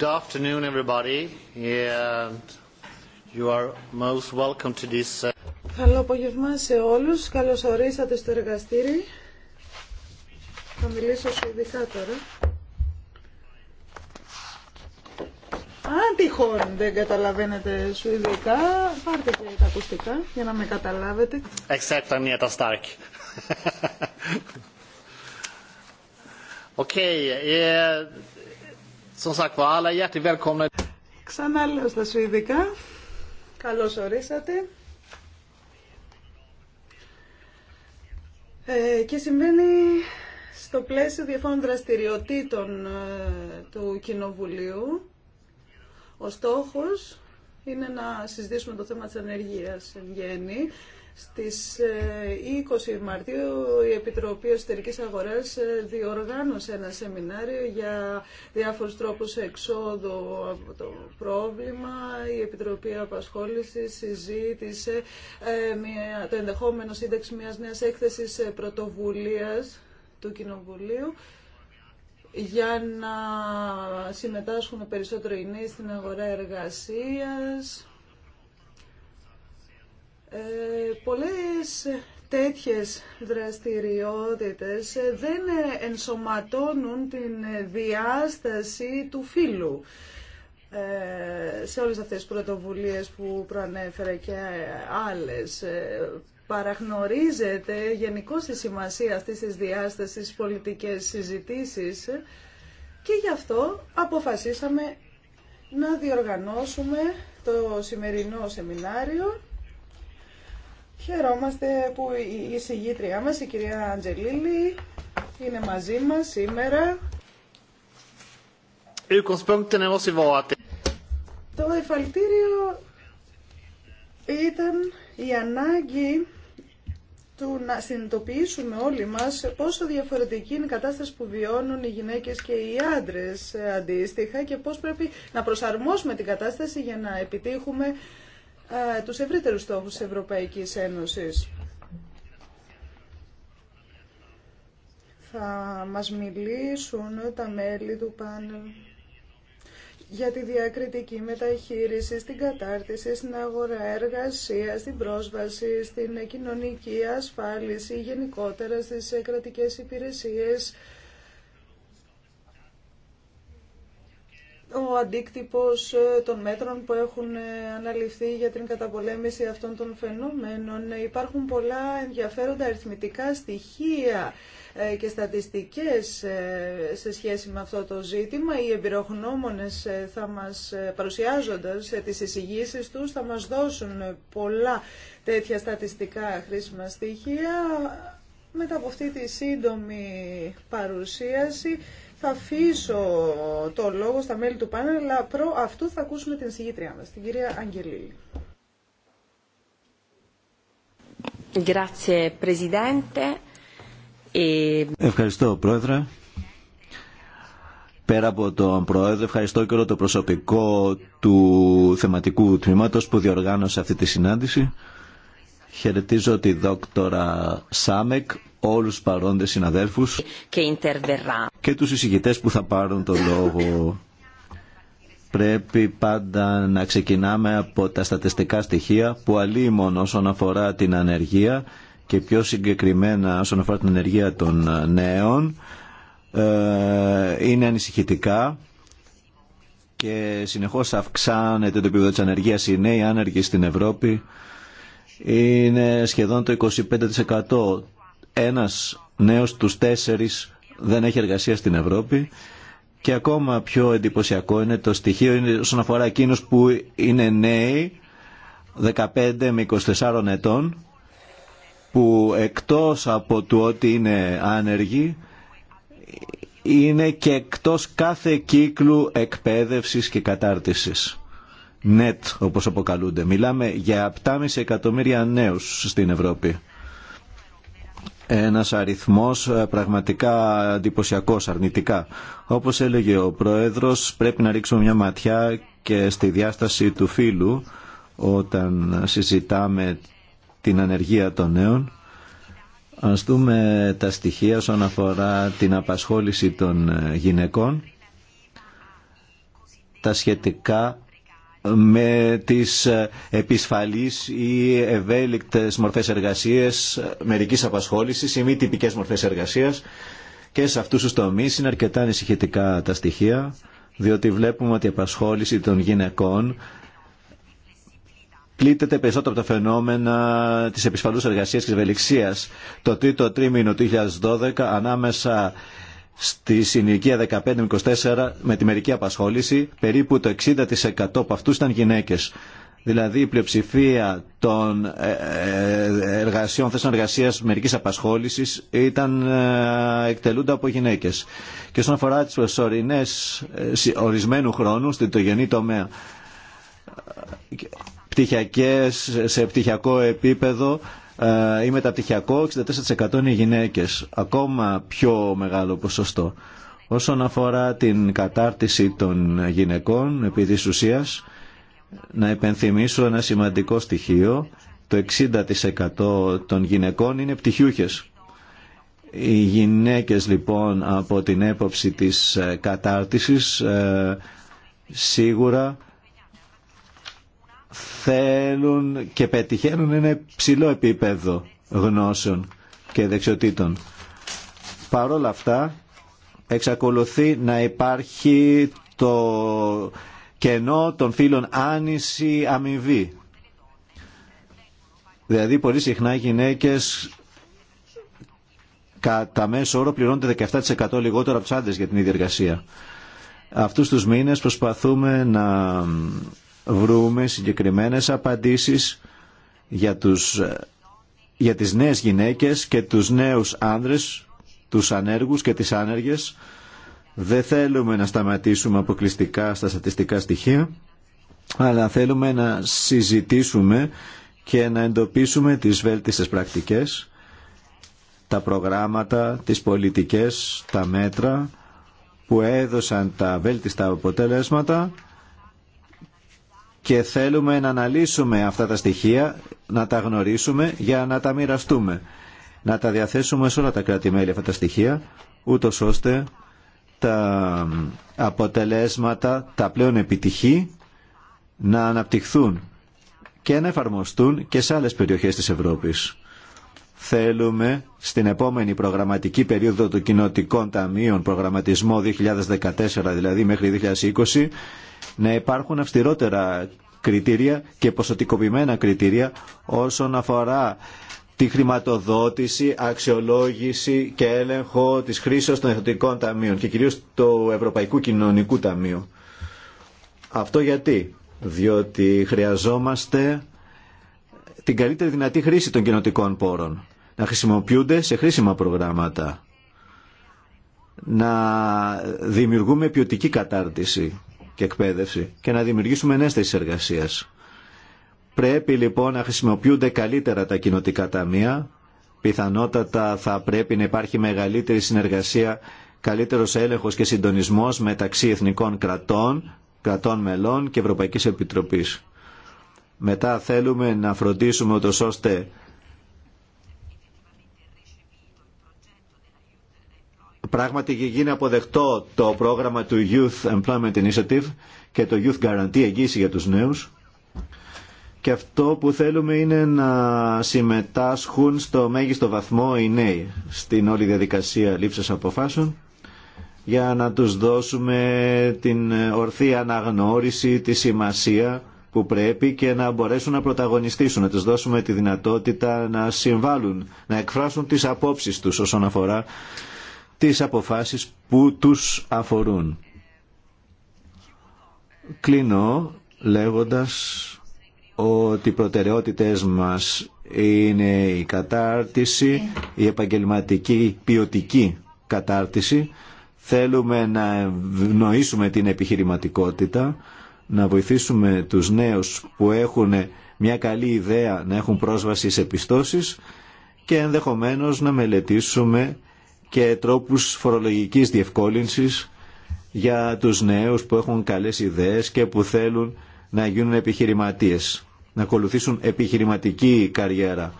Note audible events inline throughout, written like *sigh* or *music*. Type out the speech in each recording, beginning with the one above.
Good afternoon, everybody. And you are most welcome to this. Uh, Καλό απόγευμα σε όλους. Καλώς ορίσατε στο εργαστήρι. Θα μιλήσω σχετικά τώρα. Αν τυχόν δεν καταλαβαίνετε σουηδικά, πάρτε και τα ακουστικά για να με καταλάβετε. μία τα Stark. *laughs* Okay, Ξανά λέω στα Σουηδικά. Καλώς ορίσατε. Ε, και συμβαίνει στο πλαίσιο διαφόρων δραστηριοτήτων ε, του Κοινοβουλίου. Ο στόχος είναι να συζητήσουμε το θέμα της ανεργίας εν γέννη. Στις 20 ε, Μαρτίου η Επιτροπή Εσωτερικής Αγοράς ε, διοργάνωσε ένα σεμινάριο για διάφορους τρόπους εξόδου από το πρόβλημα. Η Επιτροπή Απασχόλησης συζήτησε ε, το ενδεχόμενο σύνταξη μιας νέας έκθεσης πρωτοβουλίας του Κοινοβουλίου για να συμμετάσχουν περισσότερο οι νέοι στην αγορά εργασίας ε, πολλές τέτοιες δραστηριότητες δεν ενσωματώνουν την διάσταση του φύλου ε, σε όλες αυτές τις πρωτοβουλίες που προανέφερα και άλλες. Ε, παραγνωρίζεται γενικώ η σημασία αυτής της διάστασης στις πολιτικές συζητήσεις και γι' αυτό αποφασίσαμε να διοργανώσουμε το σημερινό σεμινάριο Χαιρόμαστε που η συγγήτριά μας, η κυρία Αντζελίλη, είναι μαζί μας σήμερα. Το εφαλτήριο ήταν η ανάγκη του να συνειδητοποιήσουμε όλοι μας πόσο διαφορετική είναι η κατάσταση που βιώνουν οι γυναίκες και οι άντρες ε, αντίστοιχα και πώς πρέπει να προσαρμόσουμε την κατάσταση για να επιτύχουμε ε, τους ευρύτερους στόχους της Ευρωπαϊκής Ένωσης. Θα μας μιλήσουν τα μέλη του πάνελ για τη διακριτική μεταχείριση, στην κατάρτιση, στην αγορά εργασία, στην πρόσβαση, στην κοινωνική ασφάλιση, γενικότερα στις κρατικές υπηρεσίες, ο αντίκτυπος ε, των μέτρων που έχουν ε, αναλυθεί για την καταπολέμηση αυτών των φαινόμενων. Υπάρχουν πολλά ενδιαφέροντα αριθμητικά στοιχεία ε, και στατιστικές σε σχέση με αυτό το ζήτημα. Οι εμπειρογνώμονες θα μας παρουσιάζοντας τις εισηγήσεις τους θα μας δώσουν πολλά τέτοια στατιστικά χρήσιμα στοιχεία. Μετά από αυτή τη σύντομη παρουσίαση θα αφήσω το λόγο στα μέλη του πάνελ, αλλά προ αυτού θα ακούσουμε την συγγήτριά μας, την κυρία Αγγελίλη. Ε, ευχαριστώ, Πρόεδρε. Πέρα από τον Πρόεδρο, ευχαριστώ και όλο το προσωπικό του θεματικού τμήματος που διοργάνωσε αυτή τη συνάντηση. Χαιρετίζω τη δόκτωρα Σάμεκ όλους τους παρόντες συναδέλφους και, και τους εισηγητές που θα πάρουν το λόγο. Πρέπει πάντα να ξεκινάμε από τα στατιστικά στοιχεία που αλίμον όσον αφορά την ανεργία και πιο συγκεκριμένα όσον αφορά την ανεργία των νέων ε, είναι ανησυχητικά και συνεχώς αυξάνεται το επίπεδο της ανεργίας. Οι νέοι άνεργοι στην Ευρώπη είναι σχεδόν το 25% ένας νέος τους τέσσερις δεν έχει εργασία στην Ευρώπη και ακόμα πιο εντυπωσιακό είναι το στοιχείο είναι όσον αφορά εκείνους που είναι νέοι 15 με 24 ετών που εκτός από το ότι είναι άνεργοι είναι και εκτός κάθε κύκλου εκπαίδευσης και κατάρτισης. ΝΕΤ όπως αποκαλούνται. Μιλάμε για 7,5 εκατομμύρια νέους στην Ευρώπη ένας αριθμός ε, πραγματικά εντυπωσιακό αρνητικά. Όπως έλεγε ο Πρόεδρος, πρέπει να ρίξουμε μια ματιά και στη διάσταση του φύλου όταν συζητάμε την ανεργία των νέων. Ας δούμε τα στοιχεία όσον αφορά την απασχόληση των γυναικών, τα σχετικά με τις επισφαλείς ή ευέλικτες μορφές εργασίας, μερικής απασχόλησης ή μη τυπικές μορφές εργασίας και σε αυτούς τους τομείς είναι αρκετά ανησυχητικά τα στοιχεία διότι βλέπουμε ότι η απασχόληση των γυναικών πλήττεται περισσότερο από τα φαινόμενα της επισφαλούς εργασίας και της ευελιξίας. Το τρίτο τρίμηνο του 2012 ανάμεσα στη συνοικία 15-24 με τη μερική απασχόληση, περίπου το 60% από αυτούς ήταν γυναίκες. Δηλαδή η πλειοψηφία των ε, ε, εργασιών, θέσεων εργασίας μερικής απασχόλησης ήταν, ε, εκτελούνται από γυναίκες. Και όσον αφορά τις προσωρινές ορισμένου χρόνου στην τογενή τομέα, πτυχιακές σε πτυχιακό επίπεδο ε, ή μεταπτυχιακό, 64% είναι οι γυναίκες. Ακόμα πιο μεγάλο ποσοστό. Όσον αφορά την κατάρτιση των γυναικών επί της ουσίας, να επενθυμίσω ένα σημαντικό στοιχείο. Το 60% των γυναικών είναι πτυχιούχες. Οι γυναίκες λοιπόν από την έποψη της ε, κατάρτισης ε, σίγουρα θέλουν και πετυχαίνουν ένα ψηλό επίπεδο γνώσεων και δεξιοτήτων. Παρ' όλα αυτά, εξακολουθεί να υπάρχει το κενό των φίλων άνηση αμοιβή. Δηλαδή, πολύ συχνά οι γυναίκες κατά μέσο όρο πληρώνονται 17% λιγότερο από τους άντρες για την ίδια εργασία. Αυτούς τους μήνες προσπαθούμε να βρούμε συγκεκριμένες απαντήσεις για, τους, για τις νέες γυναίκες και τους νέους άνδρες, τους ανέργους και τις άνεργες. Δεν θέλουμε να σταματήσουμε αποκλειστικά στα στατιστικά στοιχεία, αλλά θέλουμε να συζητήσουμε και να εντοπίσουμε τις βέλτιστες πρακτικές, τα προγράμματα, τις πολιτικές, τα μέτρα που έδωσαν τα βέλτιστα αποτέλεσματα και θέλουμε να αναλύσουμε αυτά τα στοιχεία, να τα γνωρίσουμε για να τα μοιραστούμε. Να τα διαθέσουμε σε όλα τα κράτη-μέλη αυτά τα στοιχεία, ούτως ώστε τα αποτελέσματα, τα πλέον επιτυχή, να αναπτυχθούν και να εφαρμοστούν και σε άλλες περιοχές της Ευρώπης. Θέλουμε στην επόμενη προγραμματική περίοδο των κοινοτικών ταμείων, προγραμματισμό 2014 δηλαδή μέχρι 2020, να υπάρχουν αυστηρότερα κριτήρια και ποσοτικοποιημένα κριτήρια όσον αφορά τη χρηματοδότηση, αξιολόγηση και έλεγχο της χρήσης των εθνικών ταμείων και κυρίως του Ευρωπαϊκού Κοινωνικού Ταμείου. Αυτό γιατί, διότι χρειαζόμαστε την καλύτερη δυνατή χρήση των κοινοτικών πόρων, να χρησιμοποιούνται σε χρήσιμα προγράμματα, να δημιουργούμε ποιοτική κατάρτιση και εκπαίδευση και να δημιουργήσουμε νέες θέσεις εργασίας. Πρέπει λοιπόν να χρησιμοποιούνται καλύτερα τα κοινοτικά ταμεία. Πιθανότατα θα πρέπει να υπάρχει μεγαλύτερη συνεργασία, καλύτερος έλεγχος και συντονισμός μεταξύ εθνικών κρατών, κρατών μελών και Ευρωπαϊκής Επιτροπής. Μετά θέλουμε να φροντίσουμε ούτως ώστε Πράγματι γίνει αποδεκτό το πρόγραμμα του Youth Employment Initiative και το Youth Guarantee εγγύηση για τους νέους. Και αυτό που θέλουμε είναι να συμμετάσχουν στο μέγιστο βαθμό οι νέοι στην όλη διαδικασία λήψης αποφάσεων για να τους δώσουμε την ορθή αναγνώριση, τη σημασία που πρέπει και να μπορέσουν να πρωταγωνιστήσουν, να τους δώσουμε τη δυνατότητα να συμβάλλουν, να εκφράσουν τις απόψεις τους όσον αφορά τις αποφάσεις που τους αφορούν. Κλείνω λέγοντας ότι οι προτεραιότητες μας είναι η κατάρτιση, η επαγγελματική ποιοτική κατάρτιση. Θέλουμε να ευνοήσουμε την επιχειρηματικότητα, να βοηθήσουμε τους νέους που έχουν μια καλή ιδέα να έχουν πρόσβαση σε πιστώσεις και ενδεχομένως να μελετήσουμε και τρόπους φορολογικής διευκόλυνσης για τους νέους που έχουν καλές ιδέες και που θέλουν να γίνουν επιχειρηματίες, να ακολουθήσουν επιχειρηματική καριέρα.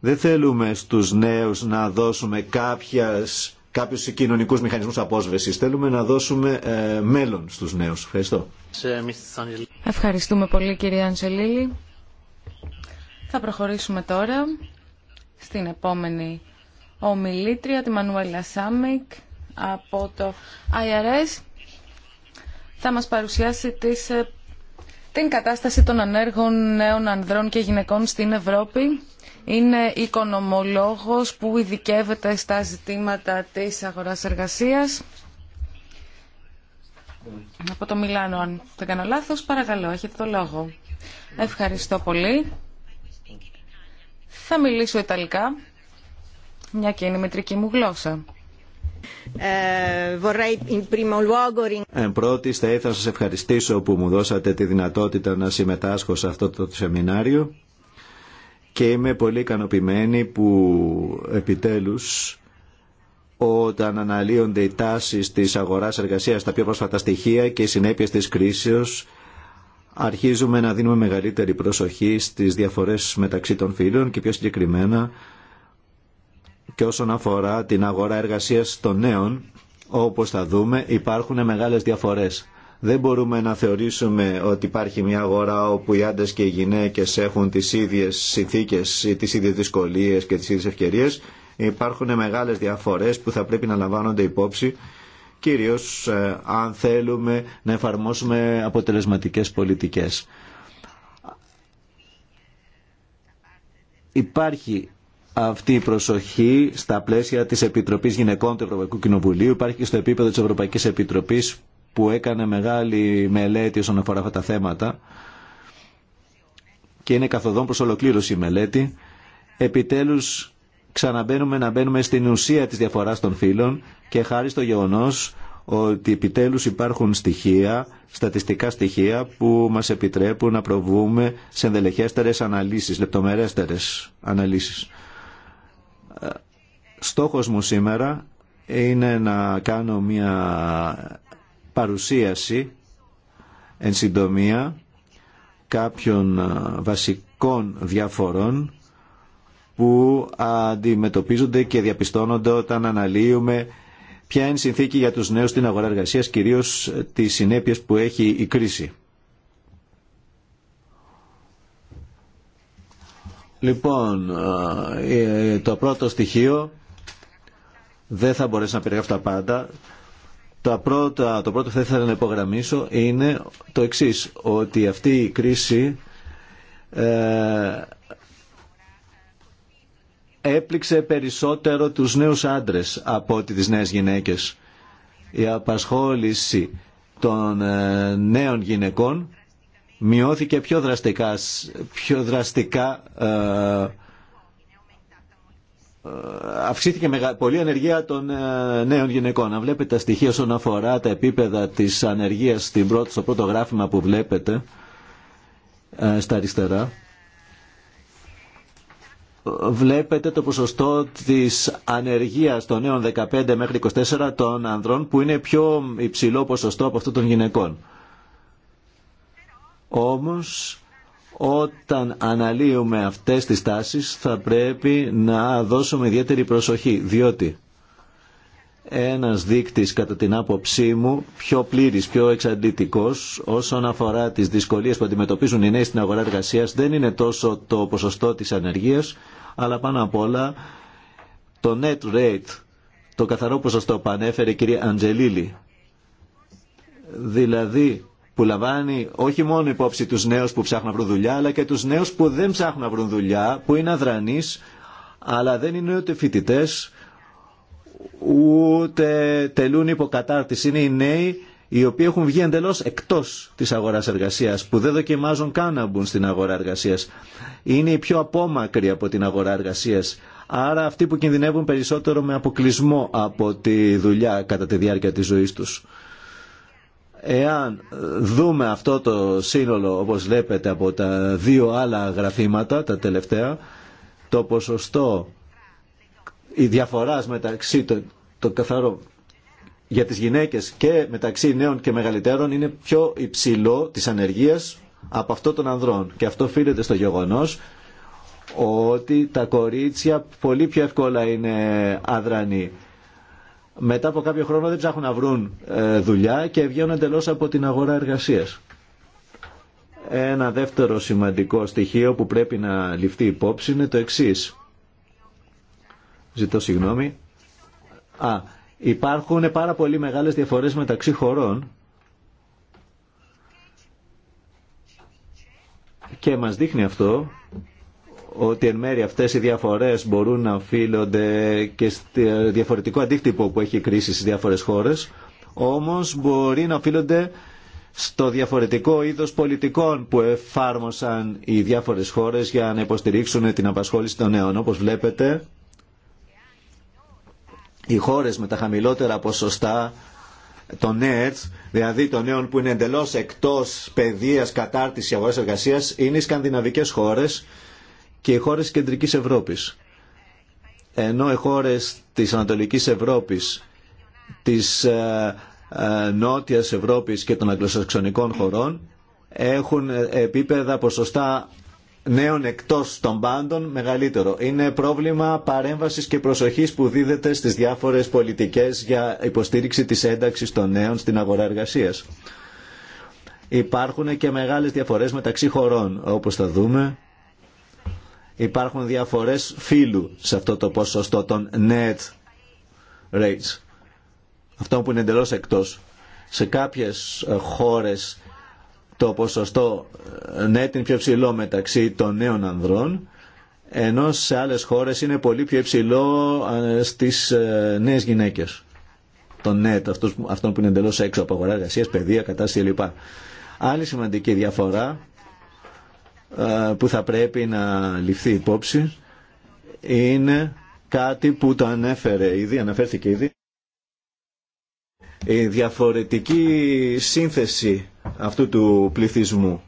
Δεν θέλουμε στους νέους να δώσουμε κάποιες, κάποιους κοινωνικούς μηχανισμούς απόσβεσης. Θέλουμε να δώσουμε ε, μέλλον στους νέους. Ευχαριστώ. Ευχαριστούμε πολύ κυρία Αντζελίλη. Θα προχωρήσουμε τώρα στην επόμενη ομιλήτρια, τη Μανουέλα Σάμικ από το IRS. Θα μας παρουσιάσει τις, ε, την κατάσταση των ανέργων νέων ανδρών και γυναικών στην Ευρώπη. Είναι οικονομολόγος που ειδικεύεται στα ζητήματα της αγοράς εργασίας. Από το Μιλάνο, αν δεν κάνω λάθος, παρακαλώ, έχετε το λόγο. Ευχαριστώ πολύ. Θα μιλήσω Ιταλικά μια και είναι η μετρική μου γλώσσα. Ε, Εν πρώτη, θα ήθελα να σας ευχαριστήσω που μου δώσατε τη δυνατότητα να συμμετάσχω σε αυτό το σεμινάριο και είμαι πολύ ικανοποιημένη που επιτέλους όταν αναλύονται οι τάσεις της αγοράς εργασίας τα πιο πρόσφατα στοιχεία και οι συνέπειες της κρίσεως αρχίζουμε να δίνουμε μεγαλύτερη προσοχή στις διαφορές μεταξύ των φίλων και πιο συγκεκριμένα και όσον αφορά την αγορά εργασίας των νέων, όπως θα δούμε, υπάρχουν μεγάλες διαφορές. Δεν μπορούμε να θεωρήσουμε ότι υπάρχει μια αγορά όπου οι άντρες και οι γυναίκες έχουν τις ίδιες συνθήκες, τις ίδιες δυσκολίες και τις ίδιες ευκαιρίες. Υπάρχουν μεγάλες διαφορές που θα πρέπει να λαμβάνονται υπόψη, κυρίως ε, αν θέλουμε να εφαρμόσουμε αποτελεσματικές πολιτικές. Υπάρχει αυτή η προσοχή στα πλαίσια της Επιτροπής Γυναικών του Ευρωπαϊκού Κοινοβουλίου. Υπάρχει και στο επίπεδο της Ευρωπαϊκής Επιτροπής που έκανε μεγάλη μελέτη όσον αφορά αυτά τα θέματα και είναι καθοδόν προς ολοκλήρωση η μελέτη. Επιτέλους ξαναμπαίνουμε να μπαίνουμε στην ουσία της διαφοράς των φύλων και χάρη στο γεγονός ότι επιτέλους υπάρχουν στοιχεία, στατιστικά στοιχεία που μας επιτρέπουν να προβούμε σε ενδελεχέστερες αναλύσεις, λεπτομερέστερες αναλύσεις. Στόχος μου σήμερα είναι να κάνω μια παρουσίαση εν συντομία κάποιων ε, βασικών διαφορών που αντιμετωπίζονται και διαπιστώνονται όταν αναλύουμε ποια είναι η συνθήκη για τους νέους στην αγορά εργασίας, κυρίως τις συνέπειες που έχει η κρίση. Λοιπόν, ε, ε, το πρώτο στοιχείο δεν θα μπορέσω να περιγράψω τα πάντα. Το πρώτο, το πρώτο που θα ήθελα να υπογραμμίσω είναι το εξής, ότι αυτή η κρίση ε, έπληξε περισσότερο τους νέους άντρες από ότι τις νέες γυναίκες. Η απασχόληση των ε, νέων γυναικών μειώθηκε πιο δραστικά, πιο δραστικά ε, ε, αυξήθηκε πολύ πολύ ανεργία των ε, νέων γυναικών. Αν βλέπετε τα στοιχεία όσον αφορά τα επίπεδα της ανεργίας στην πρώτη, στο πρώτο γράφημα που βλέπετε στα αριστερά, βλέπετε το ποσοστό της ανεργίας των νέων 15 μέχρι 24 των ανδρών που είναι πιο υψηλό ποσοστό από αυτό των γυναικών. Όμως όταν αναλύουμε αυτές τις τάσεις θα πρέπει να δώσουμε ιδιαίτερη προσοχή διότι ένας δείκτης κατά την άποψή μου πιο πλήρης, πιο εξαντλητικός όσον αφορά τις δυσκολίες που αντιμετωπίζουν οι νέοι στην αγορά εργασία δεν είναι τόσο το ποσοστό της ανεργίας αλλά πάνω απ' όλα το net rate, το καθαρό ποσοστό που ανέφερε η κυρία Αντζελίλη. Δηλαδή που λαμβάνει όχι μόνο υπόψη τους νέους που ψάχνουν να βρουν δουλειά, αλλά και τους νέους που δεν ψάχνουν να βρουν δουλειά, που είναι αδρανείς, αλλά δεν είναι ούτε φοιτητέ, ούτε τελούν υποκατάρτιση. Είναι οι νέοι οι οποίοι έχουν βγει εντελώς εκτός της αγοράς εργασίας, που δεν δοκιμάζουν καν να μπουν στην αγορά εργασίας. Είναι οι πιο απόμακροι από την αγορά εργασίας. Άρα αυτοί που κινδυνεύουν περισσότερο με αποκλεισμό από τη δουλειά κατά τη διάρκεια της ζωής τους. Εάν δούμε αυτό το σύνολο, όπως βλέπετε, από τα δύο άλλα γραφήματα, τα τελευταία, το ποσοστό, η διαφορά μεταξύ το, το καθαρό για τις γυναίκες και μεταξύ νέων και μεγαλύτερων είναι πιο υψηλό της ανεργίας από αυτό των ανδρών. Και αυτό οφείλεται στο γεγονός ότι τα κορίτσια πολύ πιο εύκολα είναι αδρανή μετά από κάποιο χρόνο δεν ψάχνουν να βρουν ε, δουλειά και βγαίνουν εντελώ από την αγορά εργασία. Ένα δεύτερο σημαντικό στοιχείο που πρέπει να ληφθεί υπόψη είναι το εξή. Ζητώ συγγνώμη. Α, υπάρχουν πάρα πολύ μεγάλες διαφορές μεταξύ χωρών και μας δείχνει αυτό ότι εν μέρει αυτές οι διαφορές μπορούν να οφείλονται και στο ε, διαφορετικό αντίκτυπο που έχει η κρίση στις διάφορες χώρες, όμως μπορεί να οφείλονται στο διαφορετικό είδος πολιτικών που εφάρμοσαν οι διάφορες χώρες για να υποστηρίξουν την απασχόληση των νέων. Όπως βλέπετε, οι χώρες με τα χαμηλότερα ποσοστά των νέων, δηλαδή των νέων που είναι εντελώς εκτός παιδείας, κατάρτισης, αγοράς εργασίας, είναι οι σκανδιναβικές χώρες και οι χώρες κεντρικής Ευρώπης. Ενώ οι χώρες της Ανατολικής Ευρώπης, της ε, ε, Νότιας Ευρώπης και των Αγγλοσαξονικών χωρών έχουν επίπεδα ποσοστά νέων εκτός των πάντων μεγαλύτερο. Είναι πρόβλημα παρέμβασης και προσοχής που δίδεται στις διάφορες πολιτικές για υποστήριξη της ένταξης των νέων στην αγορά εργασίας. Υπάρχουν και μεγάλες διαφορές μεταξύ χωρών, όπως θα δούμε υπάρχουν διαφορές φύλου σε αυτό το ποσοστό των net rates. Αυτό που είναι εντελώς εκτός. Σε κάποιες ε, χώρες το ποσοστό ε, net είναι πιο ψηλό μεταξύ των νέων ανδρών, ενώ σε άλλες χώρες είναι πολύ πιο υψηλό ε, στις νέες γυναίκες. Το net, αυτό που είναι εντελώς έξω από αγορά εργασίας, παιδεία, κατάσταση κλπ. Άλλη σημαντική διαφορά ε, που θα πρέπει να ληφθεί υπόψη είναι κάτι που το ανέφερε ήδη, αναφέρθηκε ήδη. Η διαφορετική σύνθεση αυτού του πληθυσμού.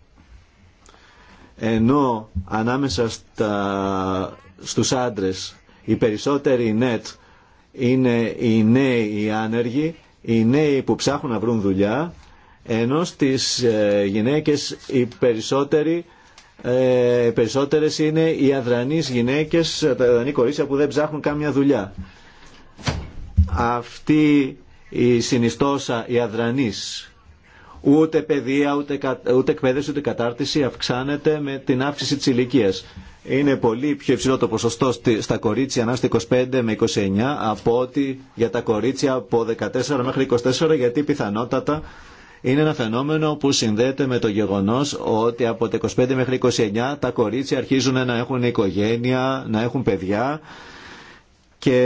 Ενώ ανάμεσα στα, στους άντρες οι περισσότεροι νετ είναι οι νέοι οι άνεργοι, οι νέοι που ψάχνουν να βρουν δουλειά, ενώ στις ε, γυναίκες οι περισσότεροι ε, περισσότερες είναι οι αδρανεί γυναίκες, τα αδρανή κορίτσια που δεν ψάχνουν κάμια δουλειά. Αυτή η συνιστόσα, η αδρανής, ούτε παιδεία, ούτε, ούτε εκπαίδευση, ούτε κατάρτιση αυξάνεται με την αύξηση τη ηλικία. Είναι πολύ πιο υψηλό το ποσοστό στα κορίτσια ανάστα 25 με 29 από ότι για τα κορίτσια από 14 μέχρι 24 γιατί πιθανότατα είναι ένα φαινόμενο που συνδέεται με το γεγονός ότι από τα 25 μέχρι 29 τα κορίτσια αρχίζουν να έχουν οικογένεια, να έχουν παιδιά και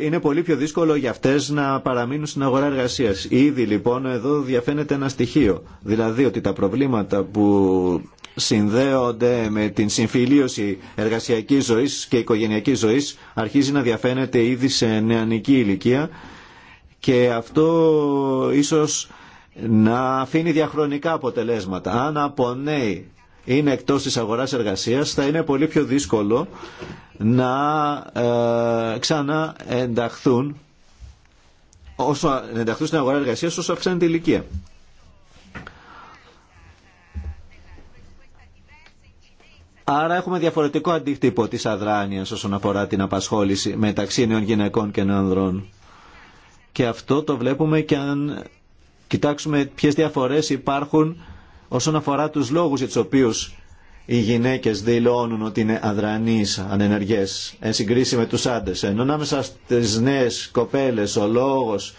είναι πολύ πιο δύσκολο για αυτές να παραμείνουν στην αγορά εργασίας. Ήδη λοιπόν εδώ διαφαίνεται ένα στοιχείο, δηλαδή ότι τα προβλήματα που συνδέονται με την συμφιλίωση εργασιακής ζωής και οικογενειακής ζωής αρχίζει να διαφαίνεται ήδη σε νεανική ηλικία και αυτό ίσως να αφήνει διαχρονικά αποτελέσματα. Αν νέοι είναι εκτός της αγοράς εργασίας θα είναι πολύ πιο δύσκολο να ε, ξανά ενταχθούν όσο ενταχθούν στην αγορά εργασίας όσο αυξάνεται η ηλικία. Άρα έχουμε διαφορετικό αντίκτυπο της αδράνειας όσον αφορά την απασχόληση μεταξύ νέων γυναικών και νέων ανδρών. Και αυτό το βλέπουμε και αν κοιτάξουμε ποιες διαφορές υπάρχουν όσον αφορά τους λόγους για τους οποίους οι γυναίκες δηλώνουν ότι είναι αδρανείς, ανενεργές, εν συγκρίση με τους άντρες. Ενώ ανάμεσα στις νέες κοπέλες ο λόγος,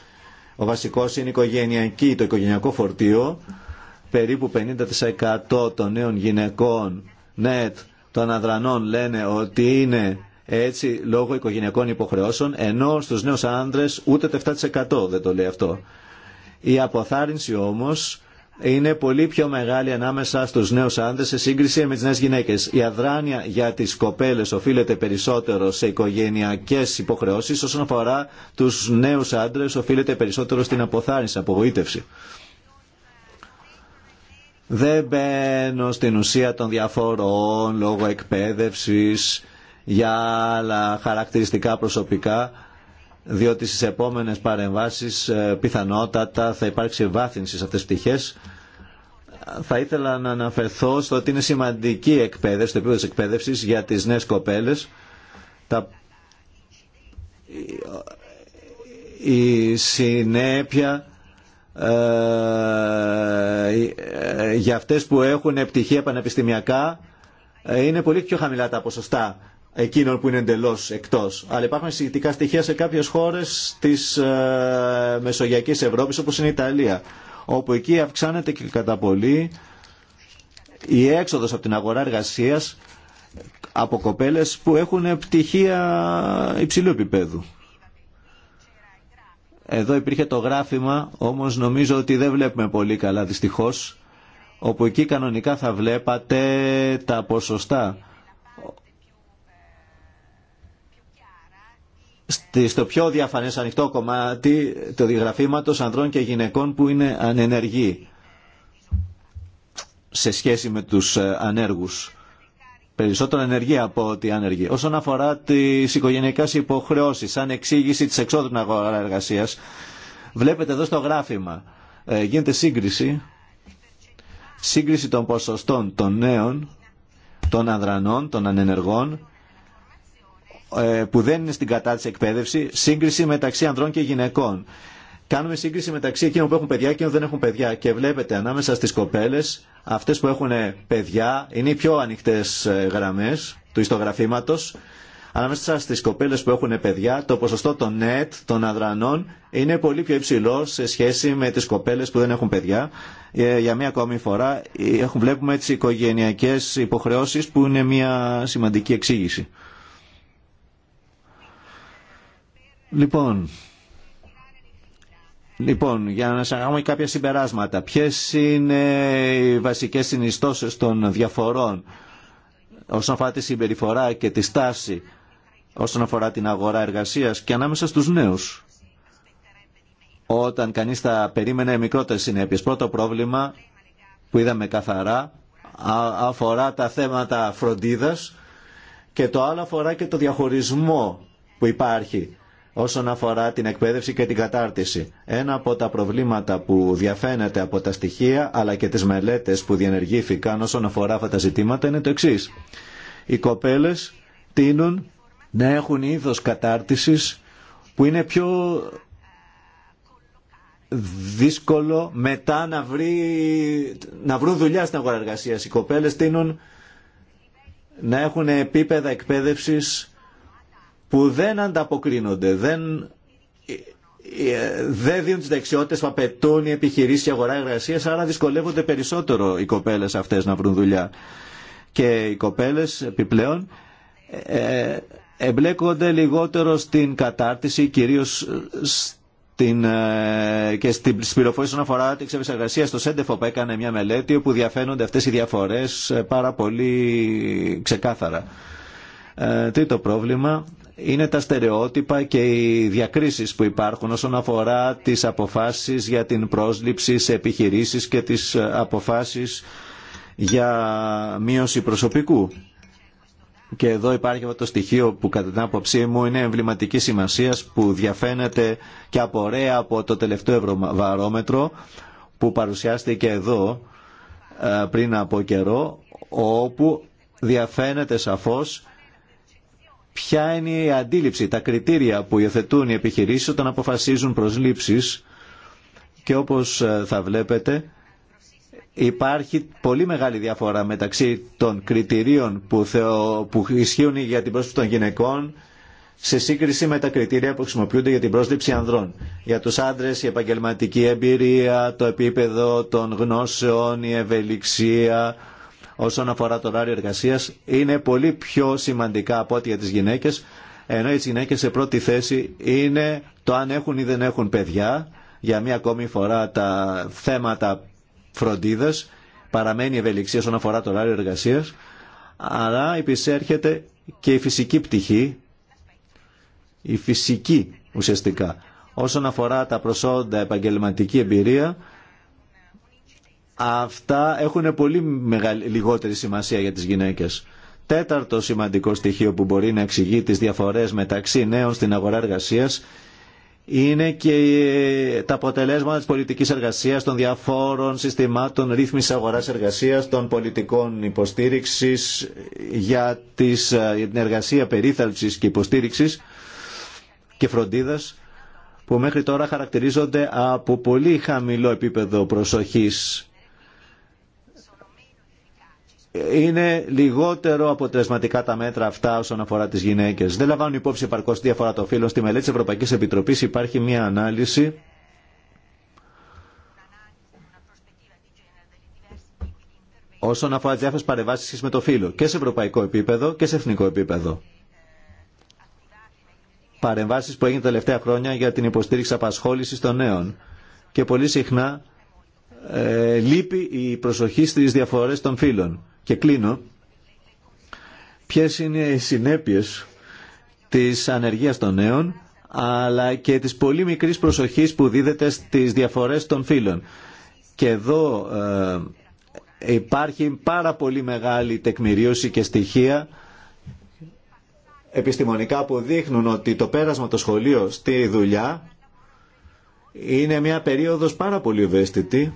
ο βασικός είναι οικογενειακή, το οικογενειακό φορτίο, περίπου 50% των νέων γυναικών, ναι, των αδρανών λένε ότι είναι έτσι λόγω οικογενειακών υποχρεώσεων, ενώ στους νέους άντρες ούτε το 7% δεν το λέει αυτό. Η αποθάρρυνση όμως είναι πολύ πιο μεγάλη ανάμεσα στους νέους άντρες σε σύγκριση με τις νέες γυναίκες. Η αδράνεια για τις κοπέλες οφείλεται περισσότερο σε οικογενειακές υποχρεώσεις, όσον αφορά τους νέους άντρες οφείλεται περισσότερο στην αποθάρρυνση, απογοήτευση. Δεν μπαίνω στην ουσία των διαφορών λόγω εκπαίδευσης για άλλα χαρακτηριστικά προσωπικά διότι στις επόμενες παρεμβάσεις ε, πιθανότατα θα υπάρξει βάθυνση σε αυτές τις πτυχές. Θα ήθελα να αναφερθώ στο ότι είναι σημαντική εκπαίδευση, το επίπεδο για τις νέες κοπέλες. Τα... Η συνέπεια ε, ε για αυτές που έχουν επιτυχία πανεπιστημιακά ε, είναι πολύ πιο χαμηλά τα ποσοστά εκείνων που είναι εντελώ εκτό. Αλλά υπάρχουν συγκεκριτικά στοιχεία σε κάποιε χώρε τη ε, Μεσογειακή Ευρώπη, όπω είναι η Ιταλία, όπου εκεί αυξάνεται και κατά πολύ η έξοδο από την αγορά εργασία από κοπέλε που έχουν πτυχία υψηλού επίπεδου. Εδώ υπήρχε το γράφημα, όμως νομίζω ότι δεν βλέπουμε πολύ καλά δυστυχώς, όπου εκεί κανονικά θα βλέπατε τα ποσοστά στο πιο διαφανές ανοιχτό κομμάτι του διγραφήματος ανδρών και γυναικών που είναι ανενεργοί σε σχέση με τους ε, ανέργους. Περισσότερο ανεργία από ότι ανεργοί. Όσον αφορά τις οικογενειακές υποχρεώσεις, σαν εξήγηση της εξόδου αγορά εργασία, βλέπετε εδώ στο γράφημα, ε, γίνεται σύγκριση, σύγκριση των ποσοστών των νέων, των ανδρανών, των ανενεργών ε, που δεν είναι στην κατάρτιση εκπαίδευση, σύγκριση μεταξύ ανδρών και γυναικών. Κάνουμε σύγκριση μεταξύ εκείνων που έχουν παιδιά και εκείνων που δεν έχουν παιδιά. Και βλέπετε ανάμεσα στι κοπέλε, αυτέ που έχουν παιδιά είναι οι πιο ανοιχτέ ε, γραμμέ του ιστογραφήματο. Ανάμεσα στι κοπέλε που έχουν παιδιά, το ποσοστό των net, των αδρανών, είναι πολύ πιο υψηλό σε σχέση με τι κοπέλε που δεν έχουν παιδιά. Ε, για μία ακόμη φορά, βλέπουμε τι οικογενειακέ υποχρεώσει που είναι μια σημαντική εξήγηση. Λοιπόν, Λοιπόν, για να σας αγαπώ κάποια συμπεράσματα. Ποιες είναι οι βασικές συνιστώσεις των διαφορών όσον αφορά τη συμπεριφορά και τη στάση όσον αφορά την αγορά εργασίας και ανάμεσα στους νέους. Όταν κανείς θα περίμενε μικρότερες συνέπειες. Πρώτο πρόβλημα που είδαμε καθαρά αφορά τα θέματα φροντίδας και το άλλο αφορά και το διαχωρισμό που υπάρχει όσον αφορά την εκπαίδευση και την κατάρτιση. Ένα από τα προβλήματα που διαφαίνεται από τα στοιχεία αλλά και τις μελέτες που διενεργήθηκαν όσον αφορά αυτά τα ζητήματα είναι το εξή. Οι κοπέλες τείνουν να έχουν είδος κατάρτισης που είναι πιο δύσκολο μετά να, βρει, να βρουν δουλειά στην αγορά εργασίας. Οι κοπέλες τείνουν να έχουν επίπεδα εκπαίδευσης που δεν ανταποκρίνονται, δεν, ε, ε, δίνουν τι δεξιότητε που απαιτούν οι επιχειρήσει και αγορά εργασία, άρα δυσκολεύονται περισσότερο οι κοπέλε αυτέ να βρουν δουλειά. Και οι κοπέλε επιπλέον ε, εμπλέκονται λιγότερο στην κατάρτιση, κυρίω και στι πληροφορίε όσον αφορά τη εργασία Στο ΣΕΝΤΕΦΟ που έκανε μια μελέτη όπου διαφαίνονται αυτέ οι διαφορέ πάρα πολύ ξεκάθαρα. Ε, τρίτο πρόβλημα είναι τα στερεότυπα και οι διακρίσεις που υπάρχουν όσον αφορά τις αποφάσεις για την πρόσληψη σε επιχειρήσεις και τις αποφάσεις για μείωση προσωπικού. Και εδώ υπάρχει αυτό το στοιχείο που κατά την άποψή μου είναι εμβληματική σημασία που διαφαίνεται και απόρρεα από το τελευταίο ευρωβαρόμετρο που παρουσιάστηκε εδώ ε, πριν από καιρό όπου διαφαίνεται σαφώς ποια είναι η αντίληψη, τα κριτήρια που υιοθετούν οι επιχειρήσεις όταν αποφασίζουν προσλήψεις και όπως ε, θα βλέπετε υπάρχει πολύ μεγάλη διαφορά μεταξύ των κριτηρίων που, θεω, που ισχύουν για την πρόσληψη των γυναικών σε σύγκριση με τα κριτήρια που χρησιμοποιούνται για την πρόσληψη ανδρών. Για τους άντρες η επαγγελματική εμπειρία, το επίπεδο των γνώσεων, η ευελιξία, όσον αφορά το ωράριο εργασία είναι πολύ πιο σημαντικά από ό,τι για τι γυναίκε. Ενώ οι γυναίκε σε πρώτη θέση είναι το αν έχουν ή δεν έχουν παιδιά. Για μία ακόμη φορά τα θέματα φροντίδα παραμένει ευελιξία όσον αφορά το ωράριο εργασία. Αλλά υπησέρχεται και η φυσική πτυχή, η φυσική ουσιαστικά. Όσον αφορά τα προσόντα επαγγελματική εμπειρία, αυτά έχουν πολύ μεγάλη, λιγότερη σημασία για τις γυναίκες. Τέταρτο σημαντικό στοιχείο που μπορεί να εξηγεί τις διαφορές μεταξύ νέων στην αγορά εργασίας είναι και τα αποτελέσματα της πολιτικής εργασίας, των διαφόρων συστημάτων ρύθμισης αγοράς εργασίας, των πολιτικών υποστήριξης για, τις, για την εργασία περίθαλψης και υποστήριξης και φροντίδας που μέχρι τώρα χαρακτηρίζονται από πολύ χαμηλό επίπεδο προσοχής είναι λιγότερο αποτελεσματικά τα μέτρα αυτά όσον αφορά τι γυναίκε. Δεν λαμβάνουν υπόψη επαρκώ τι αφορά το φύλλο. Στη μελέτη τη Ευρωπαϊκή Επιτροπή υπάρχει μια ανάλυση όσον αφορά τι διάφορε παρεμβάσει με το φύλλο και σε ευρωπαϊκό επίπεδο και σε εθνικό επίπεδο. Παρεμβάσει που έγιναν τα τελευταία χρόνια για την υποστήριξη απασχόληση των νέων. Και πολύ συχνά ε, λείπει η προσοχή στι διαφορέ των φύλων. Και κλείνω. Ποιες είναι οι συνέπειες της ανεργίας των νέων αλλά και της πολύ μικρής προσοχής που δίδεται στις διαφορές των φύλων. Και εδώ ε, υπάρχει πάρα πολύ μεγάλη τεκμηρίωση και στοιχεία επιστημονικά που δείχνουν ότι το πέρασμα το σχολείο στη δουλειά είναι μια περίοδος πάρα πολύ ευαίσθητη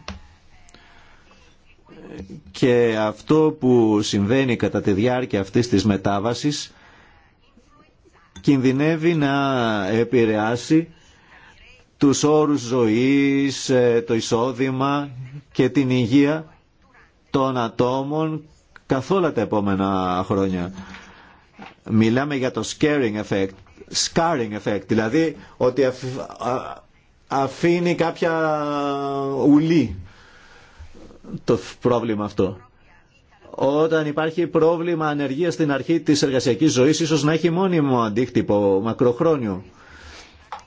και αυτό που συμβαίνει κατά τη διάρκεια αυτής της μετάβασης κινδυνεύει να επηρεάσει τους όρους ζωής, ε, το εισόδημα και την υγεία των ατόμων καθ' τα επόμενα χρόνια. Μιλάμε για το scaring effect, scarring effect, δηλαδή ότι αφήνει κάποια ουλή το πρόβλημα αυτό. Όταν υπάρχει πρόβλημα ανεργία στην αρχή της εργασιακής ζωής, ίσως να έχει μόνιμο αντίκτυπο, μακροχρόνιο.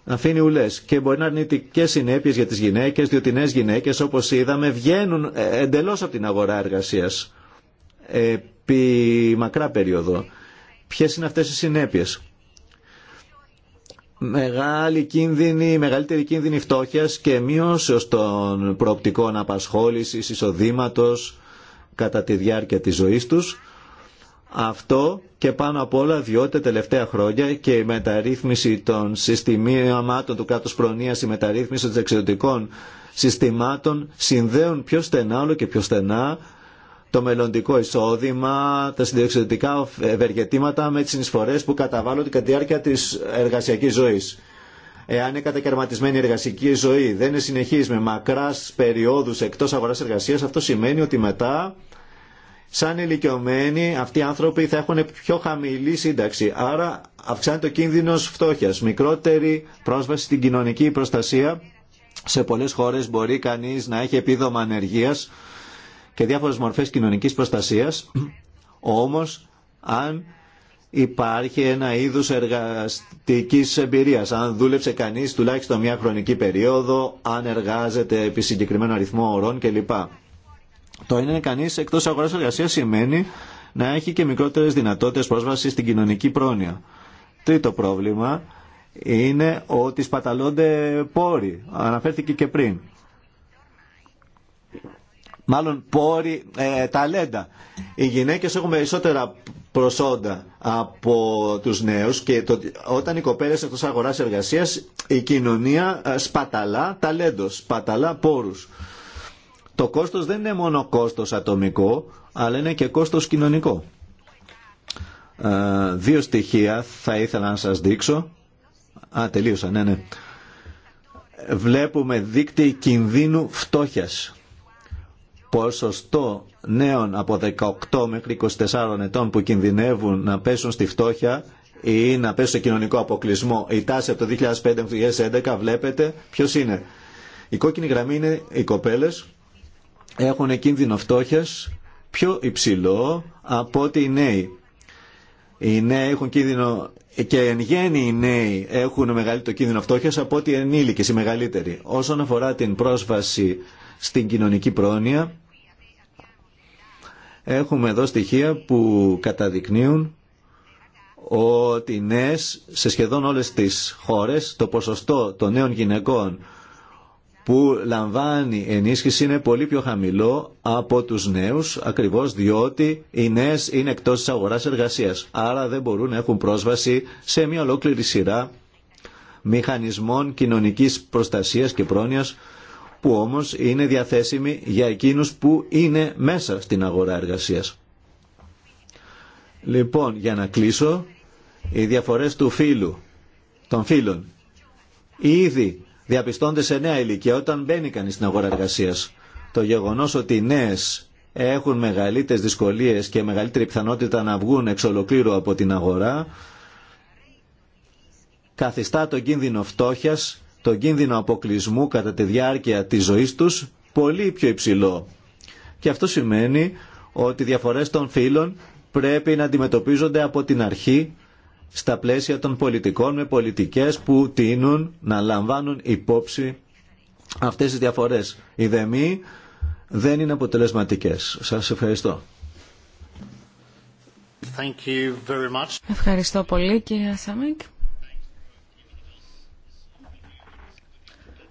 Αφήνει ουλέ και μπορεί να αρνητικέ συνέπειε για τι γυναίκε, διότι νέε γυναίκε, όπω είδαμε, βγαίνουν ε, εντελώ από την αγορά εργασία επί μακρά περίοδο. Ποιε είναι αυτέ οι συνέπειε μεγάλη κίνδυνη, μεγαλύτερη κίνδυνη φτώχειας και μείωσης των προοπτικών απασχόλησης, εισοδήματος κατά τη διάρκεια της ζωής τους. Αυτό και πάνω απ' όλα διότι τα τελευταία χρόνια και η μεταρρύθμιση των συστημάτων του κράτους προνοίας, η μεταρρύθμιση των εξαιρετικών συστημάτων συνδέουν πιο στενά όλο και πιο στενά το μελλοντικό εισόδημα, τα συνδιοξιδετικά ευεργετήματα με τι συνεισφορέ που καταβάλλονται κατά τη διάρκεια τη εργασιακή ζωή. Εάν είναι κατακαιρματισμένη η εργασιακή ζωή, δεν είναι συνεχή με μακρά περιόδου εκτό αγορά εργασία, αυτό σημαίνει ότι μετά, σαν ηλικιωμένοι, αυτοί οι άνθρωποι θα έχουν πιο χαμηλή σύνταξη. Άρα αυξάνεται ο κίνδυνο φτώχεια. μικρότερη πρόσβαση στην κοινωνική προστασία. Σε πολλέ χώρε μπορεί κανεί να έχει επίδομα ανεργίας και διάφορες μορφές κοινωνικής προστασίας, όμως αν υπάρχει ένα είδους εργαστικής εμπειρίας, αν δούλεψε κανείς τουλάχιστον μια χρονική περίοδο, αν εργάζεται επί συγκεκριμένο αριθμό ωρών κλπ. Το είναι κανείς εκτός αγοράς εργασίας σημαίνει να έχει και μικρότερες δυνατότητες πρόσβασης στην κοινωνική πρόνοια. Τρίτο πρόβλημα είναι ότι σπαταλώνται πόροι. Αναφέρθηκε και πριν μάλλον πόροι, ε, ταλέντα. Οι γυναίκες έχουν περισσότερα προσόντα από τους νέους και το, όταν οι κοπέλες εκτός αγοράς εργασίας η κοινωνία ε, σπαταλά ταλέντος, σπαταλά πόρους. Το κόστος δεν είναι μόνο κόστος ατομικό, αλλά είναι και κόστος κοινωνικό. Ε, δύο στοιχεία θα ήθελα να σας δείξω. Α, τελείωσα, ναι, ναι. Βλέπουμε δίκτυο κινδύνου φτώχειας ποσοστό νέων από 18 μέχρι 24 ετών που κινδυνεύουν να πέσουν στη φτώχεια ή να πέσουν σε κοινωνικό αποκλεισμό. Η τάση από το 2005 μέχρι το 2011 βλέπετε Ποιο είναι. Η κόκκινη γραμμή είναι οι κοπέλες έχουν κίνδυνο φτώχειας πιο υψηλό από ότι οι νέοι. Οι νέοι έχουν κίνδυνο και εν γέννη οι νέοι έχουν μεγαλύτερο κίνδυνο φτώχεια από ότι οι ενήλικε, οι μεγαλύτεροι. Όσον αφορά την πρόσβαση στην κοινωνική πρόνοια. Έχουμε εδώ στοιχεία που καταδεικνύουν ότι οι νέες σε σχεδόν όλες τις χώρες το ποσοστό των νέων γυναικών που λαμβάνει ενίσχυση είναι πολύ πιο χαμηλό από τους νέους ακριβώς διότι οι νέες είναι εκτός της αγοράς εργασίας άρα δεν μπορούν να έχουν πρόσβαση σε μια ολόκληρη σειρά μηχανισμών κοινωνικής προστασίας και πρόνοιας που όμως είναι διαθέσιμη για εκείνους που είναι μέσα στην αγορά εργασίας. Λοιπόν, για να κλείσω, οι διαφορές του φίλου, των φίλων, ήδη διαπιστώνται σε νέα ηλικία όταν μπαίνει κανείς στην αγορά εργασίας. Το γεγονός ότι οι νέες έχουν μεγαλύτερες δυσκολίες και μεγαλύτερη πιθανότητα να βγουν εξ ολοκλήρου από την αγορά, καθιστά τον κίνδυνο φτώχειας τον κίνδυνο αποκλεισμού κατά τη διάρκεια της ζωής τους πολύ πιο υψηλό. Και αυτό σημαίνει ότι οι διαφορές των φύλων πρέπει να αντιμετωπίζονται από την αρχή στα πλαίσια των πολιτικών με πολιτικές που τείνουν να λαμβάνουν υπόψη αυτές τις διαφορές. Οι δεμοί δεν είναι αποτελεσματικές. Σας ευχαριστώ. Thank you very much. Ευχαριστώ πολύ κύριε Σαμίκ.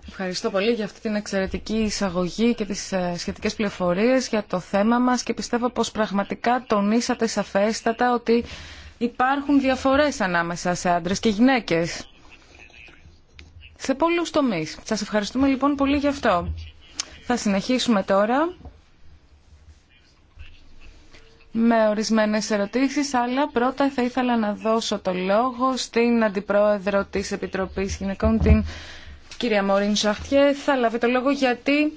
Ευχαριστώ πολύ για αυτή την εξαιρετική εισαγωγή και τις ε, σχετικές πληροφορίες για το θέμα μας και πιστεύω πως πραγματικά τονίσατε σαφέστατα ότι υπάρχουν διαφορές ανάμεσα σε άντρες και γυναίκες σε πολλούς τομείς. Σας ευχαριστούμε λοιπόν πολύ γι' αυτό. Θα συνεχίσουμε τώρα με ορισμένες ερωτήσεις, αλλά πρώτα θα ήθελα να δώσω το λόγο στην Αντιπρόεδρο της Επιτροπής Γυναικών, την κυρία Μόριν Σαχτιέ θα λάβει το λόγο γιατί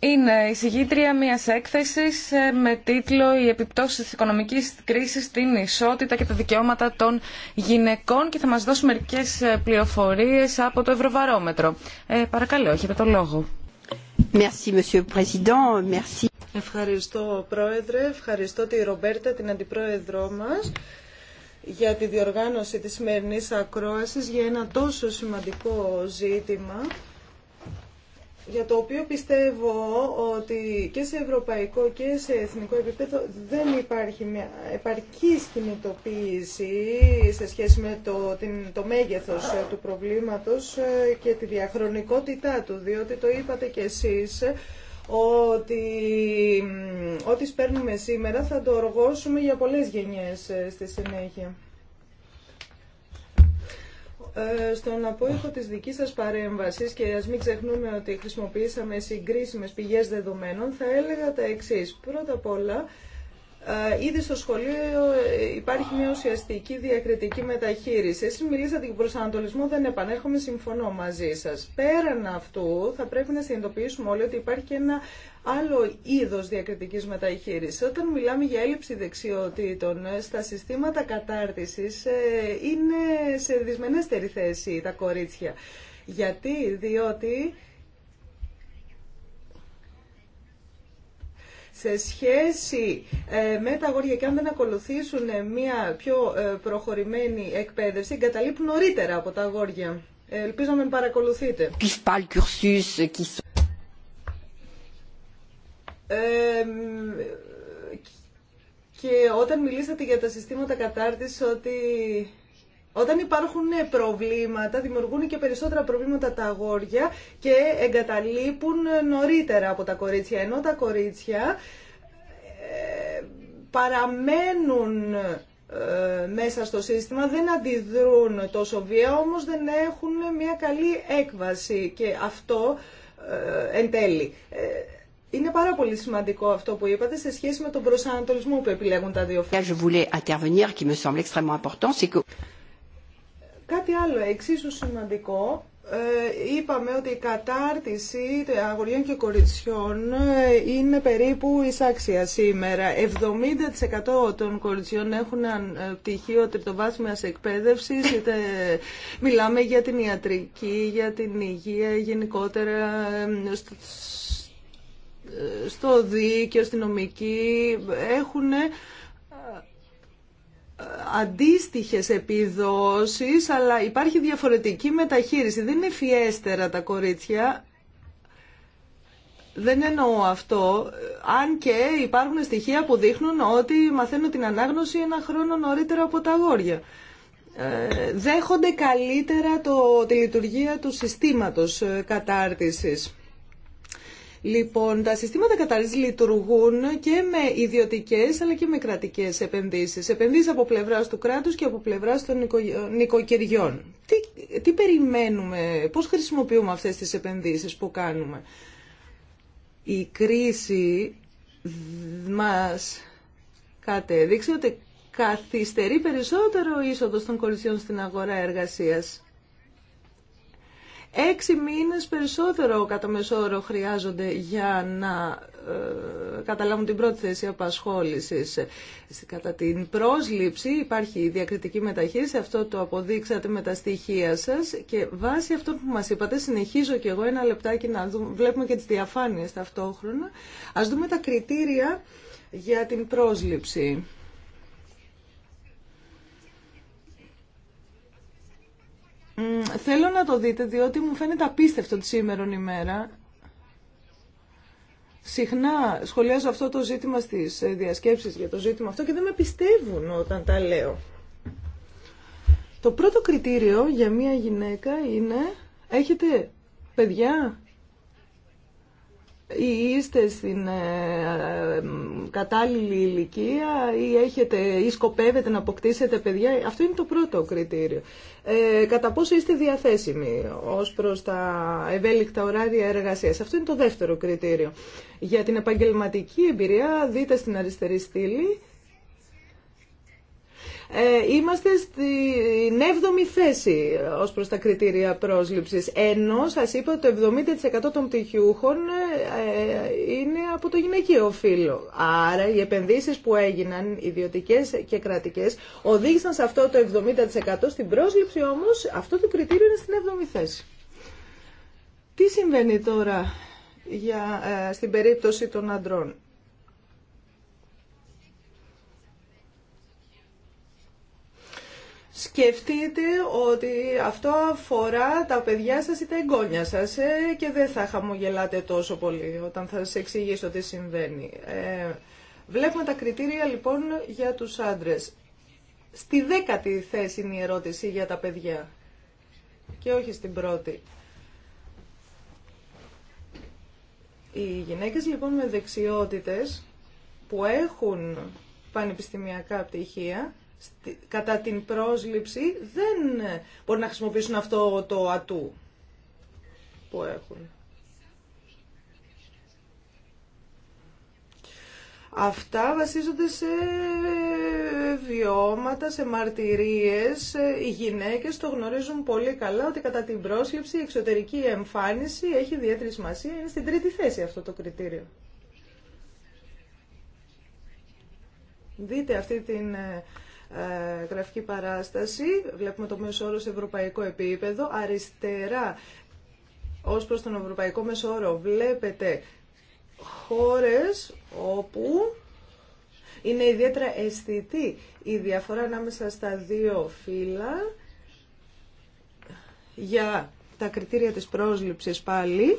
είναι η συγγήτρια μιας έκθεσης ε, με τίτλο η επιπτώσεις της οικονομικής κρίσης στην ισότητα και τα δικαιώματα των γυναικών» και θα μας δώσει μερικές ε, πληροφορίες από το Ευρωβαρόμετρο. Ε, παρακαλώ, έχετε το λόγο. Merci, Merci. Ευχαριστώ, Πρόεδρε. Ευχαριστώ τη Ρομπέρτα, την Αντιπρόεδρό μας για τη διοργάνωση της σημερινή ακρόασης για ένα τόσο σημαντικό ζήτημα για το οποίο πιστεύω ότι και σε ευρωπαϊκό και σε εθνικό επίπεδο δεν υπάρχει μια επαρκή κινητοποίηση σε σχέση με το, την, το μέγεθος του προβλήματος και τη διαχρονικότητά του, διότι το είπατε κι εσείς, ότι ό,τι σπέρνουμε σήμερα θα το οργώσουμε για πολλές γενιές ε, στη συνέχεια. Ε, στον απόϊχο της δικής σας παρέμβασης και ας μην ξεχνούμε ότι χρησιμοποιήσαμε συγκρίσιμες πηγές δεδομένων, θα έλεγα τα εξής. Πρώτα απ' όλα, ε, ήδη στο σχολείο ε, υπάρχει μια ουσιαστική διακριτική μεταχείριση. Εσείς μιλήσατε για προσανατολισμό, δεν επανέρχομαι, συμφωνώ μαζί σα. Πέραν αυτού, θα πρέπει να συνειδητοποιήσουμε όλοι ότι υπάρχει και ένα άλλο είδο διακριτική μεταχείρισης. Όταν μιλάμε για έλλειψη δεξιοτήτων ε, στα συστήματα κατάρτιση, είναι σε δυσμενέστερη θέση τα κορίτσια. Γιατί, διότι σε σχέση ε, με τα αγόρια και αν δεν ακολουθήσουν ε, μια πιο ε, προχωρημένη εκπαίδευση, εγκαταλείπουν νωρίτερα από τα αγόρια. Ελπίζω να με παρακολουθείτε. Ε, και όταν μιλήσατε για τα συστήματα κατάρτισης ότι όταν υπάρχουν ναι, προβλήματα, δημιουργούν και περισσότερα προβλήματα τα αγόρια και εγκαταλείπουν ε, νωρίτερα από τα κορίτσια. Ενώ τα κορίτσια ε, παραμένουν ε, μέσα στο σύστημα, δεν αντιδρούν τόσο βία, όμως δεν έχουν μια καλή έκβαση και αυτό ε, εν τέλει. Είναι πάρα πολύ σημαντικό αυτό που είπατε σε σχέση με τον προσανατολισμό που επιλέγουν τα δύο que... Κάτι άλλο εξίσου σημαντικό ε, είπαμε ότι η κατάρτιση αγοριών και κοριτσιών ε, είναι περίπου εισάξια σήμερα. 70% των κοριτσιών έχουν ε, πτυχίο τριτοβάθμιας εκπαίδευσης. Είτε μιλάμε για την ιατρική, για την υγεία γενικότερα στο δίκαιο, στην νομική. Έχουν αντίστοιχες επιδόσεις, αλλά υπάρχει διαφορετική μεταχείριση. Δεν είναι φιέστερα τα κορίτσια. Δεν εννοώ αυτό, αν και υπάρχουν στοιχεία που δείχνουν ότι μαθαίνουν την ανάγνωση ένα χρόνο νωρίτερα από τα αγόρια. Ε, δέχονται καλύτερα το, τη λειτουργία του συστήματος ε, κατάρτισης. Λοιπόν, τα συστήματα κατάρτιση λειτουργούν και με ιδιωτικέ, αλλά και με κρατικές επενδύσεις. Επενδύσεις από πλευρά του κράτους και από πλευρά των νοικοκυριών. Τι, τι περιμένουμε, πώς χρησιμοποιούμε αυτές τις επενδύσεις που κάνουμε. Η κρίση μας κατέδειξε ότι καθυστερεί περισσότερο ο είσοδο των κολλησιών στην αγορά εργασία. Έξι μήνες περισσότερο κατά μεσόωρο χρειάζονται για να ε, καταλάβουν την πρώτη θέση απασχόλησης. Κατά την πρόσληψη υπάρχει διακριτική μεταχείριση, αυτό το αποδείξατε με τα στοιχεία σας και βάσει αυτό που μας είπατε συνεχίζω και εγώ ένα λεπτάκι να δούμε, βλέπουμε και τις διαφάνειες ταυτόχρονα. Ας δούμε τα κριτήρια για την πρόσληψη. Θέλω να το δείτε διότι μου φαίνεται απίστευτο τη σήμερον ημέρα. Συχνά σχολιάζω αυτό το ζήτημα στις ε, διασκέψεις για το ζήτημα αυτό και δεν με πιστεύουν όταν τα λέω. Το πρώτο κριτήριο για μια γυναίκα είναι έχετε παιδιά, ή είστε στην ε, ε, κατάλληλη ηλικία ή, έχετε, ή σκοπεύετε να αποκτήσετε παιδιά. Αυτό είναι το πρώτο κριτήριο. Ε, κατά πόσο είστε διαθέσιμοι ως προς τα ευέλικτα ωράρια εργασίας. Αυτό είναι το δεύτερο κριτήριο. Για την επαγγελματική εμπειρία δείτε στην αριστερή στήλη ε, είμαστε στην 7η θέση ως προς τα κριτήρια πρόσληψης. Ενώ σας είπα ότι το 70% των πτυχιούχων ε, ε, είναι από το γυναικείο φύλλο. Άρα οι επενδύσεις που έγιναν, ιδιωτικές και κρατικές, οδήγησαν σε αυτό το 70%. Στην πρόσληψη όμως αυτό το κριτήριο είναι στην 7η θέση. Τι συμβαίνει τώρα για, στην περίπτωση των αντρών. σκεφτείτε ότι αυτό αφορά τα παιδιά σας ή τα εγγόνια σας ε, και δεν θα χαμογελάτε τόσο πολύ όταν θα σας εξηγήσω τι συμβαίνει. Ε, βλέπουμε τα κριτήρια λοιπόν για τους άντρες. Στη δέκατη θέση είναι η ερώτηση για τα παιδιά και όχι στην πρώτη. Οι γυναίκες λοιπόν με δεξιότητες που έχουν πανεπιστημιακά πτυχία κατά την πρόσληψη δεν μπορεί να χρησιμοποιήσουν αυτό το ατού που έχουν. Αυτά βασίζονται σε βιώματα, σε μαρτυρίες. Οι γυναίκες το γνωρίζουν πολύ καλά ότι κατά την πρόσληψη η εξωτερική εμφάνιση έχει ιδιαίτερη σημασία. Είναι στην τρίτη θέση αυτό το κριτήριο. Δείτε αυτή την ε, ε, γραφική παράσταση. Βλέπουμε το μέσο όρο σε ευρωπαϊκό επίπεδο. Αριστερά, ως προς τον ευρωπαϊκό μέσο όρο, βλέπετε χώρες όπου είναι ιδιαίτερα αισθητή η διαφορά ανάμεσα στα δύο φύλλα για τα κριτήρια της πρόσληψης πάλι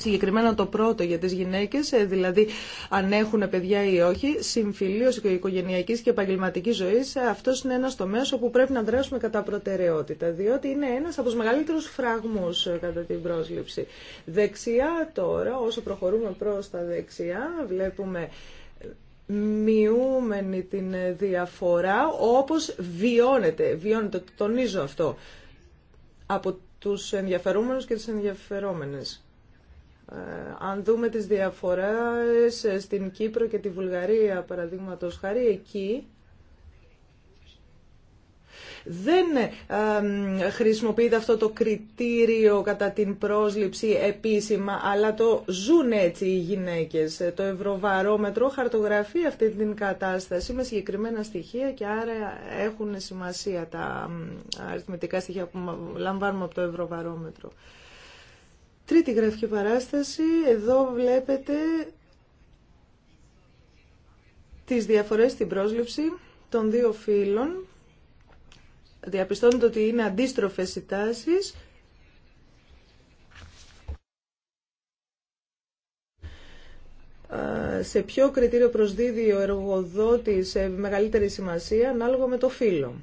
συγκεκριμένα το πρώτο για τις γυναίκες, ε, δηλαδή αν έχουν παιδιά ή όχι, συμφιλίωση οικογενειακής και επαγγελματικής ζωής, ε, αυτός είναι ένας τομέας όπου πρέπει να δράσουμε κατά προτεραιότητα, διότι είναι ένας από τους μεγαλύτερους φραγμούς ε, κατά την πρόσληψη. Δεξιά τώρα, όσο προχωρούμε προς τα δεξιά, βλέπουμε μειούμενη την διαφορά όπως βιώνεται, τονίζω αυτό, από τους ενδιαφερόμενους και τις ενδιαφερόμενες. Ε, αν δούμε τις διαφορές ε, στην Κύπρο και τη Βουλγαρία, παραδείγματος χάρη, εκεί δεν ε, χρησιμοποιείται αυτό το κριτήριο κατά την πρόσληψη επίσημα, αλλά το ζουν έτσι οι γυναίκες. Το ευρωβαρόμετρο χαρτογραφεί αυτή την κατάσταση με συγκεκριμένα στοιχεία και άρα έχουν σημασία τα αριθμητικά στοιχεία που λαμβάνουμε από το ευρωβαρόμετρο. Τρίτη γραφική παράσταση, εδώ βλέπετε τις διαφορές στην πρόσληψη των δύο φύλων. Διαπιστώνεται ότι είναι αντίστροφες οι τάσεις. Σε ποιο κριτήριο προσδίδει ο εργοδότης μεγαλύτερη σημασία ανάλογα με το φύλλο.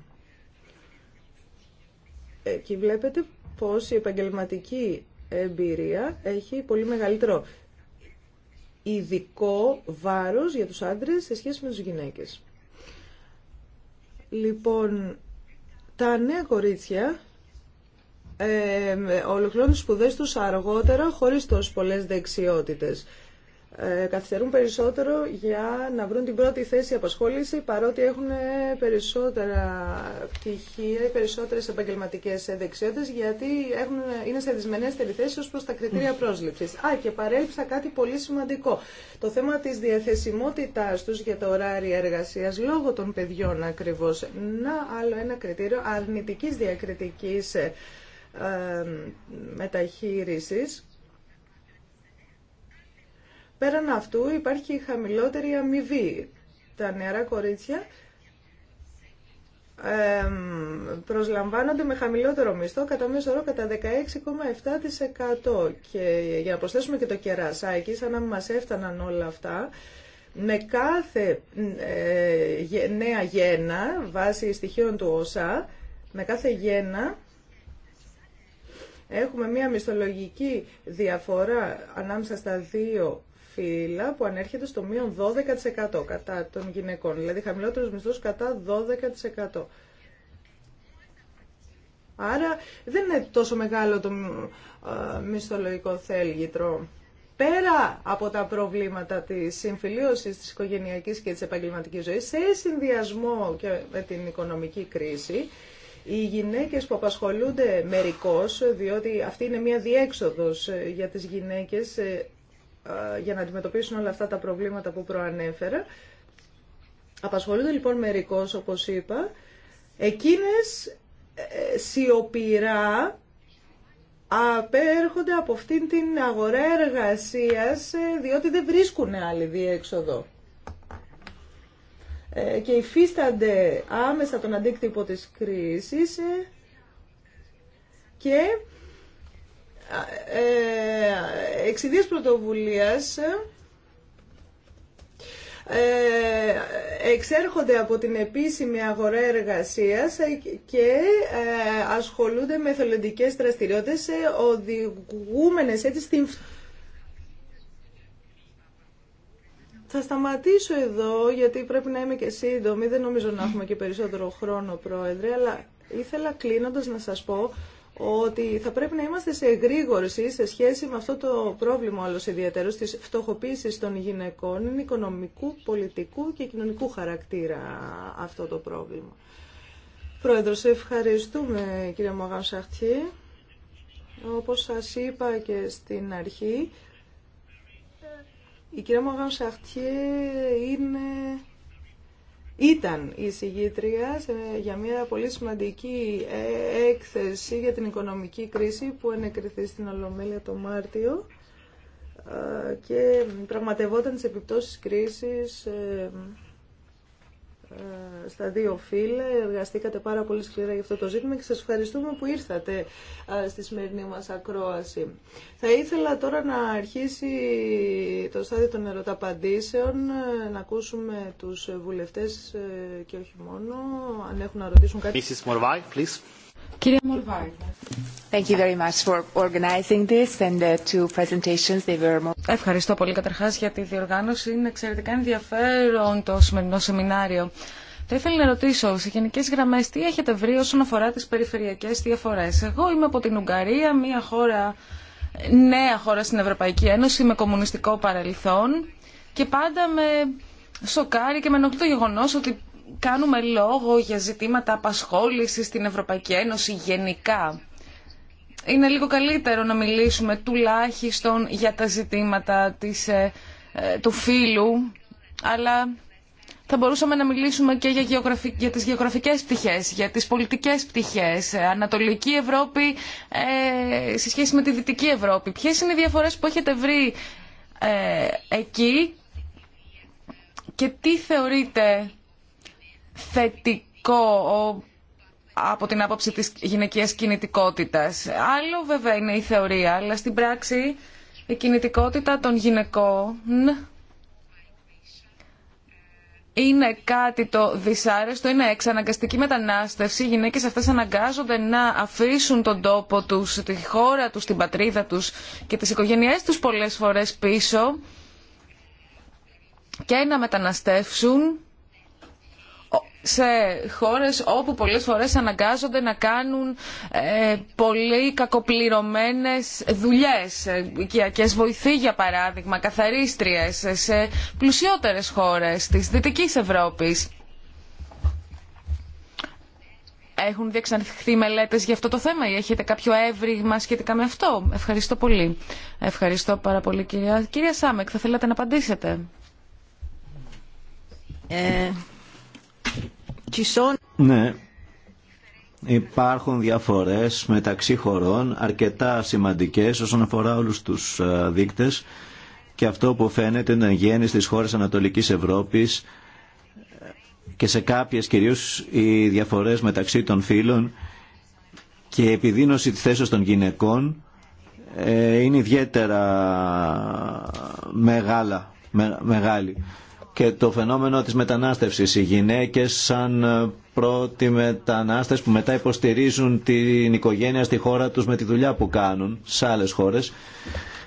Εκεί βλέπετε πως η επαγγελματική εμπειρία έχει πολύ μεγαλύτερο ειδικό βάρος για τους άντρες σε σχέση με τις γυναίκες. Λοιπόν, τα νέα κορίτσια ε, ολοκληρώνουν σπουδές τους αργότερα χωρίς τόσες πολλές δεξιότητες. Ε, καθυστερούν περισσότερο για να βρουν την πρώτη θέση απασχόληση παρότι έχουν περισσότερα πτυχία ή περισσότερες επαγγελματικές δεξιότητες γιατί έχουν, είναι σε δυσμενέστερη θέση ως προς τα κριτήρια πρόσληψης. Α, και παρέλειψα κάτι πολύ σημαντικό. Το θέμα της διαθεσιμότητάς τους για το ωράρια εργασίας λόγω των παιδιών ακριβώς. Να άλλο ένα κριτήριο αρνητικής διακριτικής ε, μεταχείρισης Πέραν αυτού υπάρχει η χαμηλότερη αμοιβή. Τα νεαρά κορίτσια προσλαμβάνονται με χαμηλότερο μισθό κατά μέσο όρο κατά 16,7% και για να προσθέσουμε και το κερασάκι σαν να μας έφταναν όλα αυτά με κάθε ε, νέα γένα βάσει στοιχείων του ΩΣΑ με κάθε γένα έχουμε μία μισθολογική διαφορά ανάμεσα στα δύο που ανέρχεται στο μείον 12% κατά των γυναικών, δηλαδή χαμηλότερος μισθός κατά 12%. Άρα δεν είναι τόσο μεγάλο το ε, μισθολογικό θέλγητρο. Πέρα από τα προβλήματα της συμφιλίωσης της οικογενειακής και της επαγγελματικής ζωής, σε συνδυασμό και με την οικονομική κρίση, οι γυναίκες που απασχολούνται μερικώς, διότι αυτή είναι μια διέξοδος ε, για τις γυναίκες ε, ε, για να αντιμετωπίσουν όλα αυτά τα προβλήματα που προανέφερα. Απασχολούνται λοιπόν μερικώς, όπως είπα, εκείνες ε, σιωπηρά απέρχονται από αυτήν την αγορά εργασίας ε, διότι δεν βρίσκουν άλλη διέξοδο και υφίστανται άμεσα τον αντίκτυπο της κρίσης και ε, ε, εξ πρωτοβουλίας ε, εξέρχονται από την επίσημη αγορά εργασίας και ασχολούνται με θελοντικές δραστηριότητες οδηγούμενες έτσι στην Θα σταματήσω εδώ γιατί πρέπει να είμαι και σύντομη. Δεν νομίζω να έχουμε και περισσότερο χρόνο, Πρόεδρε, αλλά ήθελα κλείνοντας να σας πω ότι θα πρέπει να είμαστε σε εγρήγορση σε σχέση με αυτό το πρόβλημα όλος ιδιαίτερο της φτωχοποίησης των γυναικών είναι οικονομικού, πολιτικού και κοινωνικού χαρακτήρα αυτό το πρόβλημα. Πρόεδρος, ευχαριστούμε κύριε Μογάν Σαχτιέ. Όπως σας είπα και στην αρχή, η κυρία Μογάν Σαχτιέ είναι ήταν η συγγήτρια για μια πολύ σημαντική ε, έκθεση για την οικονομική κρίση που ενεκριθεί στην Ολομέλεια το Μάρτιο ε, και πραγματευόταν τις επιπτώσεις κρίσης ε, ε, στα δύο φίλε. Εργαστήκατε πάρα πολύ σκληρά για αυτό το ζήτημα και σας ευχαριστούμε που ήρθατε ε, στη σημερινή μας ακρόαση. Θα ήθελα τώρα να αρχίσει το στάδιο των ερωταπαντήσεων, ε, να ακούσουμε τους βουλευτές και όχι μόνο, αν έχουν να ρωτήσουν κάτι. please. Thank you very much for organizing this and the uh, two presentations. They were... Ευχαριστώ πολύ καταρχάς για τη διοργάνωση. Είναι εξαιρετικά ενδιαφέρον το σημερινό σεμινάριο. Θα ήθελα να ρωτήσω σε γενικέ γραμμέ τι έχετε βρει όσον αφορά τι περιφερειακέ διαφορέ. Εγώ είμαι από την Ουγγαρία, μια χώρα, νέα χώρα στην Ευρωπαϊκή Ένωση με κομμουνιστικό παρελθόν και πάντα με σοκάρει και με ενοχλεί το γεγονό ότι κάνουμε λόγο για ζητήματα απασχόληση στην Ευρωπαϊκή Ένωση γενικά. Είναι λίγο καλύτερο να μιλήσουμε τουλάχιστον για τα ζητήματα της, ε, ε, του φύλου, αλλά θα μπορούσαμε να μιλήσουμε και για, γεωγραφι... για τις γεωγραφικές πτυχές, για τις πολιτικές πτυχές, ε, Ανατολική Ευρώπη σε σχέση με τη Δυτική Ευρώπη. Ποιες είναι οι διαφορές που έχετε βρει εκεί και τι θεωρείτε θετικό από την άποψη της γυναικείας κινητικότητας. Άλλο βέβαια είναι η θεωρία, αλλά στην πράξη η κινητικότητα των γυναικών είναι κάτι το δυσάρεστο, είναι εξαναγκαστική μετανάστευση. Οι γυναίκες αυτές αναγκάζονται να αφήσουν τον τόπο τους, τη χώρα τους, την πατρίδα τους και τις οικογένειές τους πολλές φορές πίσω και να μεταναστεύσουν σε χώρες όπου πολλές φορές αναγκάζονται να κάνουν ε, πολύ κακοπληρωμένες δουλειές, ε, οικιακές βοηθοί για παράδειγμα, καθαρίστριες ε, σε πλουσιότερες χώρες της Δυτικής Ευρώπης. Έχουν διεξανθεί μελέτες για αυτό το θέμα ή έχετε κάποιο έβριγμα σχετικά με αυτό. Ευχαριστώ πολύ. Ευχαριστώ πάρα πολύ κυρία. Κυρία Σάμεκ, θα θέλατε να απαντήσετε. Ναι, υπάρχουν διαφορές μεταξύ χωρών αρκετά σημαντικές όσον αφορά όλους τους ε, δείκτες και αυτό που φαίνεται να γίνει στις χώρες Ανατολικής Ευρώπης ε, και σε κάποιες κυρίως οι διαφορές μεταξύ των φύλων και η επιδείνωση της θέσης των γυναικών ε, είναι ιδιαίτερα μεγάλα, μεγάλη και το φαινόμενο της μετανάστευσης. Οι γυναίκες σαν ε, πρώτοι μετανάστες που μετά υποστηρίζουν την οικογένεια στη χώρα τους με τη δουλειά που κάνουν σε άλλες χώρες.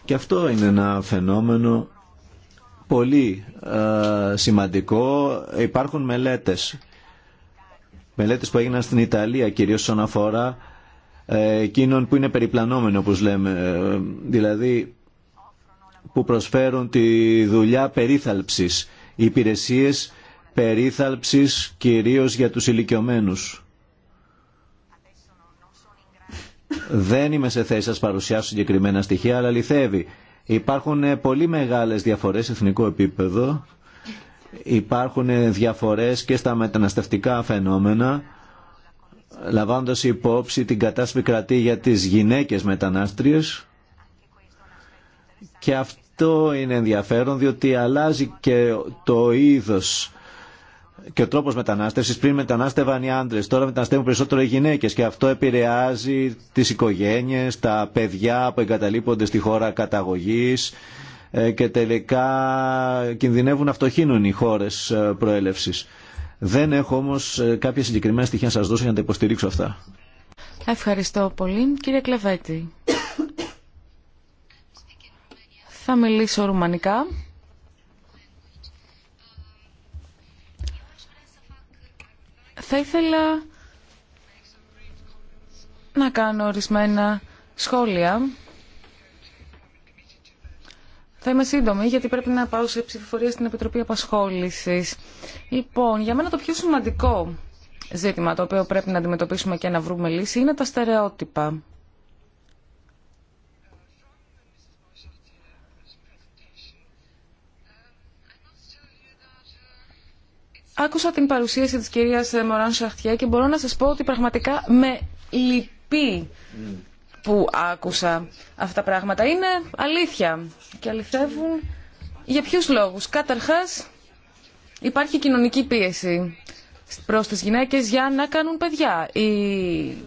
Και αυτό είναι ένα φαινόμενο πολύ ε, σημαντικό. Υπάρχουν μελέτες. Μελέτες που έγιναν στην Ιταλία κυρίως όσον αφορά ε, εκείνων που είναι περιπλανόμενοι όπως λέμε. δηλαδή που προσφέρουν τη δουλειά περίθαλψης υπηρεσίες περίθαλψης κυρίως για τους ηλικιωμένους. Δεν είμαι σε θέση να σας παρουσιάσω συγκεκριμένα στοιχεία, αλλά λυθεύει. Υπάρχουν πολύ μεγάλες διαφορές σε εθνικό επίπεδο. Υπάρχουν διαφορές και στα μεταναστευτικά φαινόμενα, λαμβάνοντας υπόψη την κατάσταση κρατή για τις γυναίκες μετανάστριες. Και αυτό αυτό είναι ενδιαφέρον διότι αλλάζει και το είδος και ο τρόπος μετανάστευσης. Πριν μετανάστευαν οι άντρες, τώρα μεταναστεύουν περισσότερο οι γυναίκες και αυτό επηρεάζει τις οικογένειες, τα παιδιά που εγκαταλείπονται στη χώρα καταγωγής ε, και τελικά κινδυνεύουν να φτωχύνουν οι χώρες ε, προέλευσης. Δεν έχω όμως ε, κάποια συγκεκριμένα στοιχεία να σας δώσω για να τα υποστηρίξω αυτά. Ευχαριστώ πολύ. Κύριε Κλεβέτη. Θα μιλήσω ρουμανικά. Θα ήθελα να κάνω ορισμένα σχόλια. Θα είμαι σύντομη γιατί πρέπει να πάω σε ψηφοφορία στην Επιτροπή Απασχόλησης. Λοιπόν, για μένα το πιο σημαντικό ζήτημα το οποίο πρέπει να αντιμετωπίσουμε και να βρούμε λύση είναι τα στερεότυπα. Άκουσα την παρουσίαση της κυρίας Μωράν Σαχτιέ και μπορώ να σας πω ότι πραγματικά με λυπεί που άκουσα αυτά τα πράγματα. Είναι αλήθεια και αληθεύουν για ποιους λόγους. Καταρχάς υπάρχει κοινωνική πίεση προς τις γυναίκες για να κάνουν παιδιά. Οι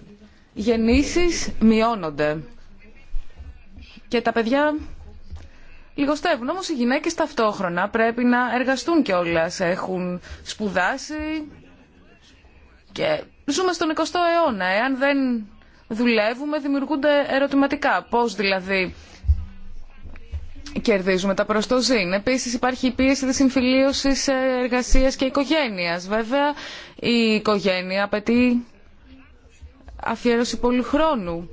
γεννήσεις μειώνονται και τα παιδιά λιγοστεύουν. Όμως οι γυναίκες ταυτόχρονα πρέπει να εργαστούν κιόλα. Έχουν σπουδάσει και ζούμε στον 20ο αιώνα. Εάν δεν δουλεύουμε δημιουργούνται ερωτηματικά. Πώς δηλαδή κερδίζουμε τα προστοζήν. Επίσης υπάρχει η πίεση της συμφιλίωσης εργασίας και οικογένειας. Βέβαια η οικογένεια απαιτεί αφιέρωση πολλού χρόνου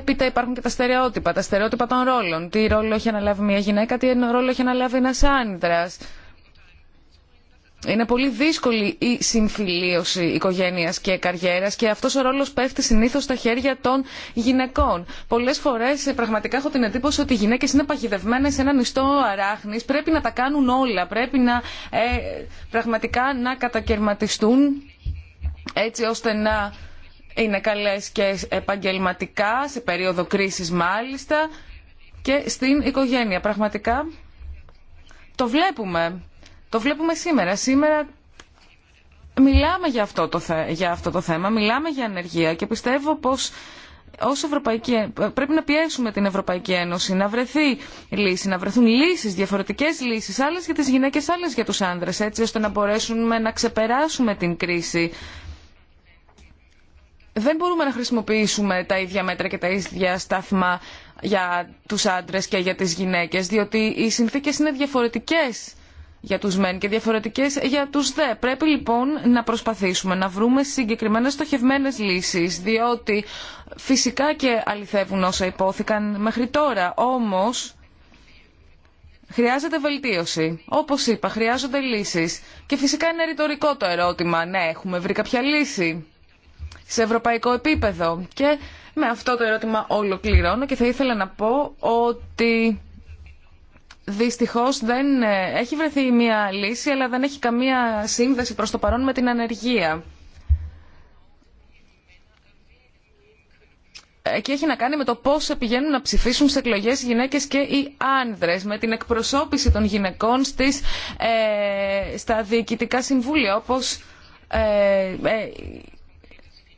έπειτα υπάρχουν και τα στερεότυπα, τα στερεότυπα των ρόλων. Τι ρόλο έχει αναλάβει μια γυναίκα, τι ρόλο έχει αναλάβει ένα άντρα. Είναι πολύ δύσκολη η συμφιλίωση οικογένειας και καριέρας και αυτός ο ρόλος πέφτει συνήθως στα χέρια των γυναικών. Πολλές φορές ε, πραγματικά έχω την εντύπωση ότι οι γυναίκες είναι παγιδευμένες σε έναν ιστό αράχνης, πρέπει να τα κάνουν όλα, πρέπει να, ε, πραγματικά να κατακαιρματιστούν έτσι ώστε να είναι καλές και επαγγελματικά, σε περίοδο κρίσης μάλιστα και στην οικογένεια. Πραγματικά το βλέπουμε. Το βλέπουμε σήμερα. Σήμερα μιλάμε για αυτό το, για αυτό το θέμα, μιλάμε για ανεργία και πιστεύω πως ως Ευρωπαϊκή, ε, πρέπει να πιέσουμε την Ευρωπαϊκή Ένωση να βρεθεί λύση, να βρεθούν λύσεις, διαφορετικές λύσεις, άλλες για τις γυναίκες, άλλες για τους άνδρες, έτσι ώστε να μπορέσουμε να ξεπεράσουμε την κρίση δεν μπορούμε να χρησιμοποιήσουμε τα ίδια μέτρα και τα ίδια σταθμά για τους άντρες και για τις γυναίκες, διότι οι συνθήκες είναι διαφορετικές για τους μεν και διαφορετικές για τους δε. Πρέπει λοιπόν να προσπαθήσουμε να βρούμε συγκεκριμένες στοχευμένες λύσεις, διότι φυσικά και αληθεύουν όσα υπόθηκαν μέχρι τώρα, όμως... Χρειάζεται βελτίωση. Όπω είπα, χρειάζονται λύσει. Και φυσικά είναι ρητορικό το ερώτημα. Ναι, έχουμε βρει κάποια λύση σε ευρωπαϊκό επίπεδο. Και με αυτό το ερώτημα ολοκληρώνω και θα ήθελα να πω ότι δυστυχώς δεν ε, έχει βρεθεί μια λύση αλλά δεν έχει καμία σύνδεση προς το παρόν με την ανεργία. και έχει να κάνει με το πώς πηγαίνουν να ψηφίσουν σε εκλογές οι γυναίκες και οι άνδρες, με την εκπροσώπηση των γυναικών στις, ε, στα διοικητικά συμβούλια, όπως ε, ε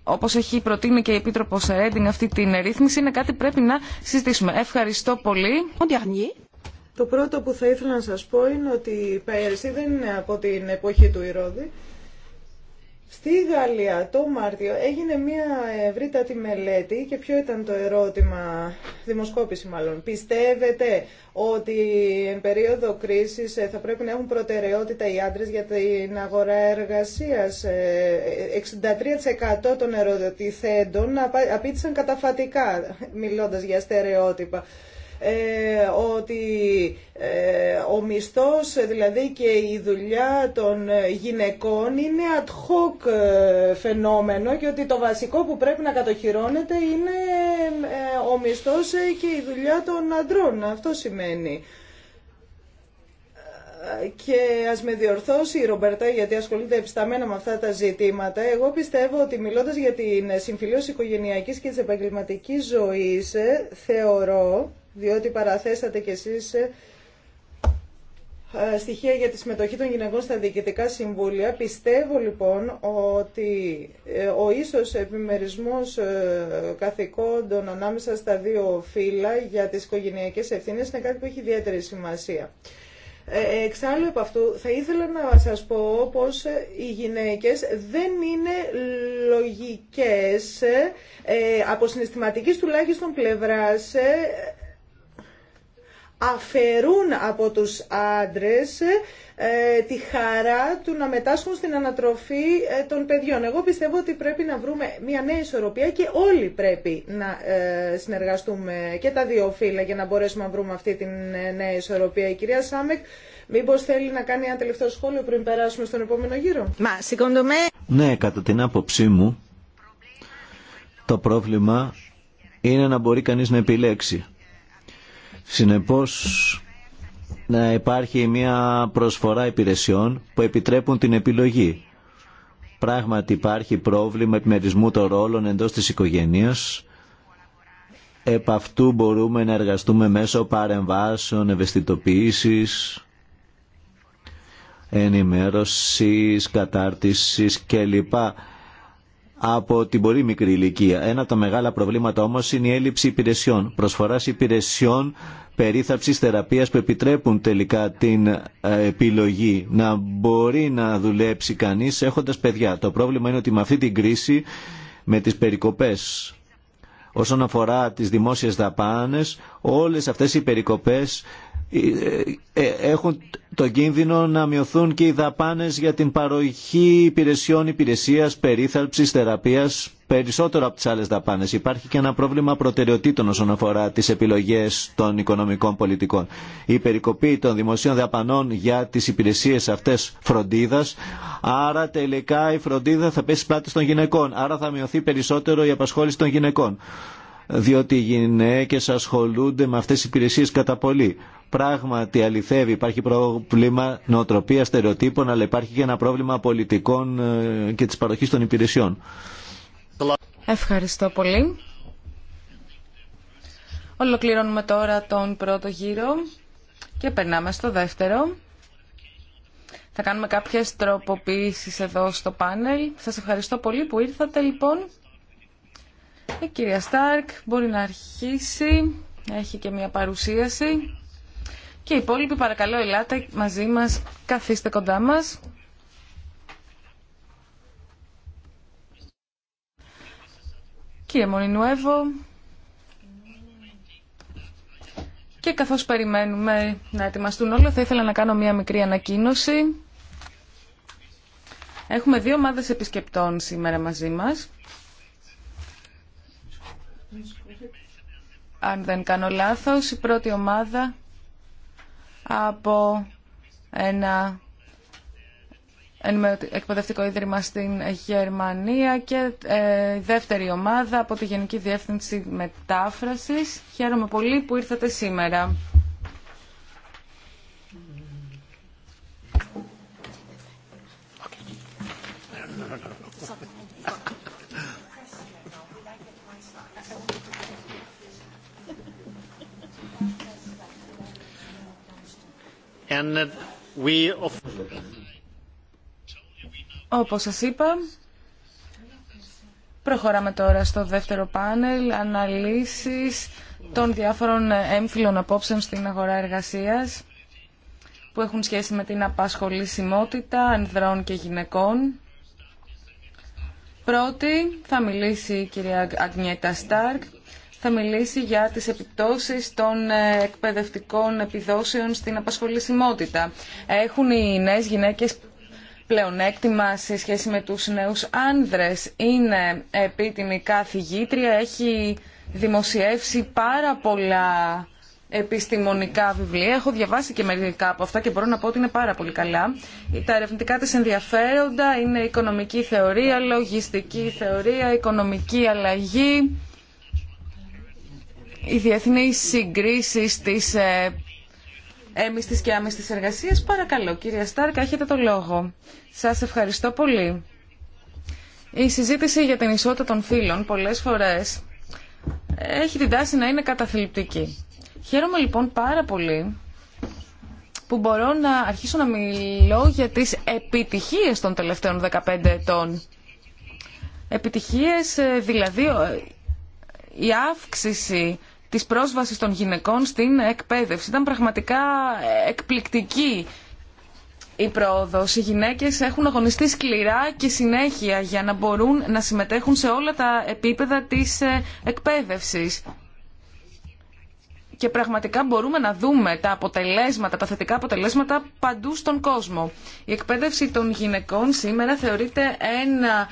Όπω έχει προτείνει και η Επίτροπος Ρέντινγκ αυτή την ρύθμιση, είναι κάτι πρέπει να συζητήσουμε. Ευχαριστώ πολύ. Το πρώτο που θα ήθελα να σας πω είναι ότι η Πέρση δεν είναι από την εποχή του Ηρώδη. Στη Γαλλία το Μάρτιο έγινε μια ευρύτατη μελέτη και ποιο ήταν το ερώτημα, δημοσκόπηση μάλλον. Πιστεύετε ότι εν περίοδο κρίσης ε, θα πρέπει να έχουν προτεραιότητα οι άντρες για την αγορά εργασίας. 63% ε, ε, των ερωτηθέντων απίτησαν καταφατικά μιλώντας για στερεότυπα. Ε, ότι ε, ο μισθός δηλαδή και η δουλειά των γυναικών είναι ad hoc ε, φαινόμενο και ότι το βασικό που πρέπει να κατοχυρώνεται είναι ο μισθός και η δουλειά των αντρών. Αυτό σημαίνει και ας με διορθώσει η Ρομπέρτα γιατί ασχολείται επισταμένα με αυτά τα ζητήματα εγώ πιστεύω ότι μιλώντας για την συμφιλίωση οικογενειακής και της επαγγελματικής ζωής θεωρώ διότι παραθέσατε κι εσείς ε, ε, στοιχεία για τη συμμετοχή των γυναικών στα διοικητικά συμβούλια. Πιστεύω λοιπόν ότι ε, ο ίσος επιμερισμός καθηκόντων ανάμεσα στα δύο φύλλα για τις οικογενειακές ευθύνες είναι κάτι που έχει ιδιαίτερη σημασία. Εξάλλου από αυτού θα ήθελα να σας πω πως οι γυναίκες δεν είναι λογικές από συναισθηματικής τουλάχιστον πλευράς αφαιρούν από τους άντρες ε, τη χαρά του να μετάσχουν στην ανατροφή ε, των παιδιών. Εγώ πιστεύω ότι πρέπει να βρούμε μια νέα ισορροπία και όλοι πρέπει να ε, συνεργαστούμε και τα δύο φύλλα για να μπορέσουμε να βρούμε αυτή τη νέα ισορροπία. Η κυρία Σάμεκ μήπως θέλει να κάνει ένα τελευταίο σχόλιο πριν περάσουμε στον επόμενο γύρο. Ναι, κατά την άποψή μου το πρόβλημα είναι να μπορεί κανείς να επιλέξει Συνεπώς να υπάρχει μια προσφορά υπηρεσιών που επιτρέπουν την επιλογή. Πράγματι υπάρχει πρόβλημα επιμερισμού των ρόλων εντός της οικογένειας. Επ' αυτού μπορούμε να εργαστούμε μέσω παρεμβάσεων, ευαισθητοποίησης, ενημέρωσης, κατάρτισης κλπ από την πολύ μικρή ηλικία. Ένα από τα μεγάλα προβλήματα όμως είναι η έλλειψη υπηρεσιών, προσφοράς υπηρεσιών περίθαψης θεραπείας που επιτρέπουν τελικά την ε, επιλογή να μπορεί να δουλέψει κανείς έχοντας παιδιά. Το πρόβλημα είναι ότι με αυτή την κρίση, με τις περικοπές όσον αφορά τις δημόσιες δαπάνες, όλες αυτές οι περικοπές ε, ε, έχουν το κίνδυνο να μειωθούν και οι δαπάνες για την παροχή υπηρεσιών υπηρεσίας, περίθαλψης, θεραπείας, περισσότερο από τις άλλες δαπάνες. Υπάρχει και ένα πρόβλημα προτεραιοτήτων όσον αφορά τις επιλογές των οικονομικών πολιτικών. Η περικοπή των δημοσίων δαπανών για τις υπηρεσίες αυτές φροντίδας, άρα τελικά η φροντίδα θα πέσει πλάτη των γυναικών, άρα θα μειωθεί περισσότερο η απασχόληση των γυναικών διότι οι γυναίκες ασχολούνται με αυτές τις υπηρεσίες κατά πολύ. Πράγματι αληθεύει, υπάρχει πρόβλημα νοοτροπίας, στερεοτύπων, αλλά υπάρχει και ένα πρόβλημα πολιτικών ε, και της παροχής των υπηρεσιών. Ευχαριστώ πολύ. Ολοκληρώνουμε τώρα τον πρώτο γύρο και περνάμε στο δεύτερο. Θα κάνουμε κάποιες τροποποιήσεις εδώ στο πάνελ. Σας ευχαριστώ πολύ που ήρθατε λοιπόν. Η κυρία Στάρκ μπορεί να αρχίσει, έχει και μια παρουσίαση. Και οι υπόλοιποι παρακαλώ ελάτε μαζί μας, καθίστε κοντά μας. Κύριε Μονινουέβο, και καθώς περιμένουμε να ετοιμαστούν όλα, θα ήθελα να κάνω μία μικρή ανακοίνωση. Έχουμε δύο ομάδες επισκεπτών σήμερα μαζί μας αν δεν κάνω λάθος, η πρώτη ομάδα από ένα εκπαιδευτικό ίδρυμα στην Γερμανία και ε, δεύτερη ομάδα από τη Γενική Διεύθυνση Μετάφρασης. Χαίρομαι πολύ που ήρθατε σήμερα. Όπως σας είπα, προχωράμε τώρα στο δεύτερο πάνελ, αναλύσεις των διάφορων έμφυλων απόψεων στην αγορά εργασίας που έχουν σχέση με την απασχολησιμότητα ανδρών και γυναικών. Πρώτη θα μιλήσει η κυρία Αγνιέτα Στάρκ, θα μιλήσει για τις επιπτώσεις των ε, εκπαιδευτικών επιδόσεων στην απασχολησιμότητα. Έχουν οι νέες γυναίκες πλεονέκτημα σε σχέση με τους νέους άνδρες. Είναι επίτιμη καθηγήτρια, έχει δημοσιεύσει πάρα πολλά επιστημονικά βιβλία. Έχω διαβάσει και μερικά από αυτά και μπορώ να πω ότι είναι πάρα πολύ καλά. Τα ερευνητικά της ενδιαφέροντα είναι οικονομική θεωρία, λογιστική θεωρία, οικονομική αλλαγή οι διεθνείς συγκρίσεις της ε, έμιστης και άμυστης εργασίας. Παρακαλώ, κυρία Στάρκα, έχετε το λόγο. Σας ευχαριστώ πολύ. Η συζήτηση για την ισότητα των φύλων πολλές φορές έχει την τάση να είναι καταθλιπτική. Χαίρομαι λοιπόν πάρα πολύ που μπορώ να αρχίσω να μιλώ για τις επιτυχίες των τελευταίων 15 ετών. Επιτυχίες ε, δηλαδή η αύξηση Τη πρόσβασης των γυναικών στην εκπαίδευση. Ήταν πραγματικά εκπληκτική η πρόοδο. Οι γυναίκες έχουν αγωνιστεί σκληρά και συνέχεια για να μπορούν να συμμετέχουν σε όλα τα επίπεδα της ε, εκπαίδευσης. Και πραγματικά μπορούμε να δούμε τα αποτελέσματα, τα θετικά αποτελέσματα παντού στον κόσμο. Η εκπαίδευση των γυναικών σήμερα θεωρείται ένα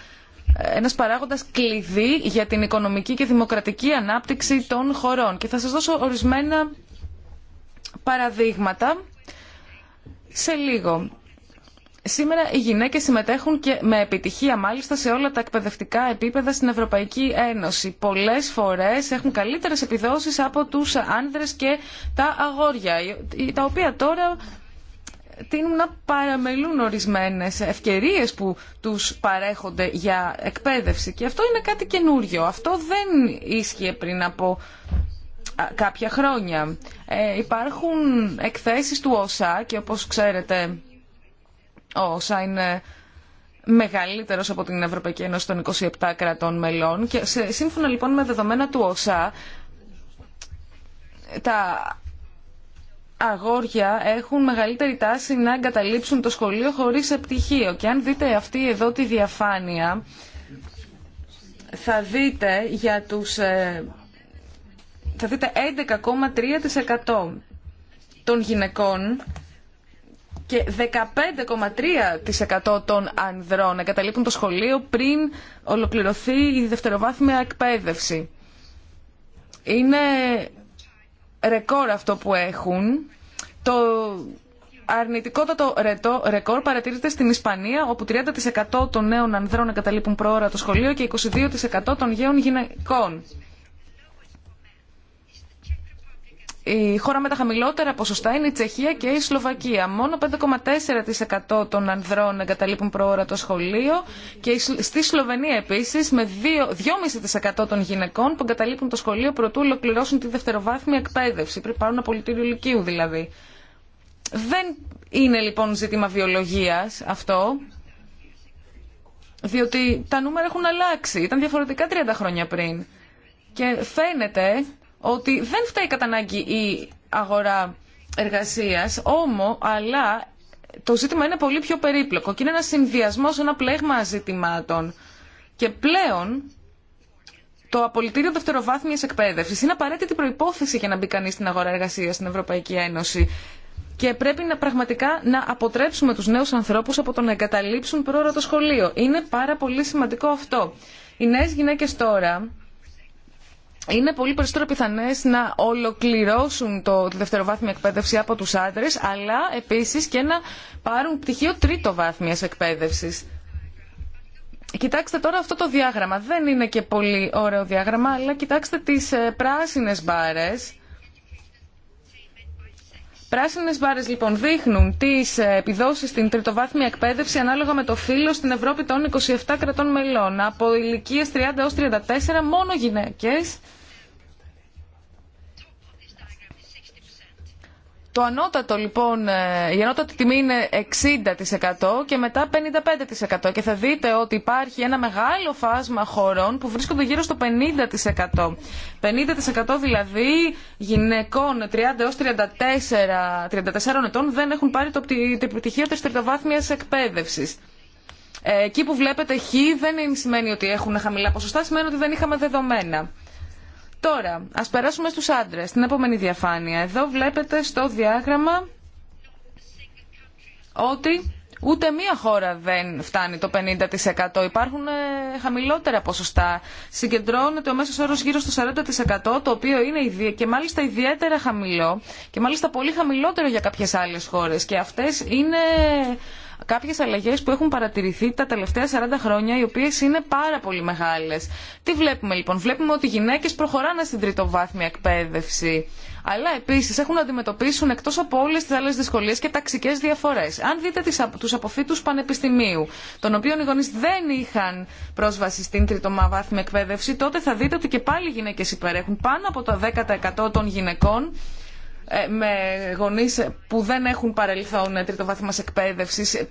ένας παράγοντας κλειδί για την οικονομική και δημοκρατική ανάπτυξη των χωρών. Και θα σας δώσω ορισμένα παραδείγματα σε λίγο. Σήμερα οι γυναίκες συμμετέχουν και με επιτυχία μάλιστα σε όλα τα εκπαιδευτικά επίπεδα στην Ευρωπαϊκή Ένωση. Πολλέ φορές έχουν καλύτερες επιδόσεις από τους άνδρες και τα αγόρια, τα οποία τώρα τείνουν να παραμελούν ορισμένες ευκαιρίες που τους παρέχονται για εκπαίδευση. Και αυτό είναι κάτι καινούριο. Αυτό δεν ίσχυε πριν από κάποια χρόνια. Ε, υπάρχουν εκθέσεις του ΟΣΑ και όπως ξέρετε ο ΩΣΑ είναι μεγαλύτερος από την Ευρωπαϊκή Ένωση των 27 κρατών μελών και σύμφωνα λοιπόν με δεδομένα του ΩΣΑ τα αγόρια έχουν μεγαλύτερη τάση να εγκαταλείψουν το σχολείο χωρίς επιτυχίο. Και αν δείτε αυτή εδώ τη διαφάνεια, θα δείτε για τους... Ε, θα δείτε 11,3% των γυναικών και 15,3% των ανδρών εγκαταλείπουν το σχολείο πριν ολοκληρωθεί η δευτεροβάθμια εκπαίδευση. Είναι ρεκόρ αυτό που έχουν. Το αρνητικότατο ρετό, ρεκόρ παρατηρείται στην Ισπανία, όπου 30% των νέων ανδρών εγκαταλείπουν προώρα το σχολείο και 22% των γέων γυναικών. Η χώρα με τα χαμηλότερα ποσοστά είναι η Τσεχία και η Σλοβακία. Μόνο 5,4% των ανδρών εγκαταλείπουν προώρα το σχολείο και στη Σλοβενία επίσης με 2,5% των γυναικών που εγκαταλείπουν το σχολείο προτού ολοκληρώσουν τη δευτεροβάθμια εκπαίδευση. Πριν πάρουν απολυτήριο ηλικίου δηλαδή. Δεν είναι λοιπόν ζήτημα βιολογίας αυτό, διότι τα νούμερα έχουν αλλάξει. Ήταν διαφορετικά 30 χρόνια πριν. Και φαίνεται ότι δεν φταίει κατά ανάγκη η αγορά εργασία όμω, αλλά το ζήτημα είναι πολύ πιο περίπλοκο και είναι ένα συνδυασμός, ένα πλέγμα ζητημάτων. Και πλέον το απολυτήριο δευτεροβάθμια εκπαίδευση είναι απαραίτητη προπόθεση για να μπει κανεί στην αγορά εργασία στην Ευρωπαϊκή Ένωση. Και πρέπει να, πραγματικά να αποτρέψουμε του νέου ανθρώπου από το να εγκαταλείψουν πρόωρα το σχολείο. Είναι πάρα πολύ σημαντικό αυτό. Οι νέε γυναίκε τώρα είναι πολύ περισσότερο πιθανέ να ολοκληρώσουν το, δευτεροβάθμια εκπαίδευση από του άντρε, αλλά επίση και να πάρουν πτυχίο τρίτο βάθμιας εκπαίδευσης. Κοιτάξτε τώρα αυτό το διάγραμμα. Δεν είναι και πολύ ωραίο διάγραμμα, αλλά κοιτάξτε τις ε, πράσινε μπάρε. Πράσινες μπάρες λοιπόν δείχνουν τις ε, επιδόσεις στην τριτοβάθμια εκπαίδευση ανάλογα με το φύλλο στην Ευρώπη των 27 κρατών μελών. Από ηλικίες 30 έως 34 μόνο γυναίκες. Το ανώτατο λοιπόν, ε, η ανώτατη τιμή είναι 60% και μετά 55% και θα δείτε ότι υπάρχει ένα μεγάλο φάσμα χωρών που βρίσκονται γύρω στο 50%. 50% δηλαδή γυναικών 30 έως 34, 34 ετών δεν έχουν πάρει το επιτυχία της τριτοβάθμιας εκπαίδευσης. Ε, εκεί που βλέπετε χ δεν σημαίνει ότι έχουν χαμηλά ποσοστά, σημαίνει ότι δεν είχαμε δεδομένα. Τώρα, ας περάσουμε στους άντρες, στην επόμενη διαφάνεια. Εδώ βλέπετε στο διάγραμμα ότι ούτε μία χώρα δεν φτάνει το 50%. Υπάρχουν ε, χαμηλότερα ποσοστά. Συγκεντρώνεται ο μέσος όρος γύρω στο 40% το οποίο είναι και μάλιστα ιδιαίτερα χαμηλό και μάλιστα πολύ χαμηλότερο για κάποιες άλλες χώρες και αυτές είναι κάποιες αλλαγές που έχουν παρατηρηθεί τα τελευταία 40 χρόνια, οι οποίες είναι πάρα πολύ μεγάλες. Τι βλέπουμε λοιπόν. Βλέπουμε ότι οι γυναίκες προχωράνε στην τριτοβάθμια εκπαίδευση. Αλλά επίσης έχουν να αντιμετωπίσουν εκτός από όλες τις άλλες δυσκολίες και ταξικές διαφορές. Αν δείτε τους αποφύτους πανεπιστημίου, των οποίων οι γονείς δεν είχαν πρόσβαση στην τριτοβάθμια εκπαίδευση, τότε θα δείτε ότι και πάλι οι γυναίκες υπερέχουν πάνω από το 10% των γυναικών ε, με γονεί που δεν έχουν παρελθόν τρίτο βάθμας εκπαίδευσης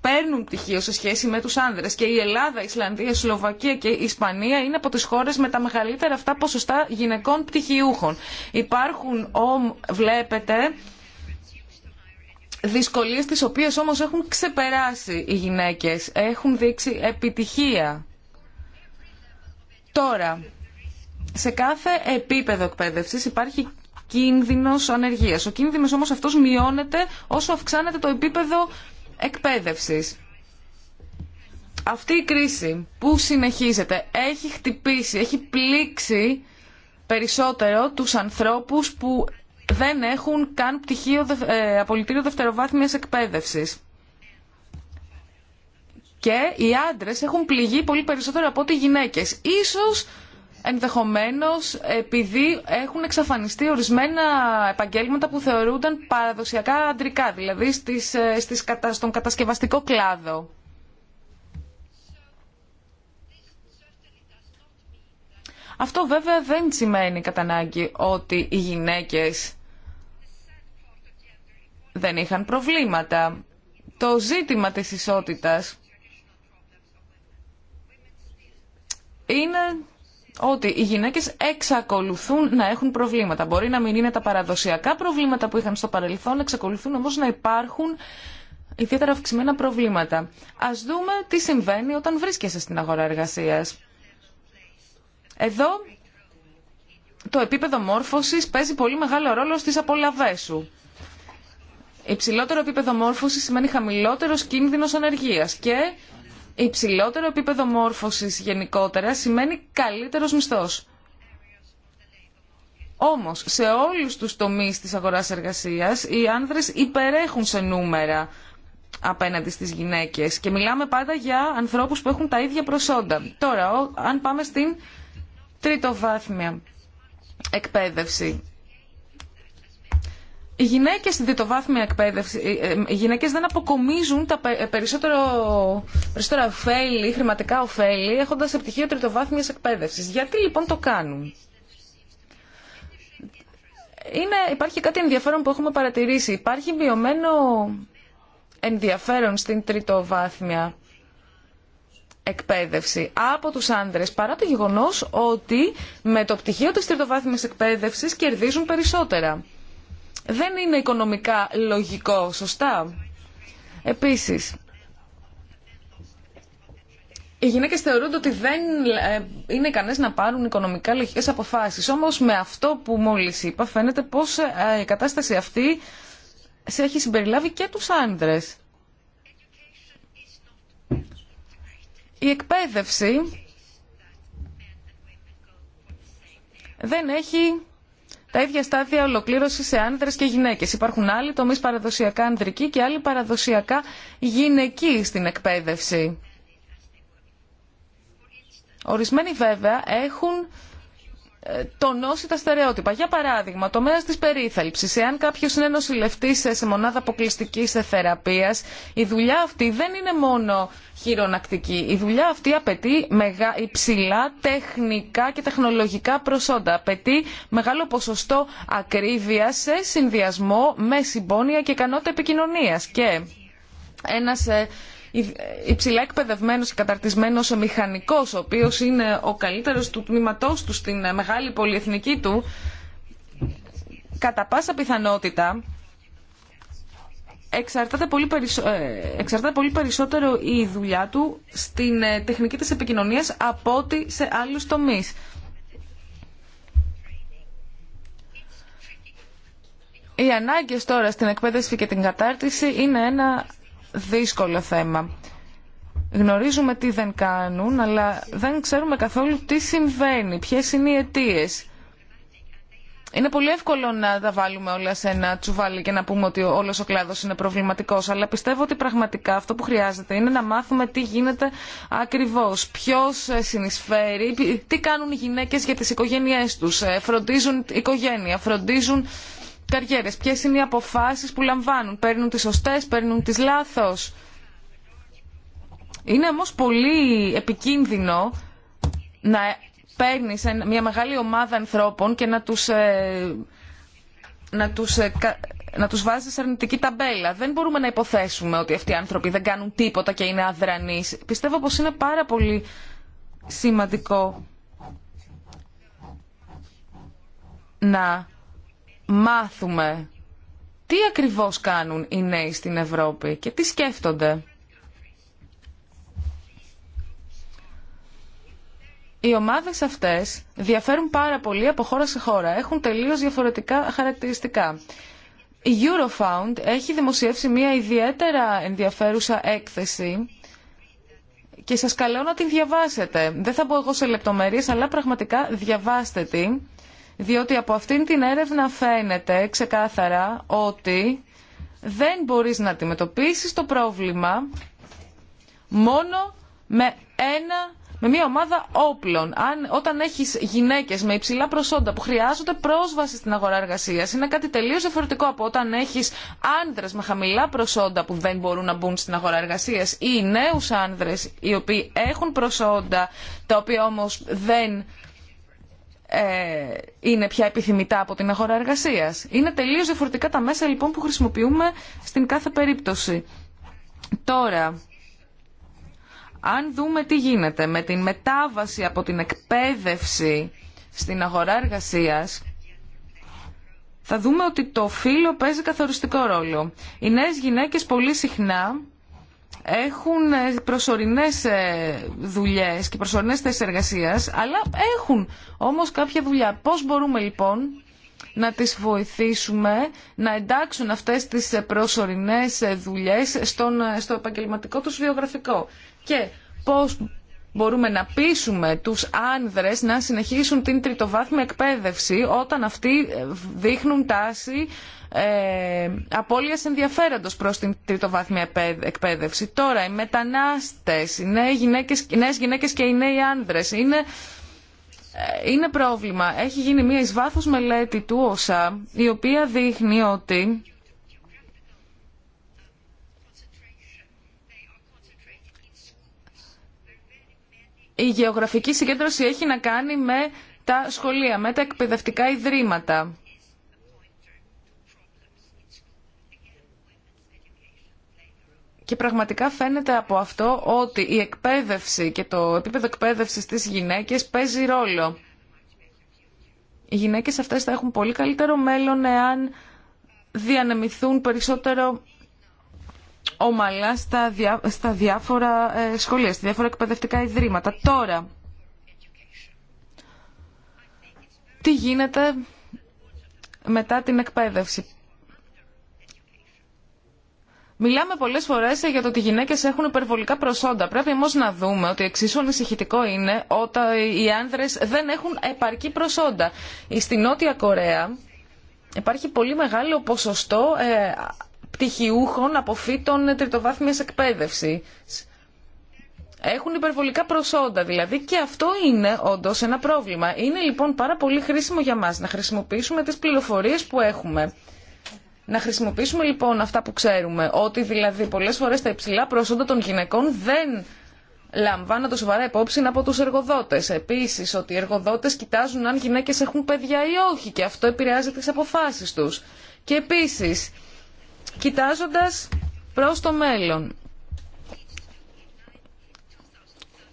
παίρνουν πτυχίο σε σχέση με τους άνδρες και η Ελλάδα, η Ισλανδία, η Σλοβακία και η Ισπανία είναι από τις χώρες με τα μεγαλύτερα αυτά ποσοστά γυναικών πτυχιούχων. Υπάρχουν, ό, βλέπετε, δυσκολίες τι οποίες όμως έχουν ξεπεράσει οι γυναίκε, έχουν δείξει επιτυχία. Τώρα, σε κάθε επίπεδο εκπαίδευση, υπάρχει κίνδυνος ανεργίας. Ο κίνδυνο όμως αυτός μειώνεται όσο αυξάνεται το επίπεδο εκπαίδευση. Αυτή η κρίση που συνεχίζεται έχει χτυπήσει, έχει πλήξει περισσότερο τους ανθρώπους που δεν έχουν καν πτυχίο ε, απολυτήριο δευτεροβάθμιας εκπαίδευσης. Και οι άντρες έχουν πληγεί πολύ περισσότερο από ό,τι οι γυναίκες. Ίσως ενδεχομένως επειδή έχουν εξαφανιστεί ορισμένα επαγγέλματα που θεωρούνταν παραδοσιακά αντρικά, δηλαδή στις, ε, στις, στον κατασκευαστικό κλάδο. Αυτό βέβαια δεν σημαίνει κατά ανάγκη ότι οι γυναίκες δεν είχαν προβλήματα. Το ζήτημα της ισότητας είναι ότι οι γυναίκες εξακολουθούν να έχουν προβλήματα. Μπορεί να μην είναι τα παραδοσιακά προβλήματα που είχαν στο παρελθόν, εξακολουθούν όμως να υπάρχουν ιδιαίτερα αυξημένα προβλήματα. Ας δούμε τι συμβαίνει όταν βρίσκεσαι στην αγορά εργασίας. Εδώ το επίπεδο μόρφωση παίζει πολύ μεγάλο ρόλο στι απολαυέ σου. Υψηλότερο επίπεδο μόρφωση σημαίνει χαμηλότερο κίνδυνο ανεργία και Υψηλότερο επίπεδο μόρφωσης γενικότερα σημαίνει καλύτερος μισθός. Όμως, σε όλους τους τομείς της αγοράς εργασίας, οι άνδρες υπερέχουν σε νούμερα απέναντι στις γυναίκες και μιλάμε πάντα για ανθρώπους που έχουν τα ίδια προσόντα. Τώρα, αν πάμε στην τρίτο βάθμια εκπαίδευση οι γυναίκες στην τριτοβάθμια εκπαίδευση, ε, ε, οι γυναίκες δεν αποκομίζουν τα ε, περισσότερο, περισσότερα ωφέλη, χρηματικά ωφέλη, έχοντα επιτυχία τριτοβάθμια εκπαίδευση. Γιατί λοιπόν το κάνουν. Είναι, υπάρχει κάτι ενδιαφέρον που έχουμε παρατηρήσει. Υπάρχει μειωμένο ενδιαφέρον στην τριτοβάθμια εκπαίδευση από τους άνδρες παρά το γεγονός ότι με το πτυχίο της τριτοβάθμιας εκπαίδευσης κερδίζουν περισσότερα δεν είναι οικονομικά λογικό, σωστά. Επίσης, οι γυναίκες θεωρούνται ότι δεν ε, είναι ικανές να πάρουν οικονομικά λογικές αποφάσεις. Όμως με αυτό που μόλις είπα φαίνεται πως ε, η κατάσταση αυτή σε έχει συμπεριλάβει και τους άντρες. Η εκπαίδευση δεν έχει τα ίδια στάδια ολοκλήρωση σε άνδρε και γυναίκε. Υπάρχουν άλλοι τομεί παραδοσιακά ανδρικοί και άλλοι παραδοσιακά γυναικοί στην εκπαίδευση. Ορισμένοι βέβαια έχουν ε, τονώσει τα στερεότυπα. Για παράδειγμα, το μέρος της περίθαλψης. Εάν κάποιος είναι νοσηλευτής σε μονάδα αποκλειστικής θεραπείας, η δουλειά αυτή δεν είναι μόνο χειρονακτική. Η δουλειά αυτή απαιτεί υψηλά τεχνικά και τεχνολογικά προσόντα. Απαιτεί μεγάλο ποσοστό ακρίβεια σε συνδυασμό με συμπόνια και ικανότητα επικοινωνίας. Και ένας ε, υψηλά εκπαιδευμένος και καταρτισμένος ο μηχανικός, ο οποίος είναι ο καλύτερος του τμήματός του στην μεγάλη πολυεθνική του, κατά πάσα πιθανότητα εξαρτάται πολύ, ε, περισσότερο η δουλειά του στην ε, τεχνική της επικοινωνίας από ό,τι σε άλλους τομείς. Οι ανάγκες τώρα στην εκπαίδευση και την κατάρτιση είναι ένα δύσκολο θέμα. Γνωρίζουμε τι δεν κάνουν, αλλά δεν ξέρουμε καθόλου τι συμβαίνει, ποιες είναι οι αιτίε. Είναι πολύ εύκολο να τα βάλουμε όλα σε ένα τσουβάλι και να πούμε ότι όλος ο κλάδος είναι προβληματικός, αλλά πιστεύω ότι πραγματικά αυτό που χρειάζεται είναι να μάθουμε τι γίνεται ακριβώς, ποιος συνεισφέρει, τι κάνουν οι γυναίκες για τις οικογένειές τους, ε, φροντίζουν οικογένεια, φροντίζουν καριέρε, ποιες είναι οι αποφάσεις που λαμβάνουν, παίρνουν τι σωστέ, παίρνουν τις λάθο. Είναι όμω πολύ επικίνδυνο να παίρνει μια μεγάλη ομάδα ανθρώπων και να τους, ε, να τους, ε, να τους βάζεις σε αρνητική ταμπέλα. Δεν μπορούμε να υποθέσουμε ότι αυτοί οι άνθρωποι δεν κάνουν τίποτα και είναι αδρανείς. Πιστεύω πως είναι πάρα πολύ σημαντικό να μάθουμε τι ακριβώς κάνουν οι νέοι στην Ευρώπη και τι σκέφτονται. Οι ομάδες αυτές διαφέρουν πάρα πολύ από χώρα σε χώρα. Έχουν τελείως διαφορετικά χαρακτηριστικά. Η Eurofound έχει δημοσιεύσει μια ιδιαίτερα ενδιαφέρουσα έκθεση και σας καλώ να την διαβάσετε. Δεν θα πω εγώ σε λεπτομέρειες, αλλά πραγματικά διαβάστε την διότι από αυτήν την έρευνα φαίνεται ξεκάθαρα ότι δεν μπορείς να αντιμετωπίσεις το πρόβλημα μόνο με ένα με μια ομάδα όπλων. Αν, όταν έχεις γυναίκες με υψηλά προσόντα που χρειάζονται πρόσβαση στην αγορά εργασίας, είναι κάτι τελείως διαφορετικό από όταν έχεις άνδρες με χαμηλά προσόντα που δεν μπορούν να μπουν στην αγορά εργασίας ή νέους άνδρες οι οποίοι έχουν προσόντα τα οποία όμως δεν ε, είναι πια επιθυμητά από την αγορά εργασία. Είναι τελείω διαφορετικά τα μέσα λοιπόν που χρησιμοποιούμε στην κάθε περίπτωση. Τώρα, αν δούμε τι γίνεται με την μετάβαση από την εκπαίδευση στην αγορά εργασίας, θα δούμε ότι το φύλλο παίζει καθοριστικό ρόλο. Οι νέες γυναίκες πολύ συχνά έχουν ε, προσωρινές ε, δουλειές και προσωρινές θέσεις εργασίας, αλλά έχουν όμως κάποια δουλειά. Πώς μπορούμε λοιπόν να τις βοηθήσουμε να εντάξουν αυτές τις ε, προσωρινές δουλειές στον, στο επαγγελματικό τους βιογραφικό και πώς μπορούμε να πείσουμε τους άνδρες να συνεχίσουν την τριτοβάθμια εκπαίδευση όταν αυτοί δείχνουν τάση ε, απώλειας ενδιαφέροντος προς την τριτοβάθμια εκπαίδευση. Τώρα οι μετανάστες, οι νέες γυναίκες, οι νέες και οι νέοι άνδρες είναι, ε, είναι πρόβλημα. Έχει γίνει μια εις μελέτη του ΟΣΑ η οποία δείχνει ότι η γεωγραφική συγκέντρωση έχει να κάνει με τα σχολεία, με τα εκπαιδευτικά ιδρύματα. Και πραγματικά φαίνεται από αυτό ότι η εκπαίδευση και το επίπεδο εκπαίδευση στι γυναίκε παίζει ρόλο. Οι γυναίκε αυτές θα έχουν πολύ καλύτερο μέλλον εάν διανεμηθούν περισσότερο ομαλά στα, διά, στα διάφορα ε, σχολεία, στα διάφορα εκπαιδευτικά ιδρύματα. Τώρα, τι γίνεται μετά την εκπαίδευση. Μιλάμε πολλέ φορέ για το ότι οι γυναίκε έχουν υπερβολικά προσόντα. Πρέπει όμω να δούμε ότι εξίσου ανησυχητικό είναι όταν οι άνδρε δεν έχουν επαρκή προσόντα. Στη Νότια Κορέα υπάρχει πολύ μεγάλο ποσοστό ε, πτυχιούχων αποφύτων τριτοβάθμιας εκπαίδευση. Έχουν υπερβολικά προσόντα δηλαδή και αυτό είναι όντω ένα πρόβλημα. Είναι λοιπόν πάρα πολύ χρήσιμο για μας να χρησιμοποιήσουμε τις πληροφορίες που έχουμε να χρησιμοποιήσουμε λοιπόν αυτά που ξέρουμε, ότι δηλαδή πολλές φορές τα υψηλά προσόντα των γυναικών δεν λαμβάνονται σοβαρά υπόψη από τους εργοδότες. Επίσης ότι οι εργοδότες κοιτάζουν αν γυναίκες έχουν παιδιά ή όχι και αυτό επηρεάζει τις αποφάσεις τους. Και επίσης κοιτάζοντας προς το μέλλον.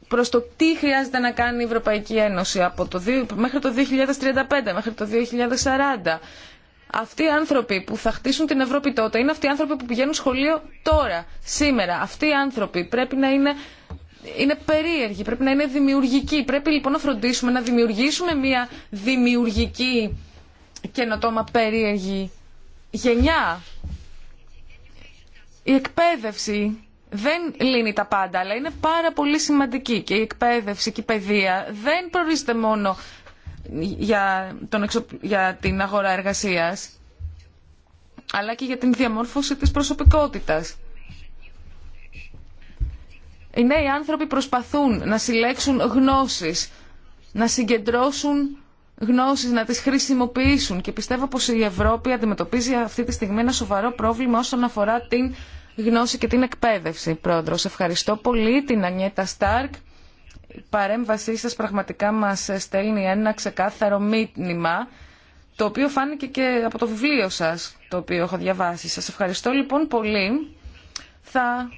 προς το τι χρειάζεται να κάνει η Ευρωπαϊκή Ένωση από το, μέχρι το 2035, μέχρι το 2040. Αυτοί οι άνθρωποι που θα χτίσουν την Ευρώπη τότε είναι αυτοί οι άνθρωποι που πηγαίνουν σχολείο τώρα, σήμερα. Αυτοί οι άνθρωποι πρέπει να είναι είναι περίεργοι, πρέπει να είναι δημιουργικοί. Πρέπει λοιπόν να φροντίσουμε να δημιουργήσουμε μια δημιουργική καινοτόμα περίεργη γενιά. Η εκπαίδευση δεν λύνει τα πάντα, αλλά είναι πάρα πολύ σημαντική και η εκπαίδευση και η παιδεία δεν προορίζεται μόνο για, τον για την αγορά εργασίας, αλλά και για την διαμόρφωση της προσωπικότητας. Οι νέοι άνθρωποι προσπαθούν να συλλέξουν γνώσεις, να συγκεντρώσουν γνώσεις, να τις χρησιμοποιήσουν και πιστεύω πως η Ευρώπη αντιμετωπίζει αυτή τη στιγμή ένα σοβαρό πρόβλημα όσον αφορά την γνώση και την εκπαίδευση. Πρόεδρος, ευχαριστώ πολύ την Ανιέτα Στάρκ παρέμβασή σας πραγματικά μας στέλνει ένα ξεκάθαρο μήνυμα, το οποίο φάνηκε και από το βιβλίο σας, το οποίο έχω διαβάσει. Σας ευχαριστώ λοιπόν πολύ. Θα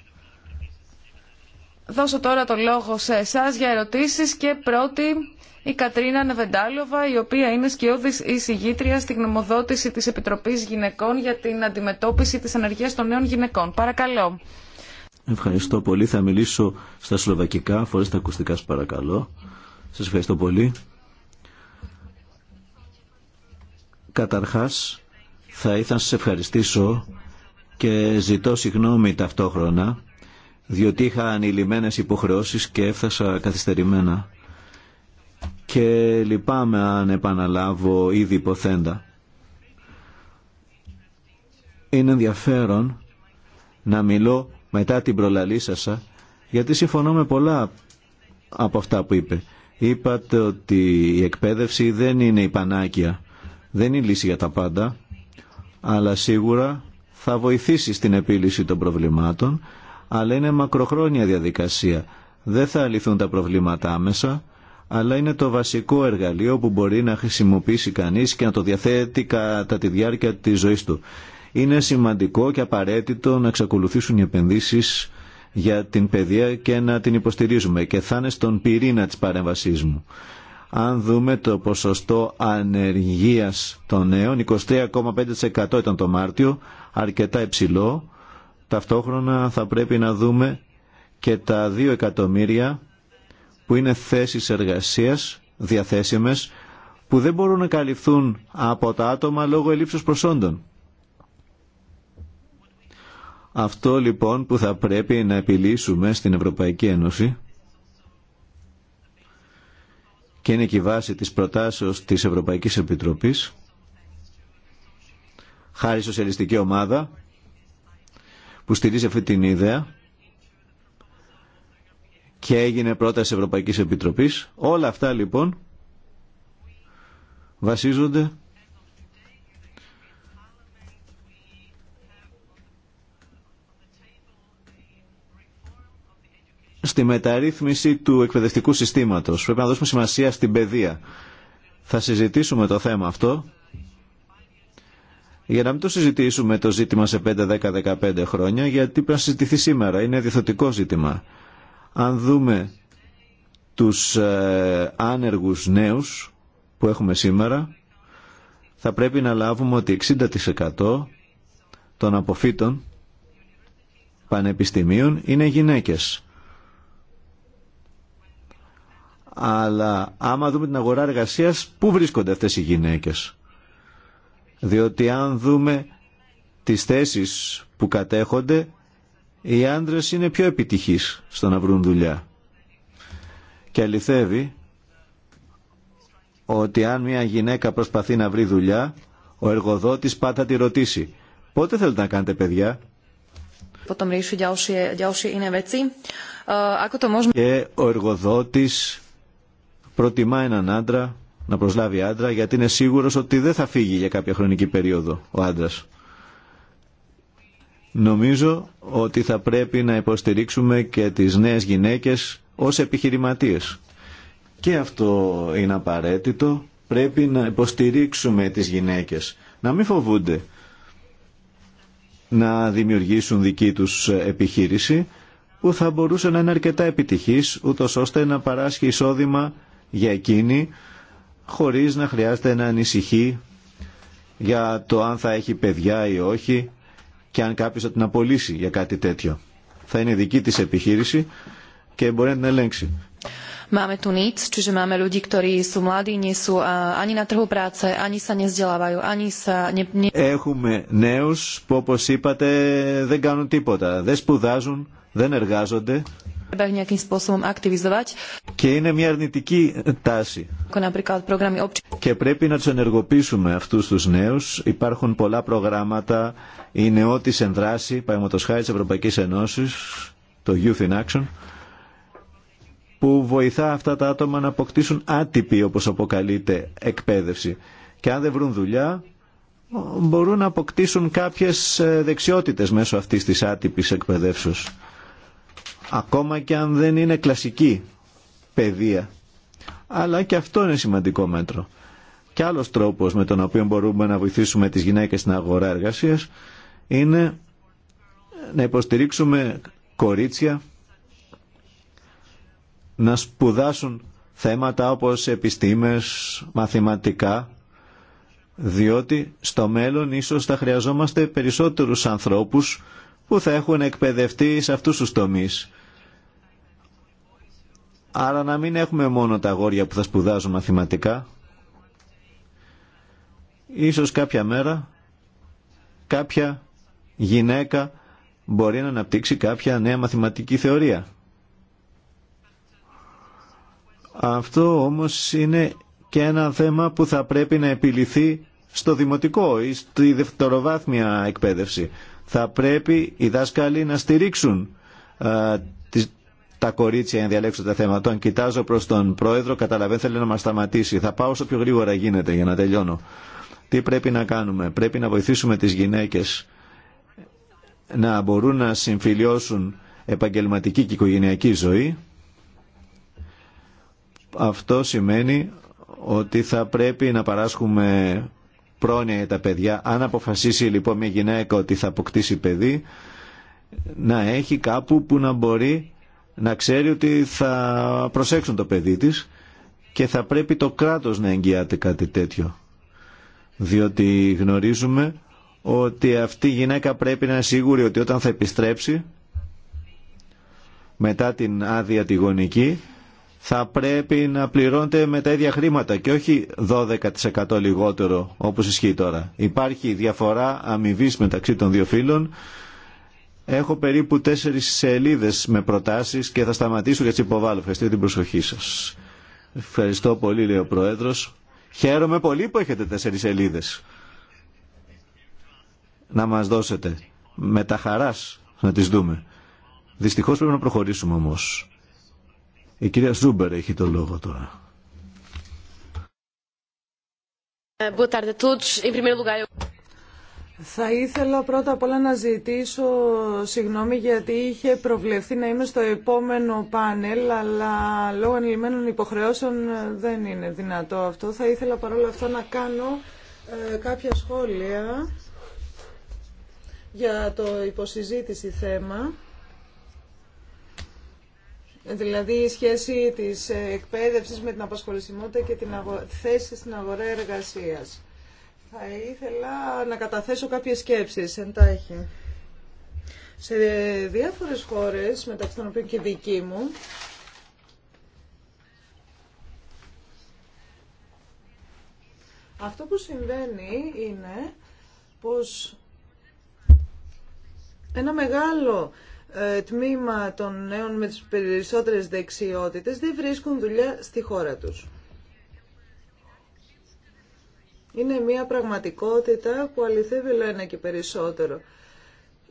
δώσω τώρα το λόγο σε εσάς για ερωτήσεις και πρώτη η Κατρίνα Νεβεντάλοβα, η οποία είναι σκιώδης εισηγήτρια στη γνωμοδότηση της Επιτροπής Γυναικών για την αντιμετώπιση της ανεργίας των νέων γυναικών. Παρακαλώ. Ευχαριστώ πολύ. Θα μιλήσω στα σλοβακικά. Φορές τα ακουστικά σας παρακαλώ. Σας ευχαριστώ πολύ. Καταρχάς θα ήθελα να σας ευχαριστήσω και ζητώ συγγνώμη ταυτόχρονα διότι είχα ανηλυμένες υποχρεώσεις και έφτασα καθυστερημένα και λυπάμαι αν επαναλάβω ήδη υποθέντα. Είναι ενδιαφέρον να μιλώ μετά την προλαλήσασα, γιατί συμφωνώ με πολλά από αυτά που είπε. Είπατε ότι η εκπαίδευση δεν είναι η πανάκια, δεν είναι η λύση για τα πάντα, αλλά σίγουρα θα βοηθήσει στην επίλυση των προβλημάτων, αλλά είναι μακροχρόνια διαδικασία. Δεν θα λυθούν τα προβλήματα άμεσα, αλλά είναι το βασικό εργαλείο που μπορεί να χρησιμοποιήσει κανείς και να το διαθέτει κατά τη διάρκεια της ζωής του. Είναι σημαντικό και απαραίτητο να εξακολουθήσουν οι επενδύσεις για την παιδεία και να την υποστηρίζουμε και θα είναι στον πυρήνα της παρέμβασής μου. Αν δούμε το ποσοστό ανεργίας των νέων, 23,5% ήταν το Μάρτιο, αρκετά υψηλό. Ταυτόχρονα θα πρέπει να δούμε και τα 2 εκατομμύρια που είναι θέσεις εργασίας διαθέσιμες που δεν μπορούν να καλυφθούν από τα άτομα λόγω ελλείψης προσόντων. Αυτό λοιπόν που θα πρέπει να επιλύσουμε στην Ευρωπαϊκή Ένωση και είναι και η βάση της προτάσεως της Ευρωπαϊκής Επιτροπής χάρη σοσιαλιστική ομάδα που στηρίζει αυτή την ιδέα και έγινε πρόταση Ευρωπαϊκής Επιτροπής. Όλα αυτά λοιπόν βασίζονται στη μεταρρύθμιση του εκπαιδευτικού συστήματος. Πρέπει να δώσουμε σημασία στην παιδεία. Θα συζητήσουμε το θέμα αυτό για να μην το συζητήσουμε το ζήτημα σε 5, 10, 15 χρόνια, γιατί πρέπει να συζητηθεί σήμερα. Είναι διθωτικό ζήτημα. Αν δούμε τους ε, άνεργους νέους που έχουμε σήμερα, θα πρέπει να λάβουμε ότι 60% των αποφύτων πανεπιστημίων είναι γυναίκες αλλά άμα δούμε την αγορά εργασίας, πού βρίσκονται αυτές οι γυναίκες. Διότι αν δούμε τις θέσεις που κατέχονται, οι άντρες είναι πιο επιτυχείς στο να βρουν δουλειά. Και αληθεύει ότι αν μια γυναίκα προσπαθεί να βρει δουλειά, ο εργοδότης πάντα τη ρωτήσει «Πότε θέλετε να κάνετε παιδιά» ε, και ο εργοδότης προτιμά έναν άντρα να προσλάβει άντρα γιατί είναι σίγουρος ότι δεν θα φύγει για κάποια χρονική περίοδο ο άντρας. Νομίζω ότι θα πρέπει να υποστηρίξουμε και τις νέες γυναίκες ως επιχειρηματίες. Και αυτό είναι απαραίτητο. Πρέπει να υποστηρίξουμε τις γυναίκες. Να μην φοβούνται να δημιουργήσουν δική τους επιχείρηση που θα μπορούσε να είναι αρκετά επιτυχής ούτως ώστε να παράσχει εισόδημα για εκείνη χωρίς να χρειάζεται να ανησυχεί για το αν θα έχει παιδιά ή όχι και αν κάποιος θα την απολύσει για κάτι τέτοιο. Θα είναι δική της επιχείρηση και μπορεί να την ελέγξει. Máme tu nic, čiže máme ľudí, ktorí sú mladí, nie sú ani na trhu práce, ani sa nezdelávajú, ani sa... Έχουμε νέους που όπως είπατε δεν κάνουν τίποτα, δεν σπουδάζουν, δεν εργάζονται, και είναι μια αρνητική τάση. Και πρέπει να του ενεργοποιήσουμε αυτού του νέου. Υπάρχουν πολλά προγράμματα. Η νεότη ενδράση, παραδείγματο χάρη τη Ευρωπαϊκή Ενώση, το Youth in Action, που βοηθά αυτά τα άτομα να αποκτήσουν άτυπη, όπω αποκαλείται, εκπαίδευση. Και αν δεν βρουν δουλειά, μπορούν να αποκτήσουν κάποιε δεξιότητε μέσω αυτή τη άτυπη εκπαιδεύσεω ακόμα και αν δεν είναι κλασική παιδεία. Αλλά και αυτό είναι σημαντικό μέτρο. Και άλλος τρόπος με τον οποίο μπορούμε να βοηθήσουμε τις γυναίκες στην αγορά εργασίας είναι να υποστηρίξουμε κορίτσια να σπουδάσουν θέματα όπως επιστήμες, μαθηματικά, διότι στο μέλλον ίσως θα χρειαζόμαστε περισσότερους ανθρώπους που θα έχουν εκπαιδευτεί σε αυτούς τους τομείς Άρα να μην έχουμε μόνο τα αγόρια που θα σπουδάζουν μαθηματικά. Ίσως κάποια μέρα κάποια γυναίκα μπορεί να αναπτύξει κάποια νέα μαθηματική θεωρία. Αυτό όμως είναι και ένα θέμα που θα πρέπει να επιληθεί στο δημοτικό ή στη δευτεροβάθμια εκπαίδευση. Θα πρέπει οι δάσκαλοι να στηρίξουν τα κορίτσια να διαλέξουν τα θέματα. Κοιτάζω προ τον πρόεδρο, καταλαβαίνω θέλει να μα σταματήσει. Θα πάω όσο πιο γρήγορα γίνεται για να τελειώνω. Τι πρέπει να κάνουμε, πρέπει να βοηθήσουμε τι γυναίκε να μπορούν να συμφιλιώσουν επαγγελματική και οικογενειακή ζωή. Αυτό σημαίνει ότι θα πρέπει να παράσχουμε πρόνοια για τα παιδιά. Αν αποφασίσει λοιπόν μια γυναίκα ότι θα αποκτήσει παιδί, να έχει κάπου που να μπορεί να ξέρει ότι θα προσέξουν το παιδί της και θα πρέπει το κράτος να εγγυάται κάτι τέτοιο. Διότι γνωρίζουμε ότι αυτή η γυναίκα πρέπει να είναι σίγουρη ότι όταν θα επιστρέψει μετά την άδεια τη γονική θα πρέπει να πληρώνεται με τα ίδια χρήματα και όχι 12% λιγότερο όπως ισχύει τώρα. Υπάρχει διαφορά αμοιβή μεταξύ των δύο φύλων Έχω περίπου τέσσερι σελίδε με προτάσεις και θα σταματήσω γιατί υποβάλλω. Ευχαριστώ την προσοχή σα. Ευχαριστώ πολύ, λέει ο Πρόεδρος. Χαίρομαι πολύ που έχετε τέσσερι σελίδε. να μας δώσετε. Με τα χαράς να τι δούμε. Δυστυχώ πρέπει να προχωρήσουμε όμω. Η κυρία Ζούμπερ έχει το λόγο τώρα. Θα ήθελα πρώτα απ' όλα να ζητήσω συγγνώμη γιατί είχε προβλεφθεί να είμαι στο επόμενο πάνελ αλλά λόγω ανηλυμένων υποχρεώσεων δεν είναι δυνατό αυτό. Θα ήθελα παρόλα αυτά να κάνω ε, κάποια σχόλια για το υποσυζήτηση θέμα. Δηλαδή η σχέση της εκπαίδευσης με την απασχολησιμότητα και την αγο... θέση στην αγορά εργασίας. Θα ήθελα να καταθέσω κάποιες σκέψεις εντάχει. Σε διάφορες χώρες, μεταξύ των οποίων και δική μου, αυτό που συμβαίνει είναι πως ένα μεγάλο ε, τμήμα των νέων με τις περισσότερες δεξιότητες δεν βρίσκουν δουλειά στη χώρα τους. Είναι μια πραγματικότητα που αληθεύει λένε ένα και περισσότερο.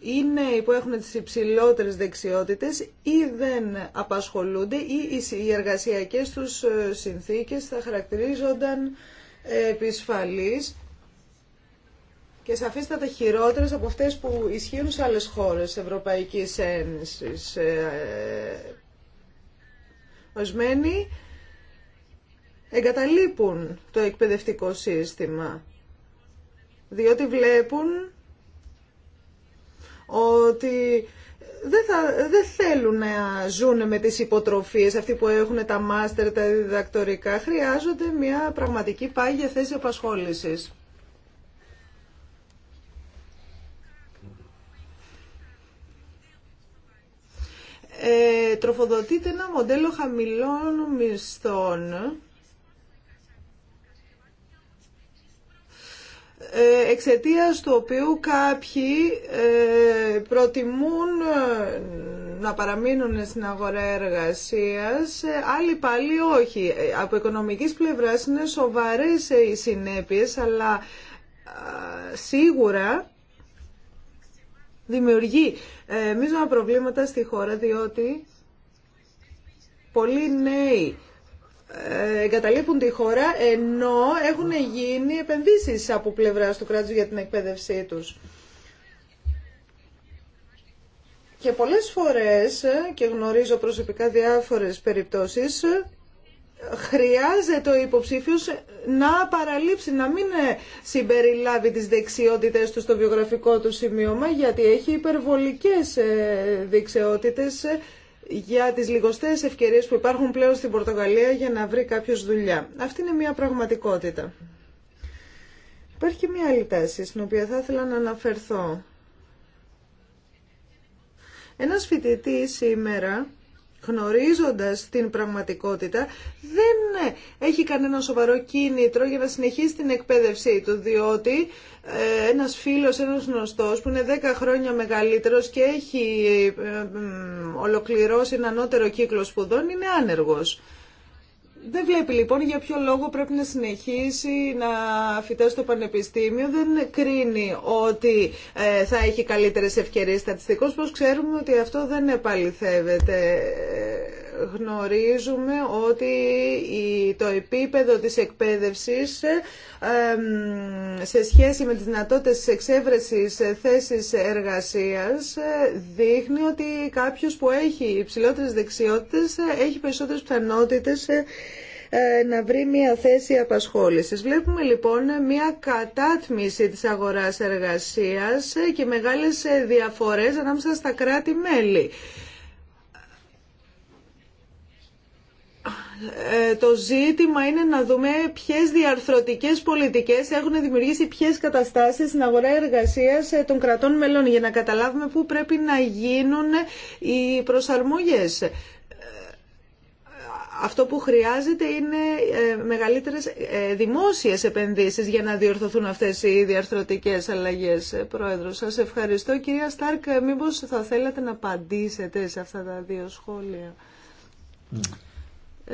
Οι που έχουν τις υψηλότερες δεξιότητες ή δεν απασχολούνται ή οι εργασιακές τους ε, συνθήκες θα χαρακτηρίζονταν ε, επισφαλείς και σαφίστατα χειρότερες από αυτές που ισχύουν σε άλλες χώρες Ευρωπαϊκής Ένωσης. Ε, εγκαταλείπουν το εκπαιδευτικό σύστημα, διότι βλέπουν ότι δεν, θα, δεν θέλουν να ζουν με τις υποτροφίες αυτοί που έχουν τα μάστερ, τα διδακτορικά. Χρειάζονται μια πραγματική πάγια θέση απασχόλησης. Ε, τροφοδοτείται ένα μοντέλο χαμηλών μισθών Ε, εξαιτίας του οποίου κάποιοι ε, προτιμούν ε, να παραμείνουν στην αγορά εργασίας, άλλοι πάλι όχι. Από οικονομικής πλευράς είναι σοβαρές οι συνέπειες, αλλά σίγουρα δημιουργεί μείζωνα προβλήματα στη χώρα, διότι πολλοί νέοι εγκαταλείπουν τη χώρα ενώ έχουν γίνει επενδύσεις από πλευράς του κράτους για την εκπαίδευσή τους. Και πολλές φορές, και γνωρίζω προσωπικά διάφορες περιπτώσεις, χρειάζεται ο υποψήφιος να παραλείψει, να μην συμπεριλάβει τις δεξιότητες του στο βιογραφικό του σημείωμα, γιατί έχει υπερβολικές ε, δεξιότητες για τις λιγοστές ευκαιρίες που υπάρχουν πλέον στην Πορτογαλία για να βρει κάποιος δουλειά. Αυτή είναι μια πραγματικότητα. Υπάρχει και μια άλλη τάση στην οποία θα ήθελα να αναφερθώ. Ένας φοιτητής σήμερα γνωρίζοντας την πραγματικότητα, δεν έχει κανένα σοβαρό κίνητρο για να συνεχίσει την εκπαίδευσή του, διότι ε, ένας φίλος, ένας γνωστός που είναι 10 χρόνια μεγαλύτερος και έχει ε, ολοκληρώσει έναν ανώτερο κύκλο σπουδών, είναι άνεργος. Δεν βλέπει λοιπόν για ποιο λόγο πρέπει να συνεχίσει να φυτά στο πανεπιστήμιο. Δεν κρίνει ότι ε, θα έχει καλύτερες ευκαιρίες στατιστικώς, πως ξέρουμε ότι αυτό δεν επαληθεύεται γνωρίζουμε ότι το επίπεδο της εκπαίδευσης σε σχέση με τις δυνατότητες της εξέβρεσης θέσης εργασίας δείχνει ότι κάποιος που έχει υψηλότερες δεξιότητες έχει περισσότερες πιθανότητες ε, να βρει μια θέση απασχόλησης. Βλέπουμε λοιπόν μια κατάτμιση της αγοράς εργασίας και μεγάλες ε, διαφορές ανάμεσα στα κράτη-μέλη. Ε, το ζήτημα είναι να δούμε ποιες διαρθρωτικές πολιτικές έχουν δημιουργήσει ποιες καταστάσεις στην αγορά εργασίας ε, των κρατών μελών για να καταλάβουμε πού πρέπει να γίνουν οι προσαρμογές. Ε, αυτό που χρειάζεται είναι μεγαλύτερες δημόσιες επενδύσεις για να διορθωθούν αυτές οι διαρθρωτικές αλλαγές, Πρόεδρο. Σας ευχαριστώ. Κυρία Στάρκ, μήπως θα θέλατε να απαντήσετε σε αυτά τα δύο σχόλια. Ναι.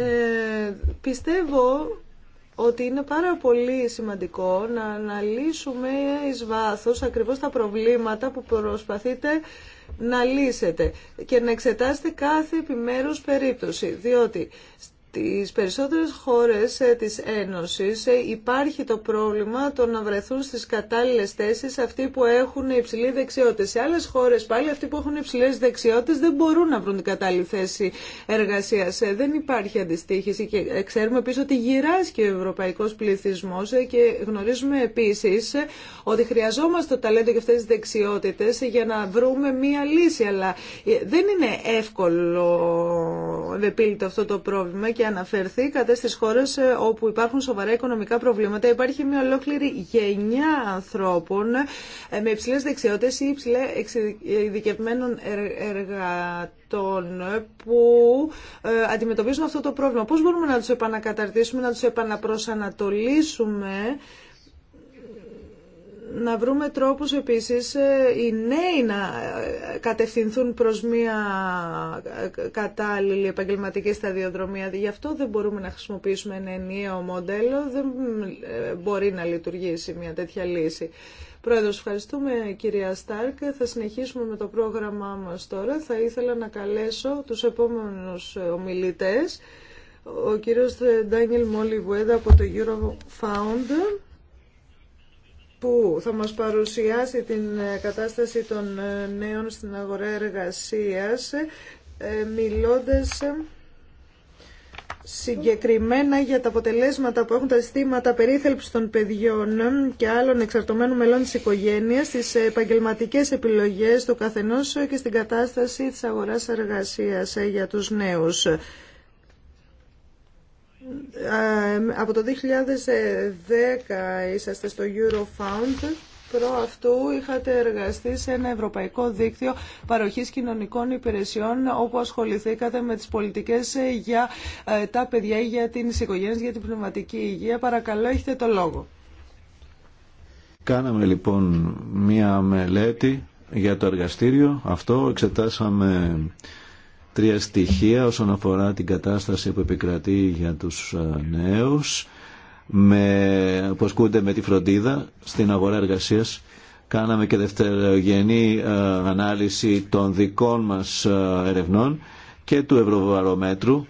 Ε, πιστεύω ότι είναι πάρα πολύ σημαντικό να αναλύσουμε εις βάθος ακριβώς τα προβλήματα που προσπαθείτε να λύσετε και να εξετάσετε κάθε επιμέρους περίπτωση, διότι στις περισσότερες χώρες ε, της Ένωσης ε, υπάρχει το πρόβλημα το να βρεθούν στις κατάλληλες θέσεις αυτοί που έχουν υψηλή δεξιότητα. Σε άλλες χώρες πάλι αυτοί που έχουν υψηλές δεξιότητες δεν μπορούν να βρουν την κατάλληλη θέση εργασίας. Ε, δεν υπάρχει αντιστοίχηση και ξέρουμε επίσης ότι και ο ευρωπαϊκός πληθυσμός και γνωρίζουμε επίσης ότι χρειαζόμαστε το ταλέντο και αυτές τις δεξιότητες για να βρούμε μία λύση. Αλλά δεν είναι εύκολο επίλυτο αυτό το πρόβλημα και αναφερθεί στις χώρες ε, όπου υπάρχουν σοβαρά οικονομικά προβλήματα. Υπάρχει μια ολόκληρη γενιά ανθρώπων ε, με υψηλές δεξιότητες ή υψηλέ ειδικευμένων εργατών που ε, αντιμετωπίζουν αυτό το πρόβλημα. Πώς μπορούμε να του επανακαταρτήσουμε, να του επαναπροσανατολίσουμε να βρούμε τρόπους επίσης ε, οι νέοι να ε, κατευθυνθούν προς μια ε, κατάλληλη επαγγελματική σταδιοδρομία. Γι' αυτό δεν μπορούμε να χρησιμοποιήσουμε ένα ενιαίο μοντέλο, δεν μπορεί να λειτουργήσει μια τέτοια λύση. Πρόεδρος, ευχαριστούμε κυρία Στάρκ. Θα συνεχίσουμε με το πρόγραμμά μας τώρα. Θα ήθελα να καλέσω τους επόμενους ομιλητές. Ο κύριος Ντάνιελ Μόλιβουέδα από το Eurofound που θα μας παρουσιάσει την ε, κατάσταση των ε, νέων στην αγορά εργασίας ε, μιλώντας συγκεκριμένα για τα αποτελέσματα που έχουν τα συστήματα περίθελψης των παιδιών και άλλων εξαρτωμένων μελών της οικογένειας στις επαγγελματικές επιλογές του καθενός και στην κατάσταση της αγοράς εργασίας για τους νέους. Ε, από το 2010 είσαστε στο Eurofound. Προ αυτού είχατε εργαστεί σε ένα ευρωπαϊκό δίκτυο παροχής κοινωνικών υπηρεσιών όπου ασχοληθήκατε με τις πολιτικές για ε, τα παιδιά, ή για την οικογένειες, για την πνευματική υγεία. Παρακαλώ, έχετε το λόγο. Κάναμε λοιπόν μία μελέτη για το εργαστήριο. Αυτό εξετάσαμε τρία στοιχεία όσον αφορά την κατάσταση που επικρατεί για τους ε, νέους με, που ασκούνται με τη φροντίδα στην αγορά εργασίας. Κάναμε και δευτερογενή ε, ανάλυση των δικών μας ε, ερευνών και του Ευρωβαρομέτρου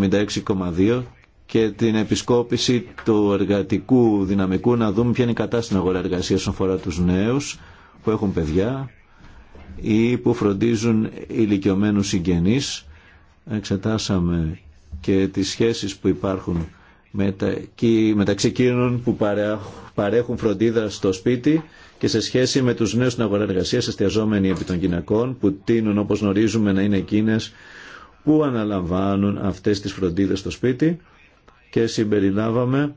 76,2 και την επισκόπηση του εργατικού δυναμικού να δούμε ποια είναι η κατάσταση στην αγορά εργασίας όσον αφορά τους νέους που έχουν παιδιά, ή που φροντίζουν ηλικιωμένους συγγενείς. Εξετάσαμε και τις σχέσεις που υπάρχουν μεταξύ εκείνων που παρέχουν φροντίδα στο σπίτι και σε σχέση με τους νέους στην αγορά εργασία εστιαζόμενοι επί των γυναικών που τείνουν όπως γνωρίζουμε να είναι εκείνες που αναλαμβάνουν αυτές τις φροντίδες στο σπίτι και συμπεριλάβαμε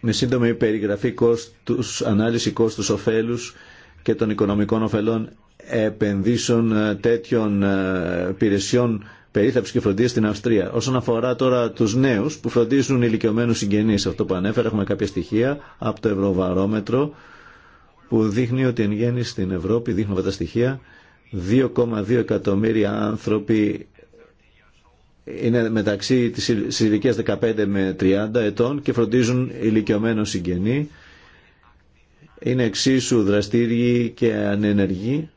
με σύντομη περιγραφή κόστους, ανάλυση κόστους-οφέλους και των οικονομικών ωφελών επενδύσεων ε, τέτοιων ε, υπηρεσιών περίθαψη και φροντίδα στην Αυστρία. Όσον αφορά τώρα του νέου που φροντίζουν ηλικιωμένου συγγενεί, αυτό που ανέφερα, έχουμε κάποια στοιχεία από το Ευρωβαρόμετρο που δείχνει ότι εν γέννη στην Ευρώπη, δείχνουν αυτά τα στοιχεία, 2,2 εκατομμύρια άνθρωποι είναι μεταξύ της ηλικίας 15 με 30 ετών και φροντίζουν ηλικιωμένο συγγενείς είναι εξίσου δραστήριοι και ανενεργοί.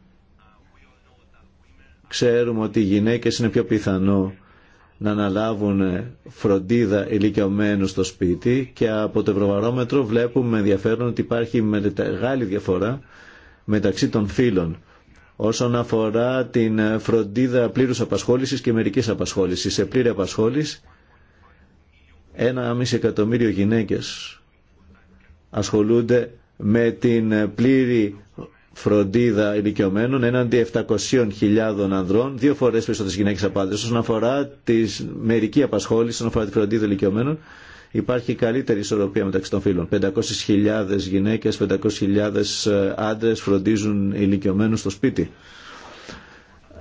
Ξέρουμε ότι οι γυναίκες είναι πιο πιθανό να αναλάβουν φροντίδα ηλικιωμένου στο σπίτι και από το ευρωβαρόμετρο βλέπουμε ενδιαφέρον ότι υπάρχει μεγάλη διαφορά μεταξύ των φύλων όσον αφορά την φροντίδα πλήρους απασχόλησης και μερικής απασχόλησης. Σε πλήρη απασχόληση ένα μισή εκατομμύριο γυναίκες ασχολούνται με την πλήρη φροντίδα ηλικιωμένων έναντι 700.000 ανδρών, δύο φορέ περισσότερε γυναίκε από άντρε. Όσον αφορά τη μερική απασχόληση, όσον αφορά τη φροντίδα ηλικιωμένων, υπάρχει καλύτερη ισορροπία μεταξύ των φίλων. 500.000 γυναίκε, 500.000 άντρε φροντίζουν ηλικιωμένου στο σπίτι.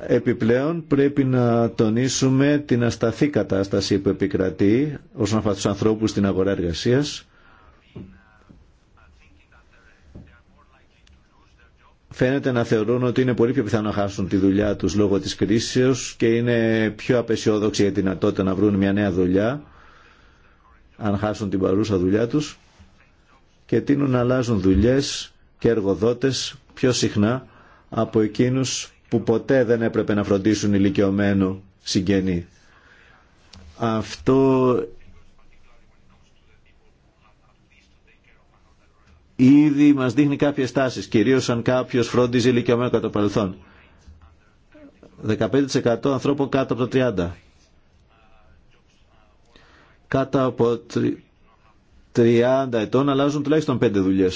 Επιπλέον πρέπει να τονίσουμε την ασταθή κατάσταση που επικρατεί όσον αφορά τους ανθρώπους στην αγορά εργασίας φαίνεται να θεωρούν ότι είναι πολύ πιο πιθανό να χάσουν τη δουλειά τους λόγω της κρίσης και είναι πιο απεσιόδοξοι για τη δυνατότητα να βρουν μια νέα δουλειά αν χάσουν την παρούσα δουλειά τους και τείνουν να αλλάζουν δουλειές και εργοδότες πιο συχνά από εκείνους που ποτέ δεν έπρεπε να φροντίσουν ηλικιωμένο συγγενή. Αυτό ήδη μας δείχνει κάποιες τάσει. κυρίως αν κάποιος φρόντιζε ηλικιωμένο κατά παρελθόν. 15% ανθρώπων κάτω από το 30. Κάτω από 30 ετών αλλάζουν τουλάχιστον 5 δουλειέ.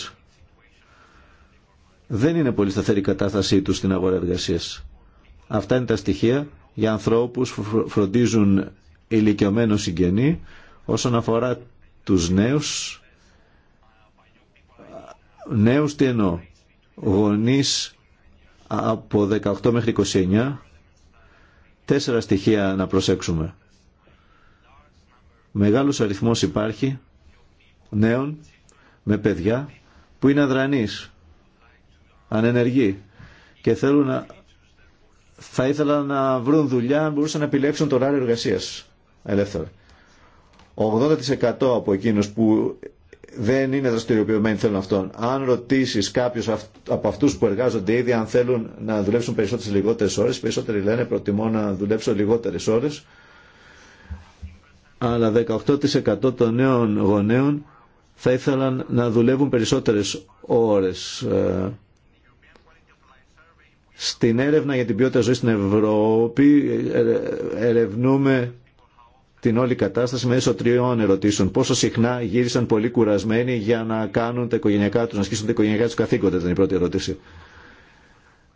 Δεν είναι πολύ σταθερή η κατάστασή του στην αγορά εργασία. Αυτά είναι τα στοιχεία για ανθρώπους που φροντίζουν ηλικιωμένο συγγενή όσον αφορά τους νέους Νέους τι εννοώ. Γονείς από 18 μέχρι 29. Τέσσερα στοιχεία να προσέξουμε. Μεγάλος αριθμός υπάρχει νέων με παιδιά που είναι αδρανείς, ανενεργοί και θέλουν να... θα ήθελα να βρουν δουλειά αν μπορούσαν να επιλέξουν το ράριο εργασίας ελεύθερα. 80% από εκείνους που δεν είναι δραστηριοποιημένοι θέλουν αυτόν. Αν ρωτήσει κάποιου από αυτού που εργάζονται ήδη αν θέλουν να δουλέψουν περισσότερε λιγότερες λιγότερε ώρε, περισσότεροι λένε προτιμώ να δουλέψω λιγότερε ώρε. Αλλά 18% των νέων γονέων θα ήθελαν να δουλεύουν περισσότερες ώρες. Ε, στην έρευνα για την ποιότητα ζωής στην Ευρώπη ε, ε, ερευνούμε την όλη κατάσταση μέσω τριών ερωτήσεων. Πόσο συχνά γύρισαν πολύ κουρασμένοι για να κάνουν τα οικογενειακά του, να ασκήσουν τα οικογενειακά του καθήκοντα, ήταν η πρώτη ερώτηση.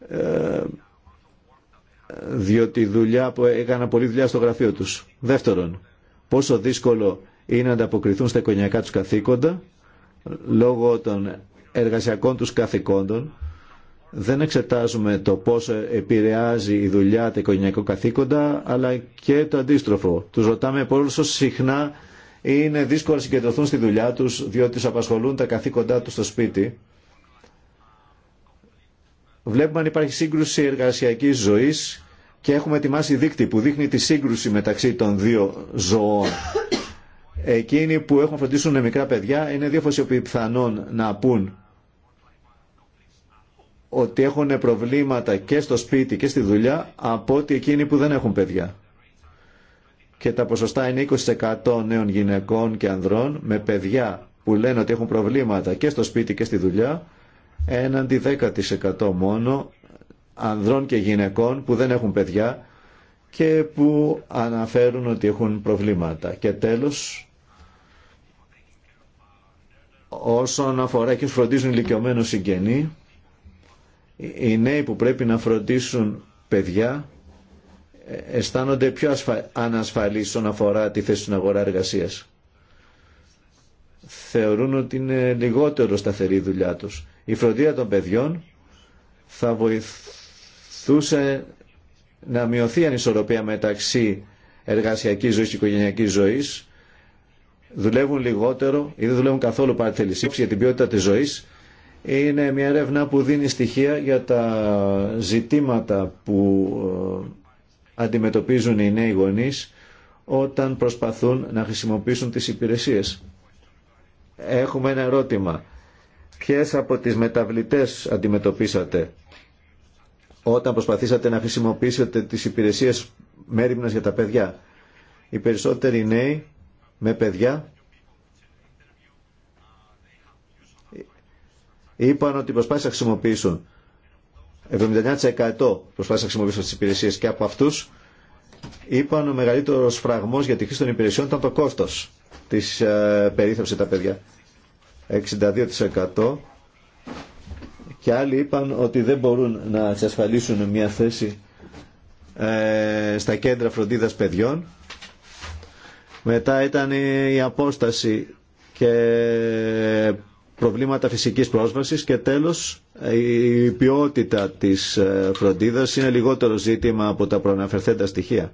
Ε, διότι δουλειά που έκανα πολλή δουλειά στο γραφείο του. Δεύτερον, πόσο δύσκολο είναι να ανταποκριθούν στα οικογενειακά του καθήκοντα λόγω των εργασιακών του καθηκόντων δεν εξετάζουμε το πώς επηρεάζει η δουλειά τα οικογενειακό καθήκοντα, αλλά και το αντίστροφο. Τους ρωτάμε πόσο συχνά είναι δύσκολο να συγκεντρωθούν στη δουλειά τους, διότι τους απασχολούν τα καθήκοντά τους στο σπίτι. Βλέπουμε αν υπάρχει σύγκρουση εργασιακής ζωής και έχουμε ετοιμάσει δίκτυ που δείχνει τη σύγκρουση μεταξύ των δύο ζωών. Εκείνοι που έχουν φροντίσουν μικρά παιδιά είναι δύο φωσιοποιοί πιθανόν να πούν ότι έχουν προβλήματα και στο σπίτι και στη δουλειά από ότι εκείνοι που δεν έχουν παιδιά. Και τα ποσοστά είναι 20% νέων γυναικών και ανδρών με παιδιά που λένε ότι έχουν προβλήματα και στο σπίτι και στη δουλειά έναντι 10% μόνο ανδρών και γυναικών που δεν έχουν παιδιά και που αναφέρουν ότι έχουν προβλήματα. Και τέλος, όσον αφορά και φροντίζουν ηλικιωμένους συγγενείς, οι νέοι που πρέπει να φροντίσουν παιδιά ε, αισθάνονται πιο ασφα... ανασφαλείς όσον αφορά τη θέση στην αγορά εργασίας. Θεωρούν ότι είναι λιγότερο σταθερή η δουλειά τους. Η φροντίδα των παιδιών θα βοηθούσε να μειωθεί η ανισορροπία μεταξύ εργασιακής ζωής και οικογενειακής ζωής. Δουλεύουν λιγότερο ή δεν δουλεύουν καθόλου θέληση για την ποιότητα της ζωής είναι μια έρευνα που δίνει στοιχεία για τα ζητήματα που ε, αντιμετωπίζουν οι νέοι γονείς όταν προσπαθούν να χρησιμοποιήσουν τις υπηρεσίες. Έχουμε ένα ερώτημα. Ποιες από τις μεταβλητές αντιμετωπίσατε όταν προσπαθήσατε να χρησιμοποιήσετε τις υπηρεσίες μέρημνας για τα παιδιά. Οι περισσότεροι νέοι με παιδιά είπαν ότι προσπάθησαν να χρησιμοποιήσουν 79% προσπάθησαν να χρησιμοποιήσουν τις υπηρεσίες και από αυτούς είπαν ο μεγαλύτερος φραγμός για τη χρήση των υπηρεσιών ήταν το κόστος της ε, τα παιδιά. 62% και άλλοι είπαν ότι δεν μπορούν να εξασφαλίσουν μια θέση ε, στα κέντρα φροντίδας παιδιών. Μετά ήταν η απόσταση και προβλήματα φυσικής πρόσβασης και τέλος η ποιότητα της ε, φροντίδας είναι λιγότερο ζήτημα από τα προαναφερθέντα στοιχεία.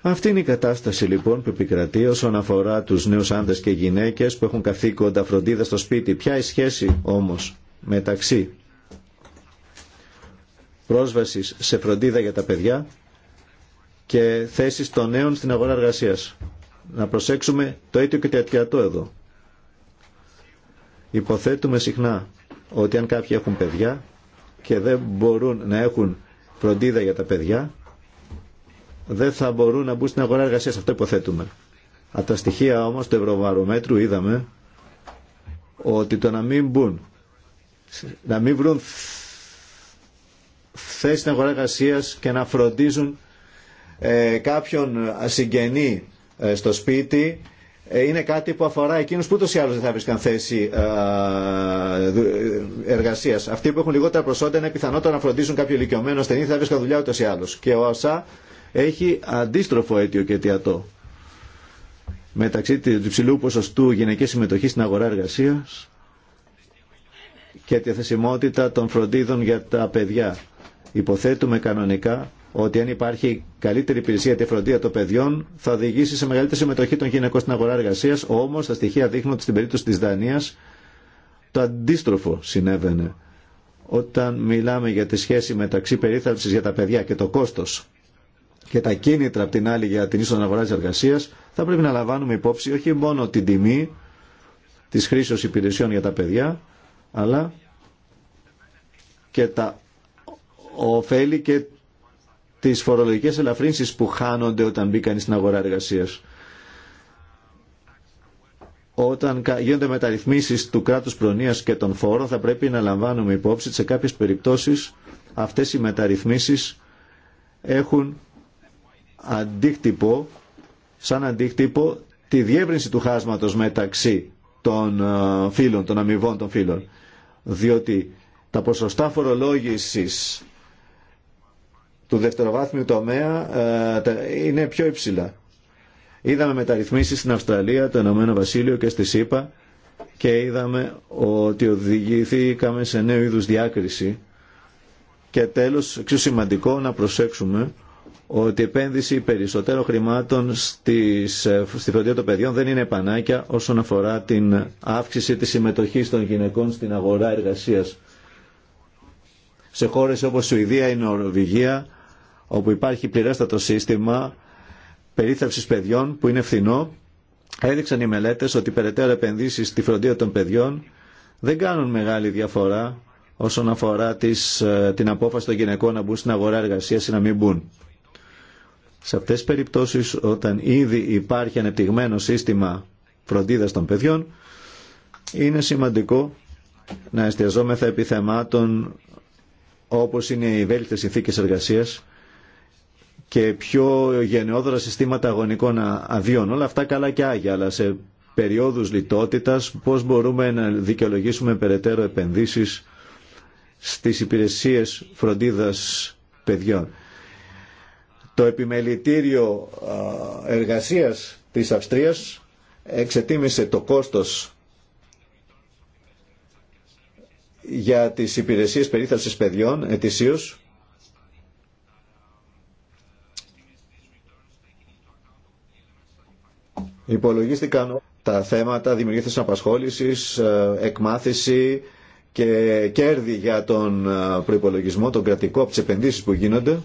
Αυτή είναι η κατάσταση λοιπόν που επικρατεί όσον αφορά τους νέους άνδρες και γυναίκες που έχουν καθήκοντα φροντίδα στο σπίτι. Ποια η σχέση όμως μεταξύ πρόσβασης σε φροντίδα για τα παιδιά και θέσεις των νέων στην αγορά εργασίας. Να προσέξουμε το ίδιο και το εδώ. Υποθέτουμε συχνά ότι αν κάποιοι έχουν παιδιά και δεν μπορούν να έχουν φροντίδα για τα παιδιά, δεν θα μπορούν να μπουν στην αγορά εργασίας. Αυτό υποθέτουμε. Από τα στοιχεία όμως του Ευρωβαρομέτρου είδαμε ότι το να μην μπουν, να μην βρουν θέση στην αγορά εργασία και να φροντίζουν ε, κάποιον συγγενή ε, στο σπίτι ε, είναι κάτι που αφορά εκείνους που ούτως ή άλλως δεν θα βρίσκαν θέση ε, ε, εργασίας. Αυτοί που έχουν λιγότερα προσόντα είναι πιθανότερο να φροντίσουν κάποιο ηλικιωμένο στενή θα βρίσκαν δουλειά ούτως ή άλλως. Και ο ΑΣΑ έχει αντίστροφο αίτιο και αιτιατό. Μεταξύ του υψηλού ποσοστού γυναικής συμμετοχής στην αγορά εργασίας και τη θεσιμότητα των φροντίδων για τα παιδιά. Υποθέτουμε κανονικά ότι αν υπάρχει καλύτερη υπηρεσία τη φροντίδα των παιδιών θα οδηγήσει σε μεγαλύτερη συμμετοχή των γυναικών στην αγορά εργασία. Όμω τα στοιχεία δείχνουν ότι στην περίπτωση τη Δανία το αντίστροφο συνέβαινε. Όταν μιλάμε για τη σχέση μεταξύ περίθαλψη για τα παιδιά και το κόστο και τα κίνητρα από την άλλη για την ίσον αγορά εργασία, θα πρέπει να λαμβάνουμε υπόψη όχι μόνο την τιμή τη χρήση υπηρεσιών για τα παιδιά, αλλά και τα ωφέλη και τις φορολογικές ελαφρύνσεις που χάνονται όταν μπει στην αγορά εργασίας. Όταν γίνονται μεταρρυθμίσεις του κράτους προνοίας και των φόρων θα πρέπει να λαμβάνουμε υπόψη ότι σε κάποιες περιπτώσεις αυτές οι μεταρρυθμίσεις έχουν αντίκτυπο, σαν αντίκτυπο τη διεύρυνση του χάσματος μεταξύ των ε, φύλων, των αμοιβών των φύλων. Διότι τα ποσοστά φορολόγησης του δευτεροβάθμιου τομέα ε, είναι πιο υψηλά. Είδαμε μεταρρυθμίσεις στην Αυστραλία, το Ηνωμένο Βασίλειο και στη ΣΥΠΑ και είδαμε ότι οδηγηθήκαμε σε νέο είδους διάκριση και τέλος, πιο σημαντικό να προσέξουμε ότι η επένδυση περισσότερων χρημάτων στις, ε, στη φροντίδα των παιδιών δεν είναι επανάκια όσον αφορά την αύξηση της συμμετοχής των γυναικών στην αγορά εργασίας. Σε χώρες όπως Σουηδία, η Νορβηγία, όπου υπάρχει πληρέστατο σύστημα περίθαυσης παιδιών που είναι φθηνό, έδειξαν οι μελέτες ότι περαιτέρω επενδύσεις στη φροντίδα των παιδιών δεν κάνουν μεγάλη διαφορά όσον αφορά τις, ε, την απόφαση των γυναικών να μπουν στην αγορά εργασία ή να μην μπουν. Σε αυτές τις περιπτώσεις όταν ήδη υπάρχει ανεπτυγμένο σύστημα φροντίδας των παιδιών είναι σημαντικό να εστιαζόμεθα επιθεμάτων όπως είναι οι βέλτιστες συνθήκες εργασίας και πιο γενναιόδωρα συστήματα αγωνικών αδειών. Όλα αυτά καλά και άγια, αλλά σε περιόδους λιτότητας πώς μπορούμε να δικαιολογήσουμε περαιτέρω επενδύσεις στις υπηρεσίες φροντίδας παιδιών. Το επιμελητήριο εργασίας της Αυστρίας εξετίμησε το κόστος για τις υπηρεσίες περίθαλψης παιδιών ετησίως Υπολογίστηκαν τα θέματα δημιουργήθηκαν απασχόληση, ε, εκμάθηση και κέρδη για τον ε, προπολογισμό, τον κρατικό από τι επενδύσεις που γίνονται.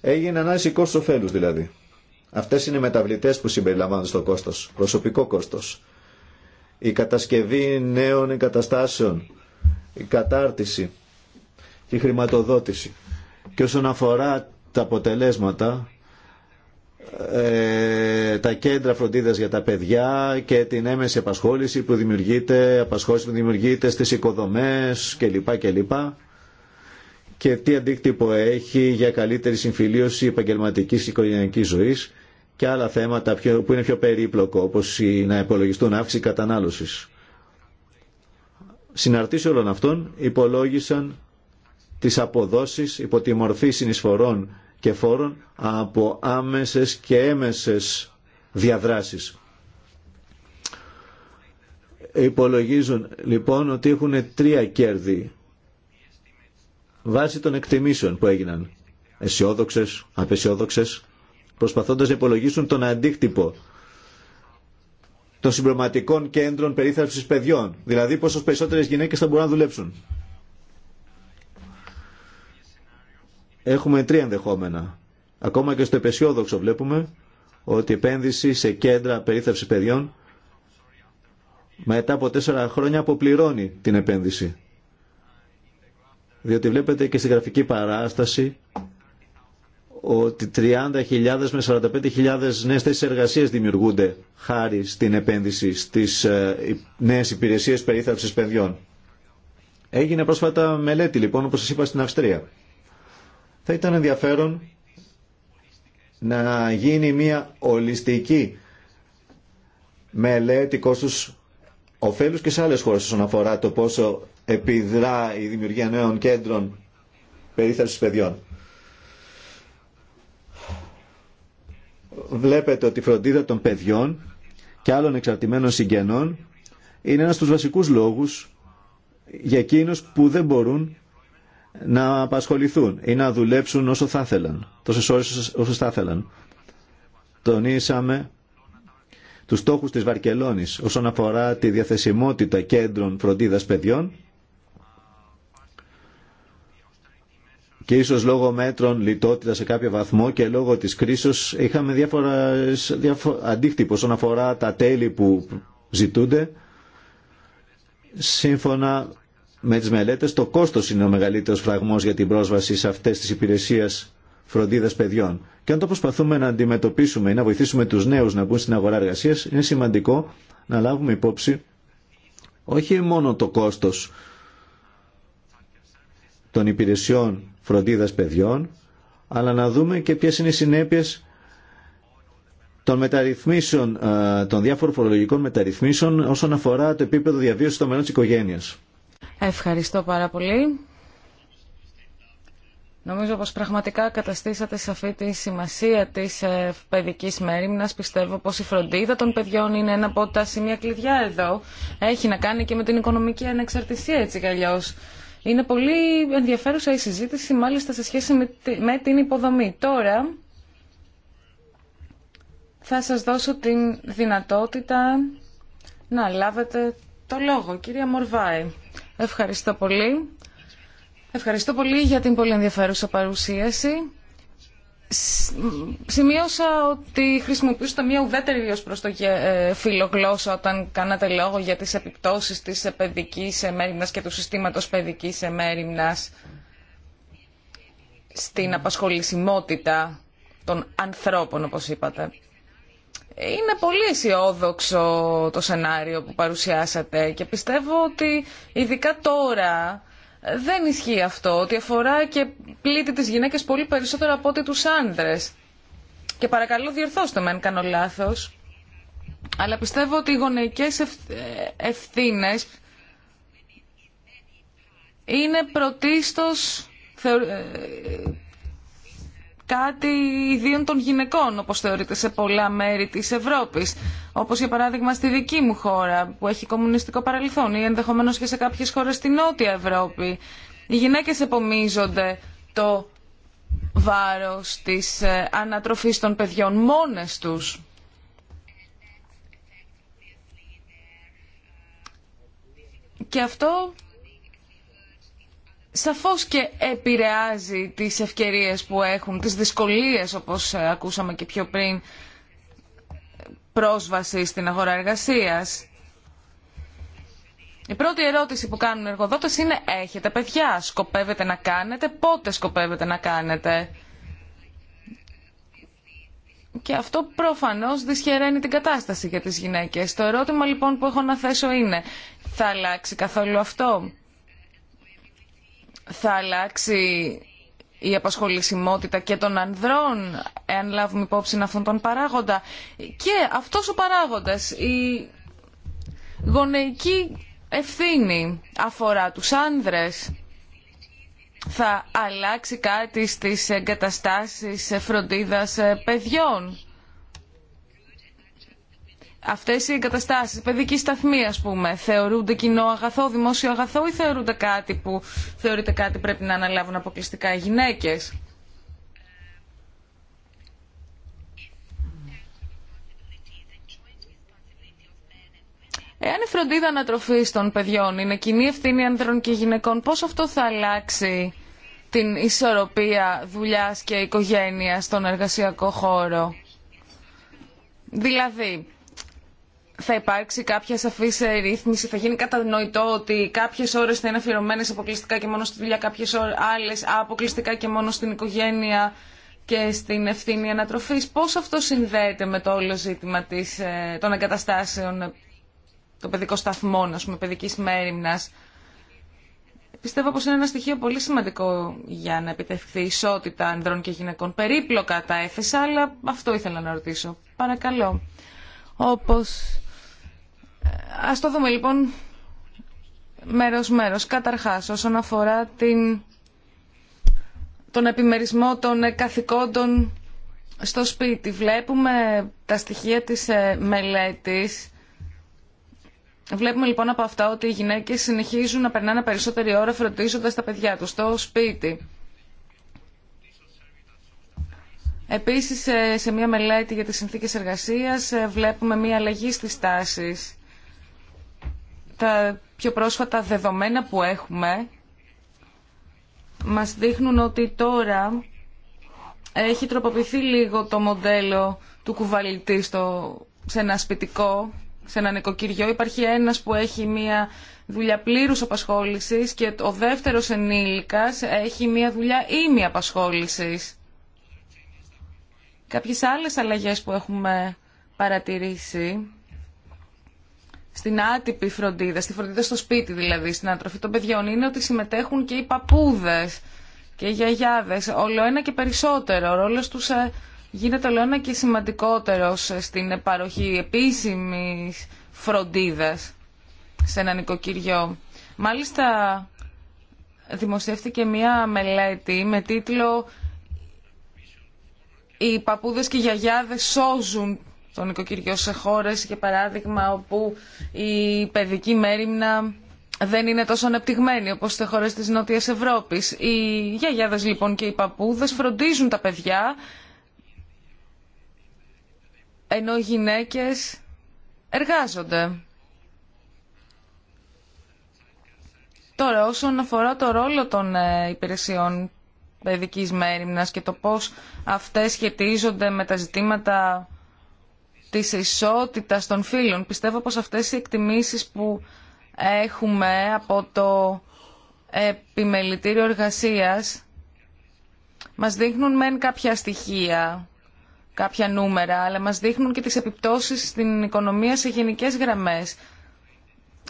Έγινε ανάλυση κόστο ωφέλους δηλαδή. Αυτέ είναι οι μεταβλητές που συμπεριλαμβάνονται στο κόστος, προσωπικό κόστος. Η κατασκευή νέων εγκαταστάσεων, η κατάρτιση, η χρηματοδότηση. Και όσον αφορά τα αποτελέσματα, ε, τα κέντρα φροντίδας για τα παιδιά και την έμεση απασχόληση που δημιουργείται, απασχόληση που δημιουργείται στις οικοδομές κλπ. Και τι αντίκτυπο έχει για καλύτερη συμφιλίωση επαγγελματικής και οικογενειακής ζωής και άλλα θέματα που είναι πιο περίπλοκο όπως η, να υπολογιστούν αύξηση κατανάλωσης. Συναρτήσει όλων αυτών υπολόγισαν τις αποδόσεις υπό τη μορφή συνεισφορών και φόρων από άμεσες και έμεσες διαδράσεις. Υπολογίζουν λοιπόν ότι έχουν τρία κέρδη βάσει των εκτιμήσεων που έγιναν. Αισιόδοξε, απεσιόδοξε, προσπαθώντας να υπολογίσουν τον αντίκτυπο των συμπροματικών κέντρων περίθαλψης παιδιών. Δηλαδή πόσες περισσότερες γυναίκες θα μπορούν να δουλέψουν. έχουμε τρία ενδεχόμενα. Ακόμα και στο επεσιόδοξο βλέπουμε ότι η επένδυση σε κέντρα περίθαψης παιδιών μετά από τέσσερα χρόνια αποπληρώνει την επένδυση. Διότι βλέπετε και στη γραφική παράσταση ότι 30.000 με 45.000 νέες θέσεις εργασίας δημιουργούνται χάρη στην επένδυση στις ε, νέες υπηρεσίες περίθαψης παιδιών. Έγινε πρόσφατα μελέτη λοιπόν όπως σας είπα στην Αυστρία θα ήταν ενδιαφέρον να γίνει μια ολιστική μελέτη κόστους ωφέλους και σε άλλες χώρες όσον αφορά το πόσο επιδρά η δημιουργία νέων κέντρων περίθαλψης παιδιών. Βλέπετε ότι η φροντίδα των παιδιών και άλλων εξαρτημένων συγγενών είναι ένας στους βασικούς λόγους για εκείνους που δεν μπορούν να απασχοληθούν ή να δουλέψουν όσο θα θέλαν. τόσες ώρες όσο θα θέλαν. Τονίσαμε τους στόχους της Βαρκελόνης όσον αφορά τη διαθεσιμότητα κέντρων φροντίδας παιδιών και ίσως λόγω μέτρων λιτότητα σε κάποιο βαθμό και λόγω της κρίσης είχαμε διάφορα διάφο, αντίκτυπο όσον αφορά τα τέλη που ζητούνται σύμφωνα με τις μελέτες το κόστος είναι ο μεγαλύτερος φραγμός για την πρόσβαση σε αυτές τις υπηρεσίες φροντίδας παιδιών. Και αν το προσπαθούμε να αντιμετωπίσουμε ή να βοηθήσουμε τους νέους να μπουν στην αγορά εργασίας, είναι σημαντικό να λάβουμε υπόψη όχι μόνο το κόστος των υπηρεσιών φροντίδας παιδιών, αλλά να δούμε και ποιες είναι οι συνέπειες των μεταρρυθμίσεων, ε, των διάφορων φορολογικών μεταρρυθμίσεων όσον αφορά το επίπεδο διαβίωσης των μελών της οικογένειας. Ευχαριστώ πάρα πολύ. Νομίζω πως πραγματικά καταστήσατε σαφή τη σημασία της ε, παιδικής μέρημνας. Πιστεύω πως η φροντίδα των παιδιών είναι ένα από τα σημεία κλειδιά εδώ. Έχει να κάνει και με την οικονομική ανεξαρτησία έτσι κι Είναι πολύ ενδιαφέρουσα η συζήτηση μάλιστα σε σχέση με την υποδομή. Τώρα θα σας δώσω την δυνατότητα να λάβετε το λόγο. Κυρία Μορβάη. Ευχαριστώ πολύ. Ευχαριστώ πολύ για την πολύ ενδιαφέρουσα παρουσίαση. Σημείωσα ότι χρησιμοποιούσατε μια ουδέτερη ως προς το ε, φιλογλώσσα όταν κάνατε λόγο για τις επιπτώσεις της παιδικής εμέριμνας και του συστήματος παιδικής εμέριμνας στην απασχολησιμότητα των ανθρώπων, όπως είπατε. Είναι πολύ αισιόδοξο το σενάριο που παρουσιάσατε και πιστεύω ότι ειδικά τώρα δεν ισχύει αυτό, ότι αφορά και πλήττει τις γυναίκες πολύ περισσότερο από ό,τι τους άνδρες. Και παρακαλώ διορθώστε με αν κάνω λάθος, αλλά πιστεύω ότι οι γονεϊκές ευθύνε είναι πρωτίστως ε, κάτι ιδίων των γυναικών, όπως θεωρείται σε πολλά μέρη της Ευρώπης. Όπως για παράδειγμα στη δική μου χώρα, που έχει κομμουνιστικό παρελθόν, ή ενδεχομένως και σε κάποιες χώρες στη Νότια Ευρώπη. Οι γυναίκες επομίζονται το βάρος της ε, ανατροφής των παιδιών μόνες τους. Και αυτό σαφώς και επηρεάζει τις ευκαιρίες που έχουν, τις δυσκολίες όπως ε, ακούσαμε και πιο πριν, πρόσβαση στην αγορά εργασίας. Η πρώτη ερώτηση που κάνουν οι εργοδότες είναι έχετε παιδιά, σκοπεύετε να κάνετε, πότε σκοπεύετε να κάνετε. Και αυτό προφανώς δυσχεραίνει την κατάσταση για τις γυναίκες. Το ερώτημα λοιπόν που έχω να θέσω είναι, θα αλλάξει καθόλου αυτό θα αλλάξει η απασχολησιμότητα και των ανδρών, εάν λάβουμε υπόψη αυτόν τον παράγοντα. Και αυτός ο παράγοντας, η γονεϊκή ευθύνη αφορά τους άνδρες. Θα αλλάξει κάτι στις εγκαταστάσεις φροντίδας ε, παιδιών Αυτέ οι εγκαταστάσει, παιδική σταθμή α πούμε, θεωρούνται κοινό αγαθό, δημόσιο αγαθό ή θεωρούνται κάτι που θεωρείται κάτι πρέπει να αναλάβουν αποκλειστικά οι γυναίκες. Εάν η φροντίδα αποκλειστικα οι γυναικες εαν η φροντιδα ανατροφη των παιδιών είναι κοινή ευθύνη ανδρών και γυναικών, πώς αυτό θα αλλάξει την ισορροπία δουλειά και οικογένεια στον εργασιακό χώρο. Δηλαδή, θα υπάρξει κάποια σαφή ε, ρύθμιση, θα γίνει κατανοητό ότι κάποιε ώρε θα είναι αφιερωμένε αποκλειστικά και μόνο στη δουλειά, κάποιες άλλε, αποκλειστικά και μόνο στην οικογένεια και στην ευθύνη ανατροφή. Πώ αυτό συνδέεται με το όλο ζήτημα της, ε, των εγκαταστάσεων, ε, των παιδικών σταθμών, α πούμε, παιδική μέρημνα. Πιστεύω πω είναι ένα στοιχείο πολύ σημαντικό για να επιτευχθεί ισότητα ανδρών και γυναικών. Περίπλοκα τα έθεσα, αλλά αυτό ήθελα να ρωτήσω. Παρακαλώ. Όπως Ας το δούμε λοιπόν μέρος μέρος. Καταρχάς όσον αφορά την... τον επιμερισμό των καθηκόντων στο σπίτι. Βλέπουμε τα στοιχεία της ε, μελέτης. Βλέπουμε λοιπόν από αυτά ότι οι γυναίκες συνεχίζουν να περνάνε περισσότερη ώρα φροντίζοντας τα παιδιά τους στο σπίτι. Επίσης ε, σε μια μελέτη για τις συνθήκες εργασίας ε, βλέπουμε μια αλλαγή στις τάσεις τα πιο πρόσφατα δεδομένα που έχουμε μας δείχνουν ότι τώρα έχει τροποποιηθεί λίγο το μοντέλο του κουβαλητή στο, σε ένα σπιτικό, σε ένα νοικοκυριό. Υπάρχει ένας που έχει μία δουλειά πλήρους απασχόλησης και ο δεύτερος ενήλικας έχει μία δουλειά μια απασχόλησης. Κάποιες άλλες αλλαγές που έχουμε παρατηρήσει στην άτυπη φροντίδα, στη φροντίδα στο σπίτι δηλαδή, στην ανατροφή των παιδιών, είναι ότι συμμετέχουν και οι παππούδες και οι γιαγιάδες, όλο ένα και περισσότερο. Ο του τους ε, γίνεται όλο ένα και σημαντικότερος ε, στην παροχή επίσημης φροντίδας σε ένα νοικοκυριό. Μάλιστα δημοσιεύτηκε μία μελέτη με τίτλο «Οι παππούδες και οι γιαγιάδες σώζουν το νοικοκυριό σε χώρες, για παράδειγμα, όπου η παιδική μέρημνα δεν είναι τόσο ανεπτυγμένη όπως σε χώρες της Νότιας Ευρώπης. Οι γιαγιάδες λοιπόν και οι παππούδες φροντίζουν τα παιδιά, ενώ οι γυναίκες εργάζονται. Τώρα, όσον αφορά το ρόλο των ε, υπηρεσιών παιδικής μέρημνας και το πώς αυτές σχετίζονται με τα ζητήματα της ισότητας των φίλων. Πιστεύω πως αυτές οι εκτιμήσεις που έχουμε από το επιμελητήριο εργασίας μας δείχνουν μεν κάποια στοιχεία, κάποια νούμερα, αλλά μας δείχνουν και τις επιπτώσεις στην οικονομία σε γενικές γραμμές.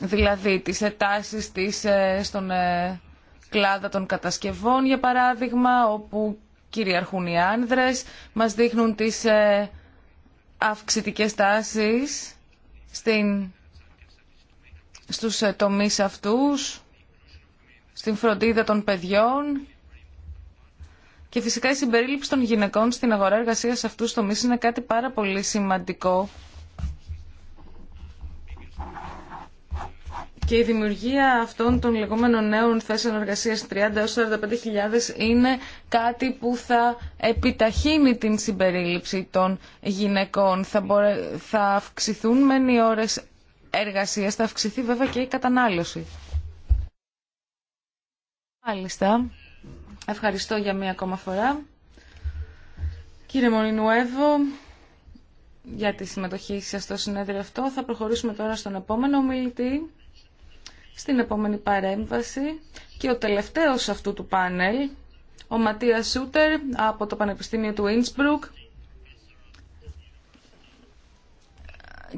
Δηλαδή τις ετάσεις της ε, στον ε, κλάδα των κατασκευών, για παράδειγμα, όπου κυριαρχούν οι άνδρες, μας δείχνουν τις ε, αυξητικές τάσεις στην, στους ε, τομείς αυτούς, στην φροντίδα των παιδιών και φυσικά η συμπερίληψη των γυναικών στην αγορά εργασίας σε αυτούς τομείς είναι κάτι πάρα πολύ σημαντικό Και η δημιουργία αυτών των λεγόμενων νέων θέσεων εργασίας 30 45.000 είναι κάτι που θα επιταχύνει την συμπερίληψη των γυναικών. Θα, θα αυξηθούν μεν οι ώρες εργασίας, θα αυξηθεί βέβαια και η κατανάλωση. Μάλιστα. Ευχαριστώ για μία ακόμα φορά. Κύριε μονινούέβο, για τη συμμετοχή σας στο συνέδριο αυτό. Θα προχωρήσουμε τώρα στον επόμενο ομιλητή στην επόμενη παρέμβαση και ο τελευταίος αυτού του πάνελ, ο Ματίας Σούτερ από το Πανεπιστήμιο του Ίνσπρουκ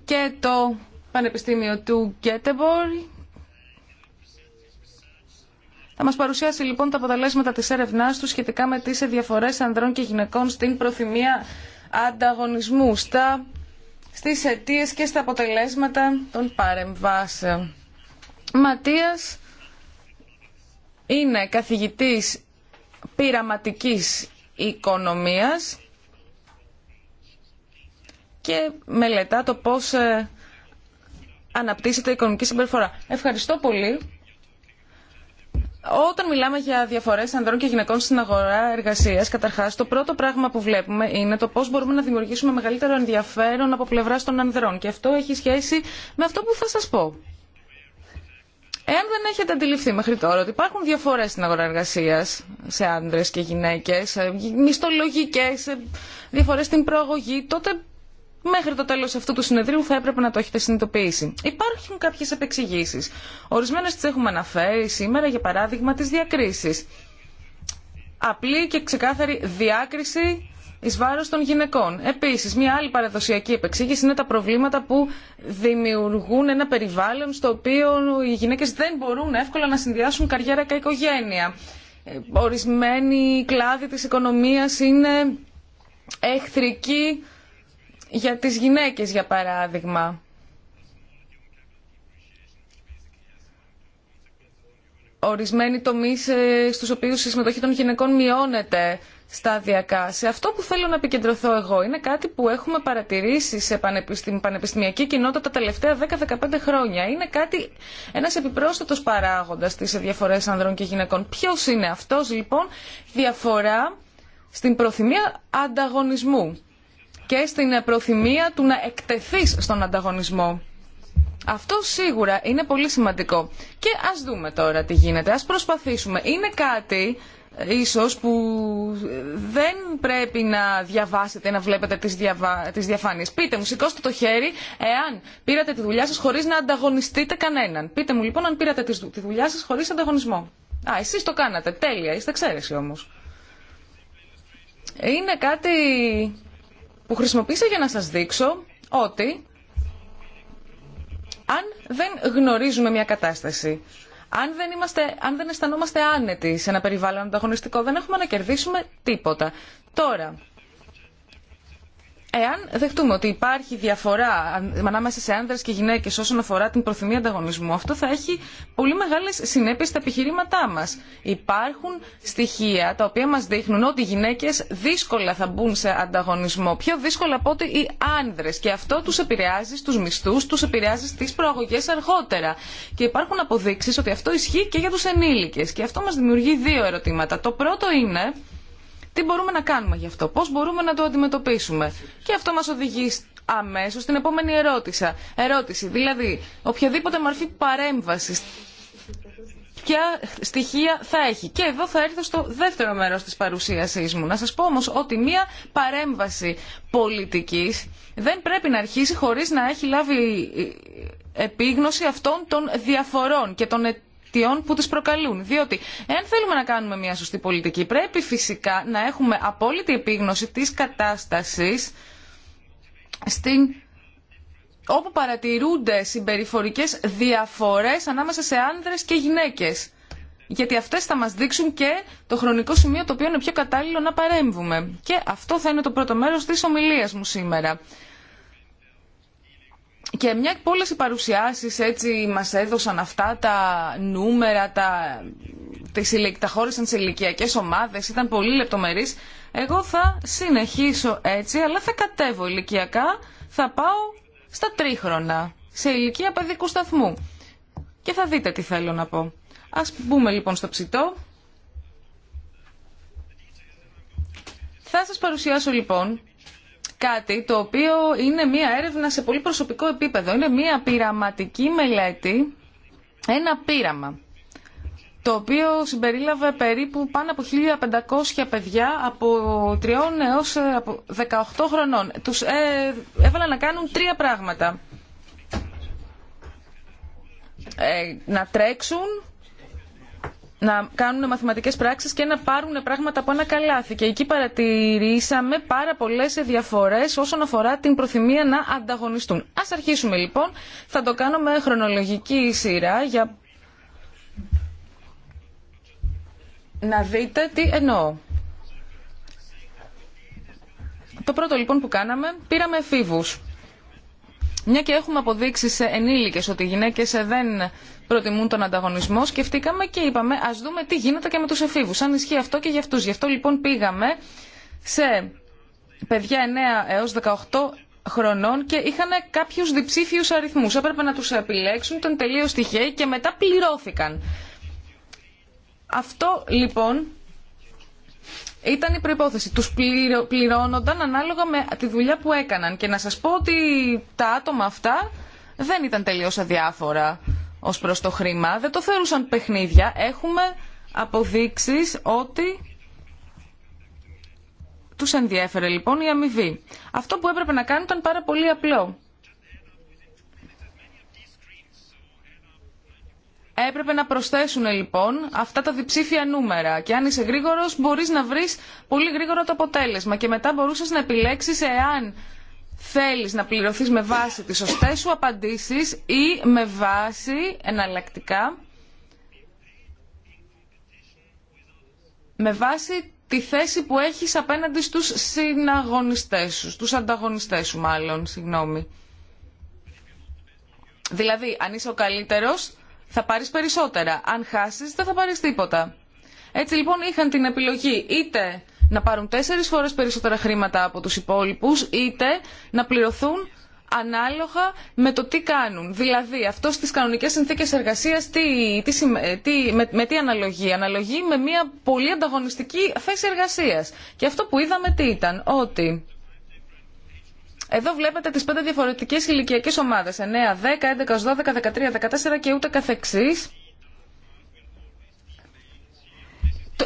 και το Πανεπιστήμιο του Γκέτεμπορ. Θα μας παρουσιάσει λοιπόν τα αποτελέσματα της έρευνάς του σχετικά με τις διαφορές ανδρών και γυναικών στην προθυμία ανταγωνισμού, στα, στις αιτίες και στα αποτελέσματα των παρεμβάσεων. Ματίας είναι καθηγητής πειραματικής οικονομίας και μελετά το πώς ε, αναπτύσσεται η οικονομική συμπεριφορά. Ευχαριστώ πολύ. Όταν μιλάμε για διαφορές ανδρών και γυναικών στην αγορά εργασίας, καταρχάς το πρώτο πράγμα που βλέπουμε είναι το πώς μπορούμε να δημιουργήσουμε μεγαλύτερο ενδιαφέρον από πλευράς των ανδρών. Και αυτό έχει σχέση με αυτό που θα σα πω. Εάν δεν έχετε αντιληφθεί μέχρι τώρα ότι υπάρχουν διαφορές στην αγορά εργασία σε άντρε και γυναίκες, μισθολογικέ, διαφορές στην προαγωγή, τότε μέχρι το τέλος αυτού του συνεδρίου θα έπρεπε να το έχετε συνειδητοποιήσει. Υπάρχουν κάποιες επεξηγήσεις. Ορισμένες τις έχουμε αναφέρει σήμερα, για παράδειγμα, τι διακρίσει. Απλή και ξεκάθαρη διάκριση εις βάρος των γυναικών. Επίσης, μια άλλη παραδοσιακή επεξήγηση είναι τα προβλήματα που δημιουργούν ένα περιβάλλον στο οποίο οι γυναίκες δεν μπορούν εύκολα να συνδυάσουν καριέρα και οικογένεια. Ε, ορισμένοι κλάδοι της οικονομίας είναι εχθρικοί για τις γυναίκες, για παράδειγμα. Ορισμένοι τομείς ε, στους οποίους η συμμετοχή των γυναικών μειώνεται σταδιακά. Σε αυτό που θέλω να επικεντρωθώ εγώ είναι κάτι που έχουμε παρατηρήσει σε στην πανεπιστημιακή κοινότητα τα τελευταία 10-15 χρόνια. Είναι κάτι, ένας επιπρόσθετος παράγοντας στις διαφορές ανδρών και γυναικών. Ποιος είναι αυτός λοιπόν διαφορά στην προθυμία ανταγωνισμού και στην προθυμία του να εκτεθείς στον ανταγωνισμό. Αυτό σίγουρα είναι πολύ σημαντικό. Και ας δούμε τώρα τι γίνεται. Ας προσπαθήσουμε. Είναι κάτι ίσως που δεν πρέπει να διαβάσετε να βλέπετε τις, διαβα... τις διαφάνειες. Πείτε μου, σηκώστε το χέρι εάν πήρατε τη δουλειά σας χωρίς να ανταγωνιστείτε κανέναν. Πείτε μου λοιπόν αν πήρατε τη δουλειά σας χωρίς ανταγωνισμό. Α, εσείς το κάνατε. Τέλεια. Είστε εξαίρεση όμως. Είναι κάτι που χρησιμοποίησα για να σας δείξω ότι αν δεν γνωρίζουμε μια κατάσταση αν δεν, είμαστε, αν δεν αισθανόμαστε άνετοι σε ένα περιβάλλον ανταγωνιστικό, δεν έχουμε να κερδίσουμε τίποτα. Τώρα, Εάν δεχτούμε ότι υπάρχει διαφορά ανάμεσα σε άνδρες και γυναίκες όσον αφορά την προθυμία ανταγωνισμού, αυτό θα έχει πολύ μεγάλες συνέπειες στα επιχειρήματά μας. Υπάρχουν στοιχεία τα οποία μας δείχνουν ότι οι γυναίκες δύσκολα θα μπουν σε ανταγωνισμό, πιο δύσκολα από ότι οι άνδρες. Και αυτό τους επηρεάζει στους μισθούς, τους επηρεάζει στις προαγωγές αργότερα. Και υπάρχουν αποδείξεις ότι αυτό ισχύει και για τους ενήλικες. Και αυτό μας δημιουργεί δύο ερωτήματα. Το πρώτο είναι τι μπορούμε να κάνουμε γι' αυτό, πώς μπορούμε να το αντιμετωπίσουμε. Και αυτό μας οδηγεί αμέσως στην επόμενη ερώτηση. Ερώτηση, δηλαδή, οποιαδήποτε μορφή παρέμβαση, ποια στοιχεία θα έχει. Και εδώ θα έρθω στο δεύτερο μέρος της παρουσίασής μου. Να σας πω όμως ότι μία παρέμβαση πολιτικής δεν πρέπει να αρχίσει χωρίς να έχει λάβει ε, ε, επίγνωση αυτών των διαφορών και των που προκαλούν. Διότι, εάν θέλουμε να κάνουμε μια σωστή πολιτική, πρέπει φυσικά να έχουμε απόλυτη επίγνωση τη κατάσταση στην όπου παρατηρούνται συμπεριφορικές διαφορές ανάμεσα σε άνδρες και γυναίκες. Γιατί αυτές θα μας δείξουν και το χρονικό σημείο το οποίο είναι πιο κατάλληλο να παρέμβουμε. Και αυτό θα είναι το πρώτο μέρος της ομιλίας μου σήμερα. Και μια από πολλές οι παρουσιάσεις έτσι μας έδωσαν αυτά τα νούμερα, τα, τις, τα χώρισαν σε ηλικιακές ομάδες, ήταν πολύ λεπτομερείς. Εγώ θα συνεχίσω έτσι, αλλά θα κατέβω ηλικιακά, θα πάω στα τρίχρονα, σε ηλικία παιδικού σταθμού. Και θα δείτε τι θέλω να πω. Ας μπούμε λοιπόν στο ψητό. Θα σας παρουσιάσω λοιπόν κάτι το οποίο είναι μία έρευνα σε πολύ προσωπικό επίπεδο. Είναι μία πειραματική μελέτη, ένα πείραμα, το οποίο συμπερίλαβε περίπου πάνω από 1.500 παιδιά από 3 έως 18 ε, χρονών. Τους ε, έβαλαν να κάνουν τρία πράγματα. Ε, να τρέξουν, να κάνουν μαθηματικές πράξεις και να πάρουν πράγματα από ένα καλάθι. Και εκεί παρατηρήσαμε πάρα πολλές διαφορές όσον αφορά την προθυμία να ανταγωνιστούν. Ας αρχίσουμε λοιπόν. Θα το κάνω με χρονολογική σειρά για να δείτε τι εννοώ. Το πρώτο λοιπόν που κάναμε, πήραμε εφήβους. Μια και έχουμε αποδείξει σε ενήλικες ότι οι γυναίκες ε, δεν προτιμούν τον ανταγωνισμό, σκεφτήκαμε και είπαμε ας δούμε τι γίνεται και με τους εφήβους, αν ισχύει αυτό και για αυτού. Γι' αυτό λοιπόν πήγαμε σε παιδιά 9 έω 18 χρονών και είχαν κάποιους διψήφιους αριθμούς. Έπρεπε να τους επιλέξουν, ήταν τελείω τυχαίοι και μετά πληρώθηκαν. Αυτό λοιπόν ήταν η προϋπόθεση. Τους πληρώνονταν ανάλογα με τη δουλειά που έκαναν. Και να σας πω ότι τα άτομα αυτά δεν ήταν τελείως αδιάφορα ως προς το χρήμα. Δεν το θεωρούσαν παιχνίδια. Έχουμε αποδείξεις ότι τους ενδιέφερε λοιπόν η αμοιβή. Αυτό που έπρεπε να κάνουν ήταν πάρα πολύ απλό. Έπρεπε να προσθέσουν λοιπόν αυτά τα διψήφια νούμερα και αν είσαι γρήγορος μπορείς να βρεις πολύ γρήγορα το αποτέλεσμα και μετά μπορούσες να επιλέξεις εάν θέλεις να πληρωθείς με βάση τις σωστές σου απαντήσεις ή με βάση εναλλακτικά με βάση τη θέση που έχεις απέναντι στους συναγωνιστές σου, στους ανταγωνιστές σου μάλλον, συγγνώμη. Δηλαδή, αν είσαι ο καλύτερος, θα πάρεις περισσότερα. Αν χάσεις δεν θα πάρεις τίποτα. Έτσι λοιπόν είχαν την επιλογή είτε να πάρουν τέσσερις φορές περισσότερα χρήματα από τους υπόλοιπους είτε να πληρωθούν ανάλογα με το τι κάνουν. Δηλαδή αυτό στις κανονικές συνθήκες εργασίας τι, τι, ε, με, με τι αναλογεί. Αναλογεί με μια πολύ ανταγωνιστική θέση εργασίας. Και αυτό που είδαμε τι ήταν ότι εδώ βλέπετε τις πέντε διαφορετικές ηλικιακέ ομάδες. 9, 10, 11, 12, 13, 14 και ούτε καθεξής.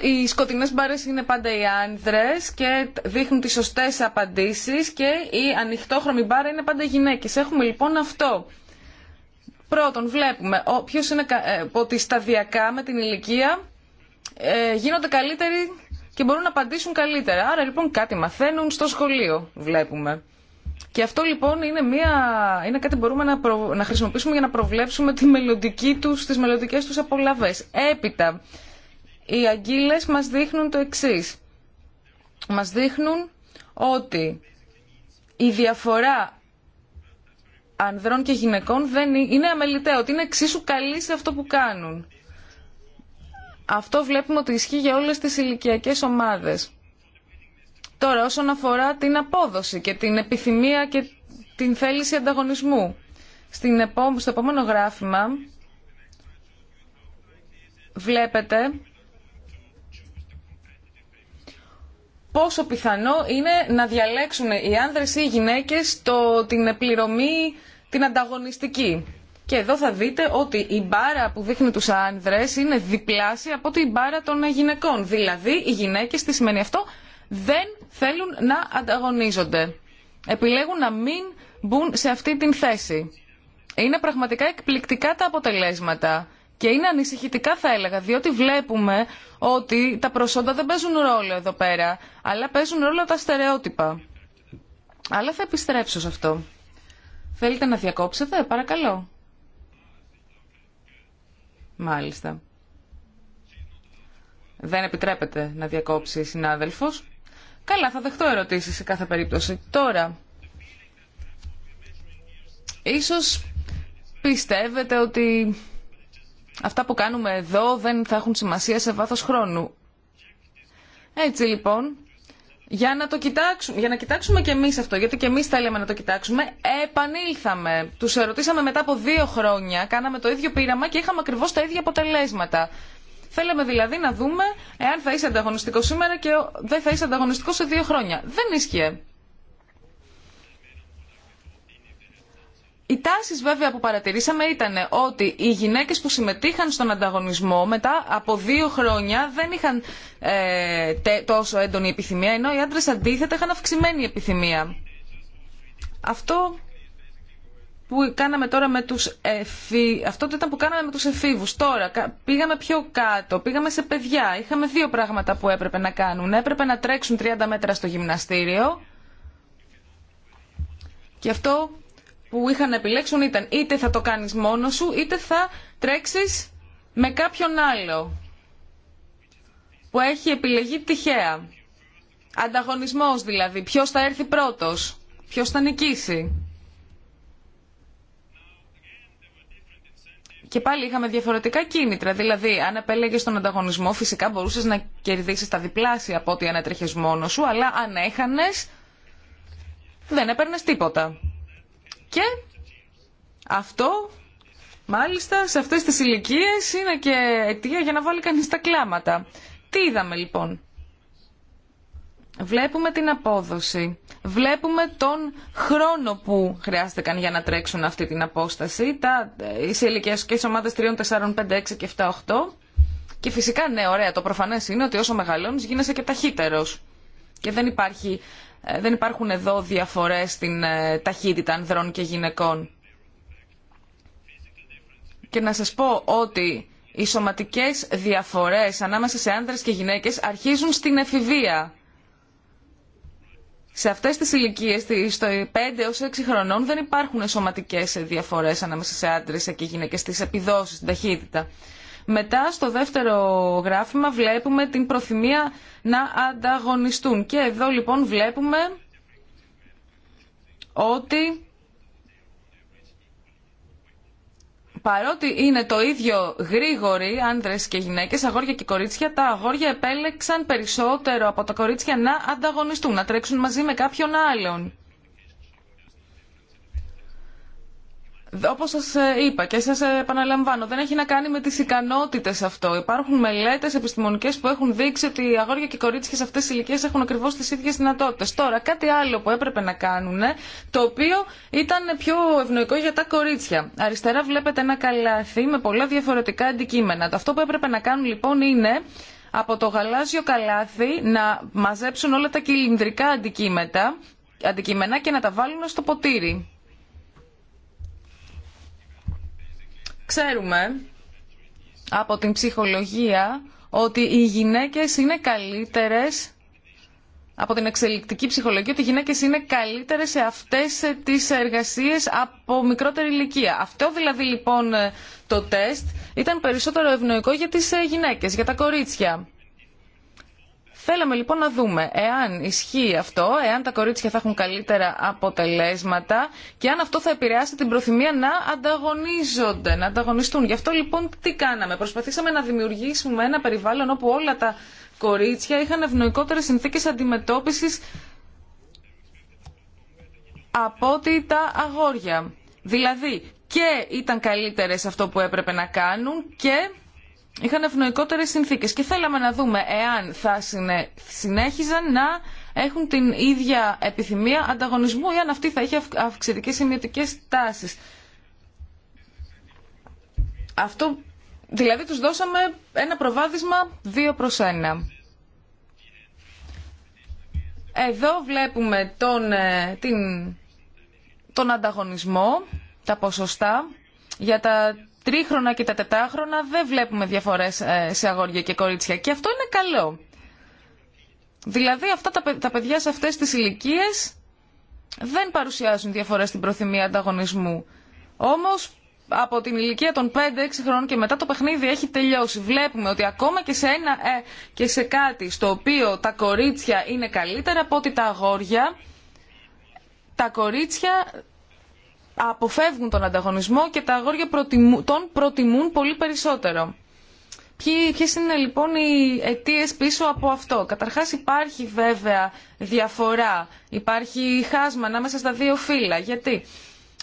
Οι σκοτεινέ μπάρε είναι πάντα οι άνδρες και δείχνουν τι σωστέ απαντήσει και η ανοιχτόχρωμη μπάρα είναι πάντα γυναίκε. Έχουμε λοιπόν αυτό. Πρώτον, βλέπουμε είναι ε, ότι σταδιακά με την ηλικία ε, γίνονται καλύτεροι και μπορούν να απαντήσουν καλύτερα. Άρα λοιπόν κάτι μαθαίνουν στο σχολείο, βλέπουμε. Και αυτό λοιπόν είναι, μια, είναι κάτι που μπορούμε να, να χρησιμοποιήσουμε για να προβλέψουμε τη μελλοντική τους, τις μελλοντικές τους απολαβές. Έπειτα, οι αγγίλες μας δείχνουν το εξή. Μας δείχνουν ότι η διαφορά ανδρών και γυναικών δεν είναι, είναι αμεληταία, ότι είναι εξίσου καλή σε αυτό που κάνουν. Αυτό βλέπουμε ότι ισχύει για όλες τις ηλικιακές ομάδες. Τώρα, όσον αφορά την απόδοση και την επιθυμία και την θέληση ανταγωνισμού, στην στο επόμενο γράφημα βλέπετε πόσο πιθανό είναι να διαλέξουν οι άνδρες ή οι γυναίκες το... την πληρωμή την ανταγωνιστική. Και εδώ θα δείτε ότι η μπάρα που δείχνει τους άνδρες είναι διπλάσια από την μπάρα των γυναικών. Δηλαδή, οι γυναίκες, τι σημαίνει αυτό, δεν θέλουν να ανταγωνίζονται. Επιλέγουν να μην μπουν σε αυτή την θέση. Είναι πραγματικά εκπληκτικά τα αποτελέσματα και είναι ανησυχητικά θα έλεγα, διότι βλέπουμε ότι τα προσόντα δεν παίζουν ρόλο εδώ πέρα, αλλά παίζουν ρόλο τα στερεότυπα. Αλλά θα επιστρέψω σε αυτό. Θέλετε να διακόψετε, παρακαλώ. Μάλιστα. Δεν επιτρέπεται να διακόψει η συνάδελφος. Καλά, θα δεχτώ ερωτήσεις σε κάθε περίπτωση. Τώρα, ίσως πιστεύετε ότι αυτά που κάνουμε εδώ δεν θα έχουν σημασία σε βάθος χρόνου. Έτσι λοιπόν, για να, το κοιτάξουμε, για να κοιτάξουμε και εμείς αυτό, γιατί και εμείς θέλαμε να το κοιτάξουμε, επανήλθαμε. Τους ερωτήσαμε μετά από δύο χρόνια, κάναμε το ίδιο πείραμα και είχαμε ακριβώς τα ίδια αποτελέσματα. Θέλαμε δηλαδή να δούμε εάν θα είσαι ανταγωνιστικό σήμερα και δεν θα είσαι ανταγωνιστικό σε δύο χρόνια. Δεν ίσχυε. Οι τάσει βέβαια που παρατηρήσαμε ήταν ότι οι γυναίκε που συμμετείχαν στον ανταγωνισμό μετά από δύο χρόνια δεν είχαν ε, τόσο έντονη επιθυμία, ενώ οι άντρε αντίθετα είχαν αυξημένη επιθυμία. Αυτό που κάναμε τώρα με τους εφή... αυτό το ήταν που κάναμε με τους εφήβους. Τώρα πήγαμε πιο κάτω, πήγαμε σε παιδιά. Είχαμε δύο πράγματα που έπρεπε να κάνουν. Έπρεπε να τρέξουν 30 μέτρα στο γυμναστήριο και αυτό που είχαν να επιλέξουν ήταν είτε θα το κάνεις μόνος σου είτε θα τρέξεις με κάποιον άλλο που έχει επιλεγεί τυχαία. Ανταγωνισμός δηλαδή. Ποιος θα έρθει πρώτος, ποιος θα νικήσει. και πάλι είχαμε διαφορετικά κίνητρα. Δηλαδή, αν επέλεγε τον ανταγωνισμό, φυσικά μπορούσε να κερδίσει τα διπλάσια από ό,τι έτρεχε μόνο σου, αλλά αν έχανε, δεν έπαιρνε τίποτα. Και αυτό, μάλιστα, σε αυτέ τις ηλικίε είναι και αιτία για να βάλει κανεί τα κλάματα. Τι είδαμε λοιπόν. Βλέπουμε την απόδοση βλέπουμε τον χρόνο που χρειάστηκαν για να τρέξουν αυτή την απόσταση, τα, ε, και οι ομάδε 3, 4, 5, 6 και 7, 8. Και φυσικά, ναι, ωραία, το προφανές είναι ότι όσο μεγαλώνεις γίνεσαι και ταχύτερος. Και δεν, υπάρχει, ε, δεν υπάρχουν εδώ διαφορές στην ε, ταχύτητα ανδρών και γυναικών. Και να σας πω ότι οι σωματικές διαφορές ανάμεσα σε άνδρες και γυναίκες αρχίζουν στην εφηβεία σε αυτές τις ηλικίε στο 5 έως 6 χρονών, δεν υπάρχουν σωματικές διαφορές ανάμεσα σε άντρες και γυναίκες, στις επιδόσεις, στην ταχύτητα. Μετά στο δεύτερο γράφημα βλέπουμε την προθυμία να ανταγωνιστούν. Και εδώ λοιπόν βλέπουμε ότι παρότι είναι το ίδιο γρήγοροι άνδρες και γυναίκες, αγόρια και κορίτσια, τα αγόρια επέλεξαν περισσότερο από τα κορίτσια να ανταγωνιστούν, να τρέξουν μαζί με κάποιον άλλον. Όπω σα ε, είπα και σα ε, επαναλαμβάνω, δεν έχει να κάνει με τι ικανότητε αυτό. Υπάρχουν μελέτε επιστημονικέ που έχουν δείξει ότι οι αγόρια και οι κορίτσια σε αυτές τι ηλικίε έχουν ακριβώ τι ίδιε δυνατότητε. Τώρα, κάτι άλλο που έπρεπε να κάνουν, το οποίο ήταν πιο ευνοϊκό για τα κορίτσια. Αριστερά βλέπετε ένα καλάθι με πολλά διαφορετικά αντικείμενα. Αυτό που έπρεπε να κάνουν λοιπόν είναι από το γαλάζιο καλάθι να μαζέψουν όλα τα κυλινδρικά αντικείμενα και να τα βάλουν στο ποτήρι Ξέρουμε από την ψυχολογία ότι οι γυναίκες είναι καλύτερες από την εξελικτική ψυχολογία ότι οι γυναίκες είναι καλύτερες σε αυτές τις εργασίες από μικρότερη ηλικία. Αυτό δηλαδή λοιπόν το τεστ ήταν περισσότερο ευνοϊκό για τις γυναίκες, για τα κορίτσια. Θέλαμε λοιπόν να δούμε εάν ισχύει αυτό, εάν τα κορίτσια θα έχουν καλύτερα αποτελέσματα και αν αυτό θα επηρεάσει την προθυμία να ανταγωνίζονται, να ανταγωνιστούν. Γι' αυτό λοιπόν τι κάναμε. Προσπαθήσαμε να δημιουργήσουμε ένα περιβάλλον όπου όλα τα κορίτσια είχαν ευνοϊκότερες συνθήκες αντιμετώπισης από ότι τα αγόρια. Δηλαδή και ήταν καλύτερες αυτό που έπρεπε να κάνουν και είχαν ευνοϊκότερε συνθήκες και θέλαμε να δούμε εάν θα συνέχιζαν να έχουν την ίδια επιθυμία ανταγωνισμού ή αν αυτή θα είχε αυξητικέ σημειωτικές τάσεις. Αυτό, δηλαδή τους δώσαμε ένα προβάδισμα 2 προς 1. Εδώ βλέπουμε τον, ε, τον ανταγωνισμό, τα ποσοστά για τα τρίχρονα και τα τετάχρονα δεν βλέπουμε διαφορές ε, σε αγόρια και κορίτσια και αυτό είναι καλό. Δηλαδή αυτά τα παιδιά σε αυτές τις ηλικίε δεν παρουσιάζουν διαφορές στην προθυμία ανταγωνισμού. Όμως από την ηλικία των 5-6 χρόνων και μετά το παιχνίδι έχει τελειώσει. Βλέπουμε ότι ακόμα και σε, ένα, ε, και σε κάτι στο οποίο τα κορίτσια είναι καλύτερα από ότι τα αγόρια, τα κορίτσια αποφεύγουν τον ανταγωνισμό και τα αγόρια τον προτιμούν πολύ περισσότερο. Ποιε είναι λοιπόν οι αιτίε πίσω από αυτό. Καταρχάς υπάρχει βέβαια διαφορά, υπάρχει χάσμα ανάμεσα στα δύο φύλλα. Γιατί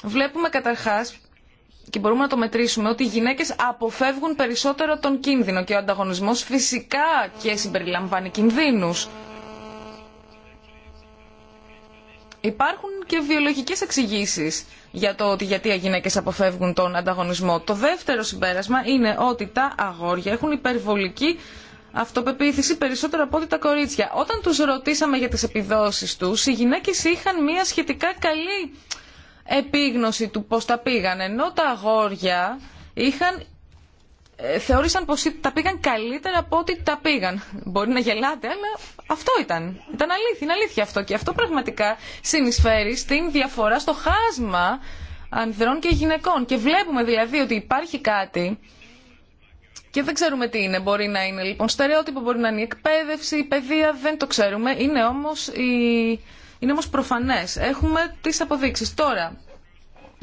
βλέπουμε καταρχάς και μπορούμε να το μετρήσουμε ότι οι γυναίκες αποφεύγουν περισσότερο τον κίνδυνο και ο ανταγωνισμό φυσικά και συμπεριλαμβάνει κινδύνους. Υπάρχουν και βιολογικές εξηγήσει για το ότι γιατί οι γυναίκες αποφεύγουν τον ανταγωνισμό. Το δεύτερο συμπέρασμα είναι ότι τα αγόρια έχουν υπερβολική αυτοπεποίθηση περισσότερο από ό,τι τα κορίτσια. Όταν τους ρωτήσαμε για τις επιδόσεις τους, οι γυναίκες είχαν μια σχετικά καλή επίγνωση του πώς τα πήγαν, ενώ τα αγόρια είχαν ε, θεώρησαν πως τα πήγαν καλύτερα από ό,τι τα πήγαν. Μπορεί να γελάτε, αλλά αυτό ήταν. Ήταν αλήθεια, αλήθεια αυτό. Και αυτό πραγματικά συνεισφέρει στην διαφορά, στο χάσμα ανδρών και γυναικών. Και βλέπουμε δηλαδή ότι υπάρχει κάτι και δεν ξέρουμε τι είναι. Μπορεί να είναι λοιπόν στερεότυπο, μπορεί να είναι η εκπαίδευση, η παιδεία, δεν το ξέρουμε. Είναι όμως, η... είναι όμως προφανές. Έχουμε τις αποδείξεις. Τώρα,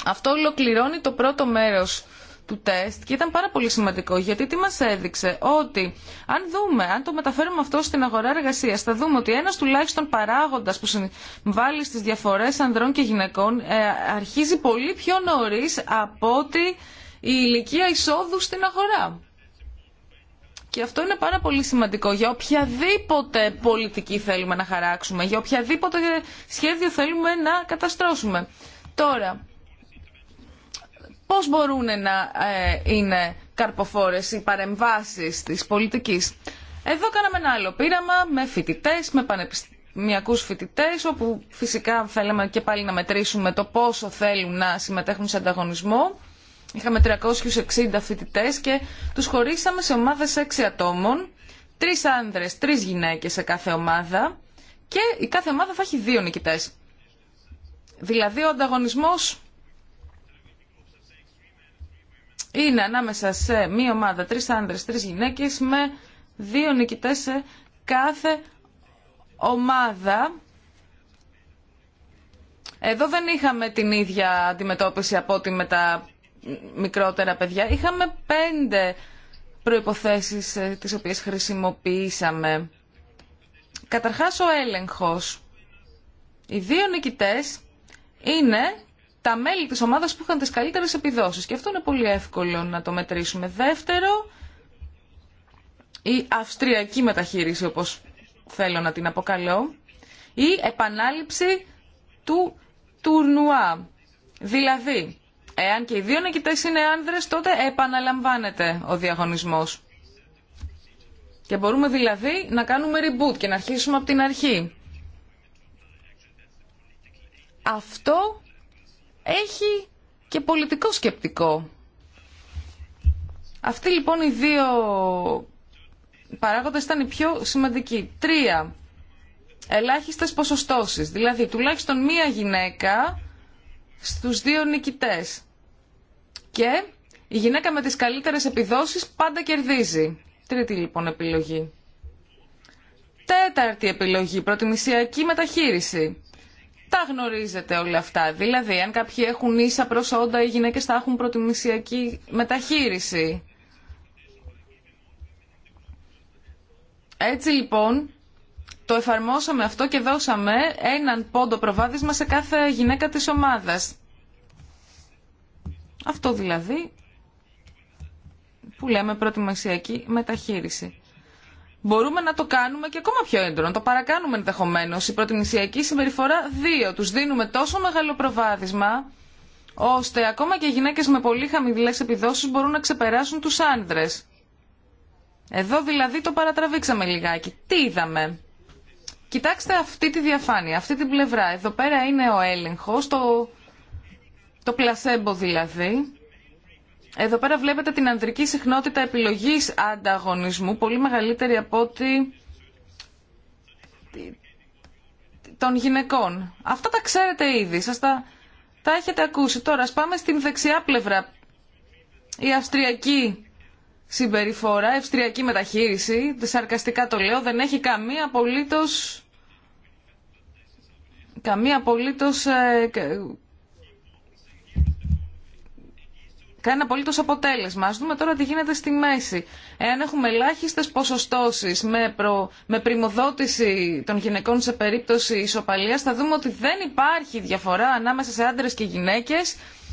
αυτό ολοκληρώνει το πρώτο μέρος του τεστ και ήταν πάρα πολύ σημαντικό γιατί τι μας έδειξε ότι αν δούμε, αν το μεταφέρουμε αυτό στην αγορά εργασίας θα δούμε ότι ένας τουλάχιστον παράγοντας που συμβάλλει στις διαφορές ανδρών και γυναικών ε, αρχίζει πολύ πιο νωρίς από ότι η ηλικία εισόδου στην αγορά. Και αυτό είναι πάρα πολύ σημαντικό για οποιαδήποτε πολιτική θέλουμε να χαράξουμε, για οποιαδήποτε σχέδιο θέλουμε να καταστρώσουμε. Τώρα, πώς μπορούν να ε, είναι καρποφόρες οι παρεμβάσεις της πολιτικής. Εδώ κάναμε ένα άλλο πείραμα με φοιτητές, με πανεπιστημιακούς φοιτητές, όπου φυσικά θέλαμε και πάλι να μετρήσουμε το πόσο θέλουν να συμμετέχουν σε ανταγωνισμό. Είχαμε 360 φοιτητές και τους χωρίσαμε σε ομάδες 6 ατόμων, τρεις άνδρες, τρεις γυναίκες σε κάθε ομάδα και η κάθε ομάδα θα έχει δύο νικητές. Δηλαδή ο ανταγωνισμός είναι ανάμεσα σε μία ομάδα τρει άνδρες, τρει γυναίκες με δύο νικητέ σε κάθε ομάδα. Εδώ δεν είχαμε την ίδια αντιμετώπιση από ό,τι με τα μικρότερα παιδιά. Είχαμε πέντε προϋποθέσεις ε, τις οποίες χρησιμοποιήσαμε. Καταρχάς ο έλεγχος. Οι δύο νικητές είναι τα μέλη της ομάδας που είχαν τις καλύτερες επιδόσεις. Και αυτό είναι πολύ εύκολο να το μετρήσουμε. Δεύτερο, η αυστριακή μεταχείριση, όπως θέλω να την αποκαλώ, η επανάληψη του τουρνουά. Δηλαδή, εάν και οι δύο νικητές είναι άνδρες, τότε επαναλαμβάνεται ο διαγωνισμός. Και μπορούμε δηλαδή να κάνουμε reboot και να αρχίσουμε από την αρχή. Αυτό έχει και πολιτικό σκεπτικό. Αυτοί λοιπόν οι δύο παράγοντες ήταν οι πιο σημαντικοί. Τρία, ελάχιστες ποσοστώσεις, δηλαδή τουλάχιστον μία γυναίκα στους δύο νικητές. Και η γυναίκα με τις καλύτερες επιδόσεις πάντα κερδίζει. Τρίτη λοιπόν επιλογή. Τέταρτη επιλογή, προτιμησιακή μεταχείριση τα γνωρίζετε όλα αυτά. Δηλαδή, αν κάποιοι έχουν ίσα προσόντα, οι γυναίκες θα έχουν προτιμησιακή μεταχείριση. Έτσι λοιπόν, το εφαρμόσαμε αυτό και δώσαμε έναν πόντο προβάδισμα σε κάθε γυναίκα της ομάδας. Αυτό δηλαδή που λέμε προτιμησιακή μεταχείριση. Μπορούμε να το κάνουμε και ακόμα πιο έντονο, το παρακάνουμε ενδεχομένω. Η προτιμησιακή συμπεριφορά 2. Του δίνουμε τόσο μεγάλο προβάδισμα, ώστε ακόμα και γυναίκε με πολύ χαμηλέ επιδόσει μπορούν να ξεπεράσουν του άντρε. Εδώ δηλαδή το παρατραβήξαμε λιγάκι. Τι είδαμε. Κοιτάξτε αυτή τη διαφάνεια, αυτή την πλευρά. Εδώ πέρα είναι ο έλεγχος, το πλασέμπο δηλαδή. Εδώ πέρα βλέπετε την ανδρική συχνότητα επιλογής ανταγωνισμού, πολύ μεγαλύτερη από ότι των γυναικών. Αυτά τα ξέρετε ήδη, σας τα, τα έχετε ακούσει. Τώρα, ας πάμε στην δεξιά πλευρά. Η αυστριακή συμπεριφορά, η αυστριακή μεταχείριση, σαρκαστικά το λέω, δεν έχει καμία απολύτως, καμία απολύτως ε, Κάνει απολύτω αποτέλεσμα. Α δούμε τώρα τι γίνεται στη μέση. Εάν έχουμε ελάχιστε ποσοστώσει με, προ... με πρημοδότηση των γυναικών σε περίπτωση ισοπαλία, θα δούμε ότι δεν υπάρχει διαφορά ανάμεσα σε άντρε και γυναίκε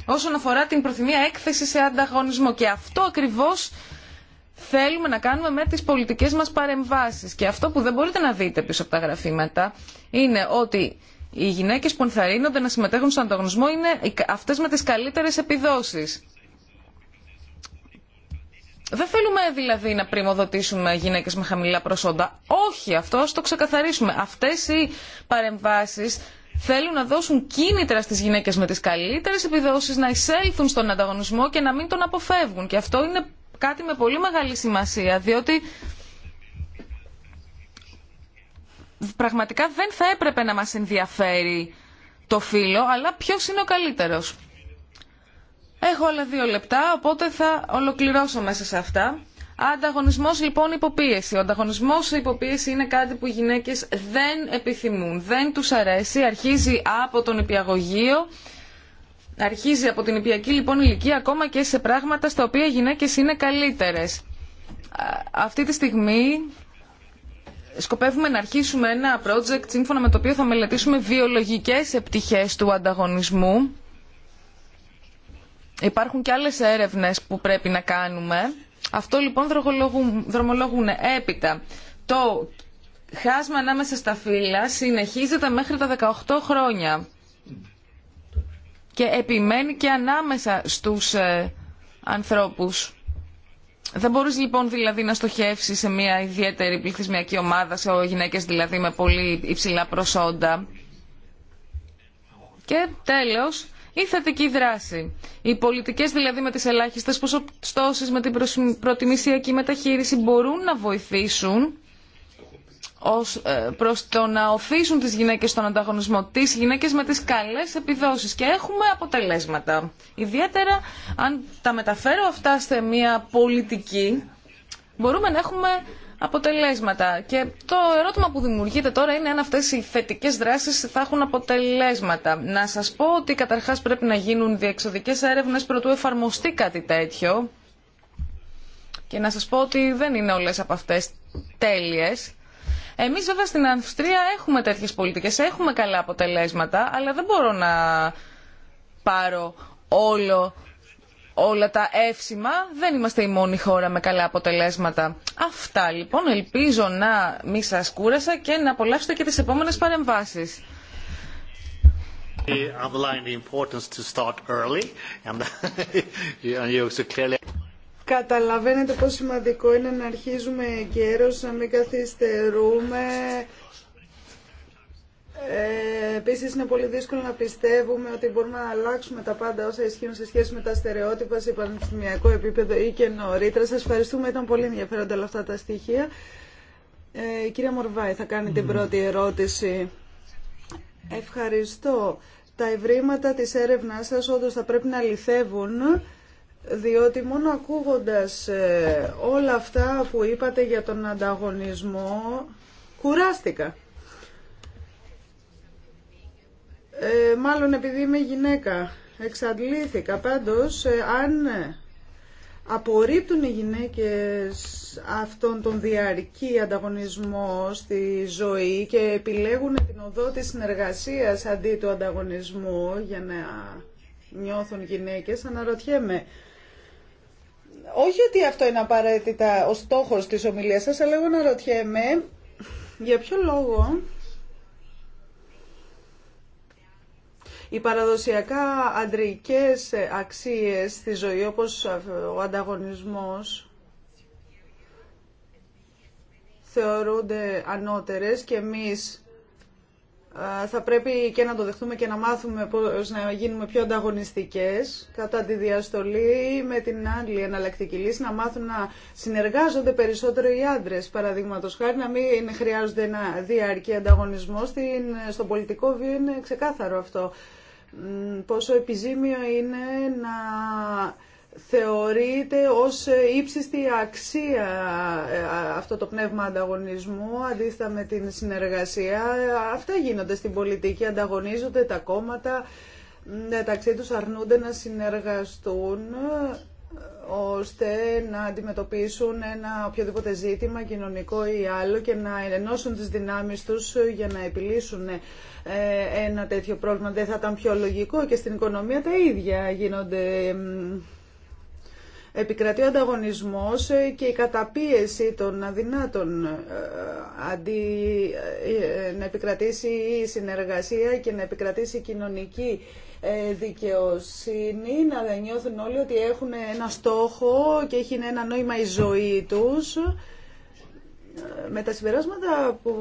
όσον αφορά την προθυμία έκθεση σε ανταγωνισμό. Και αυτό ακριβώ θέλουμε να κάνουμε με τις πολιτικές μας παρεμβάσεις. Και αυτό που δεν μπορείτε να δείτε πίσω από τα γραφήματα είναι ότι οι γυναίκες που ενθαρρύνονται να συμμετέχουν στον ανταγωνισμό είναι αυτές με τις καλύτερες επιδόσεις. Δεν θέλουμε δηλαδή να πρημοδοτήσουμε γυναίκες με χαμηλά προσόντα. Όχι, αυτό ας το ξεκαθαρίσουμε. Αυτές οι παρεμβάσεις θέλουν να δώσουν κίνητρα στις γυναίκες με τις καλύτερες επιδόσεις να εισέλθουν στον ανταγωνισμό και να μην τον αποφεύγουν. Και αυτό είναι κάτι με πολύ μεγάλη σημασία, διότι πραγματικά δεν θα έπρεπε να μας ενδιαφέρει το φίλο, αλλά ποιος είναι ο καλύτερος. Έχω άλλα δύο λεπτά, οπότε θα ολοκληρώσω μέσα σε αυτά. Ανταγωνισμό λοιπόν υποπίεση. Ο ανταγωνισμό υποπίεση είναι κάτι που οι γυναίκε δεν επιθυμούν, δεν του αρέσει, αρχίζει από τον υπηαγωγείο, αρχίζει από την υπηακή λοιπόν ηλικία ακόμα και σε πράγματα στα οποία οι γυναίκε είναι καλύτερε. Αυτή τη στιγμή σκοπεύουμε να αρχίσουμε ένα project σύμφωνα με το οποίο θα μελετήσουμε βιολογικές επιτυχίες του ανταγωνισμού Υπάρχουν και άλλες έρευνες που πρέπει να κάνουμε. Αυτό λοιπόν δρομολόγουν έπειτα. Το χάσμα ανάμεσα στα φύλλα συνεχίζεται μέχρι τα 18 χρόνια και επιμένει και ανάμεσα στους ε, ανθρώπους. Δεν μπορείς λοιπόν δηλαδή να στοχεύσεις σε μια ιδιαίτερη πληθυσμιακή ομάδα, σε γυναίκες δηλαδή με πολύ υψηλά προσόντα. Και τέλος, ή θετική δράση. Οι πολιτικές δηλαδή με τι ελάχιστε ποσοστώσει με την προτιμησιακή μεταχείριση μπορούν να βοηθήσουν ως, ε, προς το να οθήσουν τις γυναίκες στον ανταγωνισμό, τις γυναίκες με τις καλές επιδόσεις και έχουμε αποτελέσματα. Ιδιαίτερα αν τα μεταφέρω αυτά σε μια πολιτική μπορούμε να έχουμε αποτελέσματα. Και το ερώτημα που δημιουργείται τώρα είναι αν αυτές οι θετικέ δράσεις θα έχουν αποτελέσματα. Να σας πω ότι καταρχάς πρέπει να γίνουν διεξοδικές έρευνες προτού εφαρμοστεί κάτι τέτοιο. Και να σας πω ότι δεν είναι όλες από αυτέ τέλειες. Εμείς βέβαια στην Αυστρία έχουμε τέτοιε πολιτικέ, έχουμε καλά αποτελέσματα, αλλά δεν μπορώ να πάρω όλο όλα τα εύσημα. Δεν είμαστε η μόνη χώρα με καλά αποτελέσματα. Αυτά λοιπόν. Ελπίζω να μην σα κούρασα και να απολαύσετε και τις επόμενες παρεμβάσεις. Καταλαβαίνετε πόσο σημαντικό είναι να αρχίζουμε καιρός, να μην καθυστερούμε ε, Επίση, είναι πολύ δύσκολο να πιστεύουμε ότι μπορούμε να αλλάξουμε τα πάντα όσα ισχύουν σε σχέση με τα στερεότυπα σε πανεπιστημιακό επίπεδο ή και νωρίτερα. Σα ευχαριστούμε. Ήταν πολύ ενδιαφέροντα όλα αυτά τα στοιχεία. Ε, κυρία Μορβάη, θα κάνει την πρώτη ερώτηση. Ευχαριστώ. Τα ευρήματα τη έρευνα σα, όντω θα πρέπει να αληθεύουν διότι μόνο ακούγοντας ε, όλα αυτά που είπατε για τον ανταγωνισμό κουράστηκα. Ε, μάλλον επειδή είμαι γυναίκα. Εξαντλήθηκα. Πάντως, ε, αν απορρίπτουν οι γυναίκες αυτόν τον διαρκή ανταγωνισμό στη ζωή και επιλέγουν την οδό της συνεργασίας αντί του ανταγωνισμού για να νιώθουν γυναίκες, αναρωτιέμαι. Όχι ότι αυτό είναι απαραίτητα ο στόχος της ομιλίας σας, αλλά εγώ αναρωτιέμαι για ποιο λόγο Οι παραδοσιακά αντρικές αξίες στη ζωή, όπως ο ανταγωνισμός, θεωρούνται ανώτερες και εμείς θα πρέπει και να το δεχτούμε και να μάθουμε να γίνουμε πιο ανταγωνιστικές κατά τη διαστολή με την άλλη εναλλακτική λύση να μάθουν να συνεργάζονται περισσότερο οι άντρες παραδείγματο χάρη να μην χρειάζονται ένα διαρκή ανταγωνισμό στον πολιτικό βίο είναι ξεκάθαρο αυτό πόσο επιζήμιο είναι να θεωρείται ως ύψιστη αξία ε, αυτό το πνεύμα ανταγωνισμού αντίστα με την συνεργασία. Αυτά γίνονται στην πολιτική, ανταγωνίζονται τα κόμματα, μεταξύ τους αρνούνται να συνεργαστούν ώστε να αντιμετωπίσουν ένα οποιοδήποτε ζήτημα κοινωνικό ή άλλο και να ενώσουν τις δυνάμεις τους για να επιλύσουν ε, ένα τέτοιο πρόβλημα. Δεν θα ήταν πιο λογικό και στην οικονομία τα ίδια γίνονται επικρατεί ο ανταγωνισμός ε, και η καταπίεση των αδυνάτων ε, αντί να επικρατήσει η συνεργασία και να επικρατήσει η κοινωνική ε, δικαιοσύνη, να νιώθουν όλοι ότι έχουν ένα στόχο και έχει ένα νόημα η ζωή τους. Ε, με τα συμπεράσματα που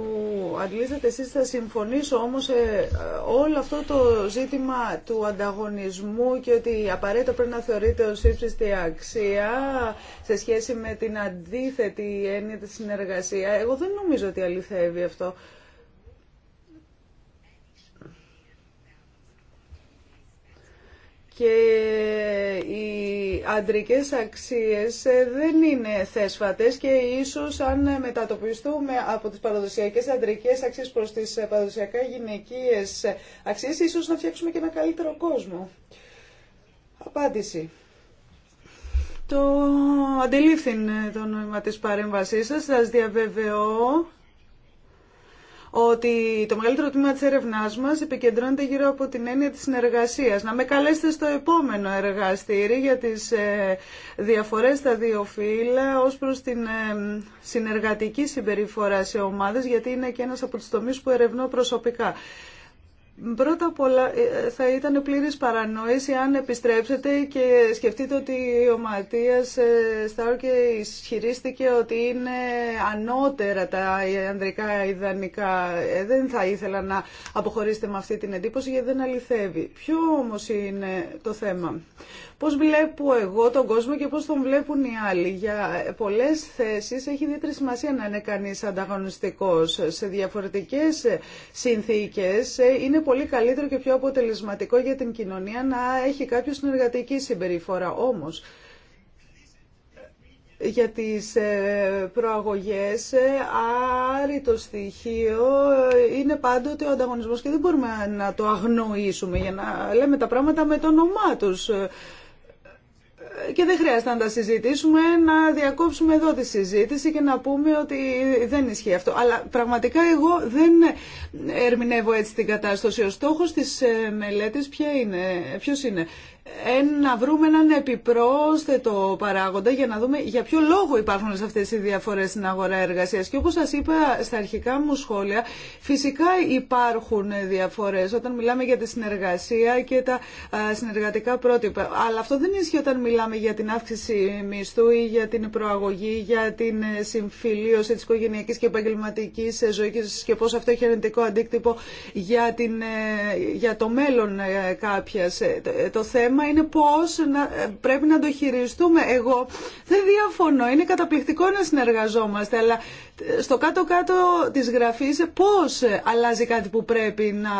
αντλήσατε εσείς θα συμφωνήσω όμως ε, όλο αυτό το ζήτημα του ανταγωνισμού και ότι απαραίτητα πρέπει να θεωρείται ως ύψιστη αξία σε σχέση με την αντίθετη έννοια της συνεργασία. Εγώ δεν νομίζω ότι αληθεύει αυτό. και οι αντρικές αξίες ε, δεν είναι θέσφατες και ίσως αν μετατοπιστούμε από τις παραδοσιακές αντρικές αξίες προς τις ε, παραδοσιακά γυναικείες αξίες, ίσως να φτιάξουμε και ένα καλύτερο κόσμο. Απάντηση. Το αντιλήφθην ε, το νόημα της παρέμβασής σας, σας διαβεβαιώ ότι το μεγαλύτερο τμήμα της έρευνάς μας επικεντρώνεται γύρω από την έννοια της συνεργασίας. Να με καλέσετε στο επόμενο εργαστήρι για τις ε, διαφορές στα δύο φύλλα ως προς την ε, συνεργατική συμπεριφορά σε ομάδες, γιατί είναι και ένας από τους τομείς που ερευνώ προσωπικά. Πρώτα απ' όλα ε, θα ήταν πλήρης παρανόηση αν επιστρέψετε και σκεφτείτε ότι ο Ματίας ε, Στάρκε ισχυρίστηκε ότι είναι ανώτερα τα ανδρικά ιδανικά. Ε, δεν θα ήθελα να αποχωρήσετε με αυτή την εντύπωση γιατί δεν αληθεύει. Ποιο όμως είναι το θέμα πώς βλέπω εγώ τον κόσμο και πώς τον βλέπουν οι άλλοι. Για πολλές θέσεις έχει ιδιαίτερη σημασία να είναι κανείς ανταγωνιστικός. Σε διαφορετικές συνθήκες είναι πολύ καλύτερο και πιο αποτελεσματικό για την κοινωνία να έχει κάποιο συνεργατική συμπεριφορά. Όμως, για τις ε, προαγωγές ε, άρρητο στοιχείο ε, είναι πάντοτε ο ανταγωνισμός και δεν μπορούμε να το αγνοήσουμε για να λέμε τα πράγματα με το όνομά τους και δεν χρειάζεται να τα συζητήσουμε, να διακόψουμε εδώ τη συζήτηση και να πούμε ότι δεν ισχύει αυτό. Αλλά πραγματικά εγώ δεν ερμηνεύω έτσι την κατάσταση. Ο στόχος της ε, μελέτης ποια ποιος είναι να βρούμε έναν επιπρόσθετο παράγοντα για να δούμε για ποιο λόγο υπάρχουν αυτές οι διαφορές στην αγορά εργασίας. Και όπως σας είπα στα αρχικά μου σχόλια, φυσικά υπάρχουν διαφορές όταν μιλάμε για τη συνεργασία και τα συνεργατικά πρότυπα. Αλλά αυτό δεν ισχύει όταν μιλάμε για την αύξηση μισθού ή για την προαγωγή, για την συμφιλίωση της οικογενειακής και επαγγελματική ζωής και πώς αυτό έχει αρνητικό αντίκτυπο για, την, ε, για το μέλλον ε, κάποιας. Ε, το θέμα θέμα είναι πώς ε, πρέπει να το χειριστούμε. Εγώ δεν διαφωνώ. Είναι καταπληκτικό να συνεργαζόμαστε, αλλά στο κάτω-κάτω της γραφής πώς αλλάζει κάτι που πρέπει να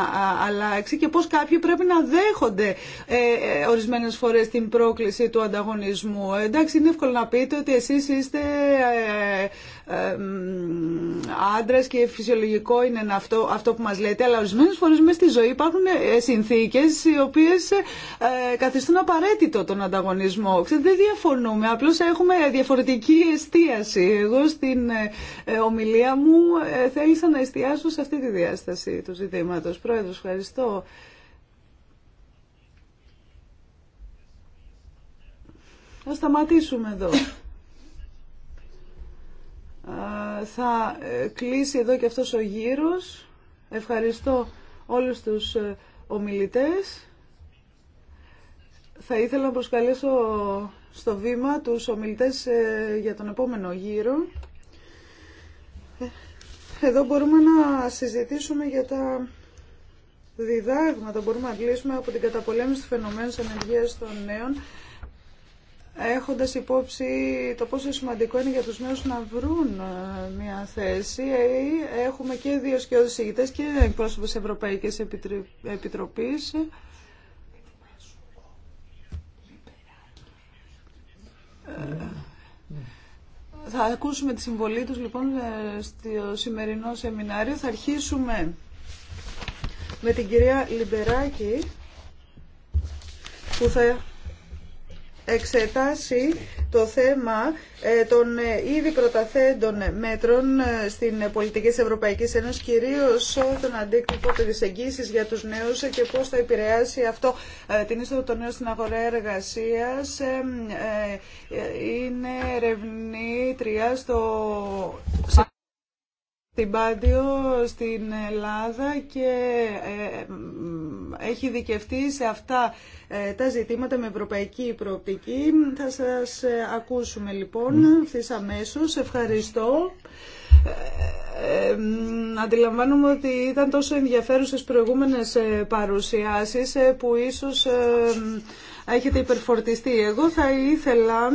αλλάξει και πώς κάποιοι πρέπει να δέχονται ε, ε, ορισμένες φορές την πρόκληση του ανταγωνισμού. Εντάξει, είναι εύκολο να πείτε ότι εσείς είστε ε, ε άντρες και φυσιολογικό είναι αυτό, αυτό που μας λέτε, αλλά ορισμένες φορές μέσα στη ζωή υπάρχουν ε, συνθήκες οι οποίες καθιστούν απαραίτητο τον ανταγωνισμό. δεν διαφωνούμε, απλώς έχουμε διαφορετική εστίαση. Εγώ στην ε, ομιλία μου ε, θέλησα να εστιάσω σε αυτή τη διάσταση του ζητήματος. Πρόεδρος, ευχαριστώ. Θα σταματήσουμε εδώ. Θα ε, κλείσει εδώ και αυτός ο γύρος. Ευχαριστώ όλους τους ομιλητές. Θα ήθελα να προσκαλέσω στο βήμα τους ομιλητές για τον επόμενο γύρο. Εδώ μπορούμε να συζητήσουμε για τα διδάγματα, μπορούμε να κλείσουμε από την καταπολέμηση του φαινομένου ανεργίας των νέων, έχοντας υπόψη το πόσο σημαντικό είναι για τους νέους να βρουν ε, μια θέση. Ε, έχουμε και δύο σκιώδεις ηγητές και εκπρόσωπος Ευρωπαϊκής Επιτροπής. Ε, θα ακούσουμε τη συμβολή τους λοιπόν ε, στο σημερινό σεμινάριο. Θα αρχίσουμε με την κυρία Λιμπεράκη που θα εξετάσει το θέμα ε, των ε, ήδη προταθέντων μέτρων ε, στην πολιτική της Ευρωπαϊκής Ένωσης, κυρίως τον αντίκτυπο της εγγύησης για τους νέους και πώς θα επηρεάσει αυτό την είσοδο των νέων στην αγορά εργασίας. Είναι ερευνήτρια στο στην Πάντιο, στην Ελλάδα και ε, ε, έχει δικαιωθεί σε αυτά ε, τα ζητήματα με ευρωπαϊκή προοπτική. Θα σας ακούσουμε λοιπόν ευθύς αμέσως. Ευχαριστώ. Ε, ε, αντιλαμβάνομαι ότι ήταν τόσο ενδιαφέρουσες προηγούμενες παρουσιάσεις που ίσως έχετε υπερφορτιστεί. Εγώ θα ήθελα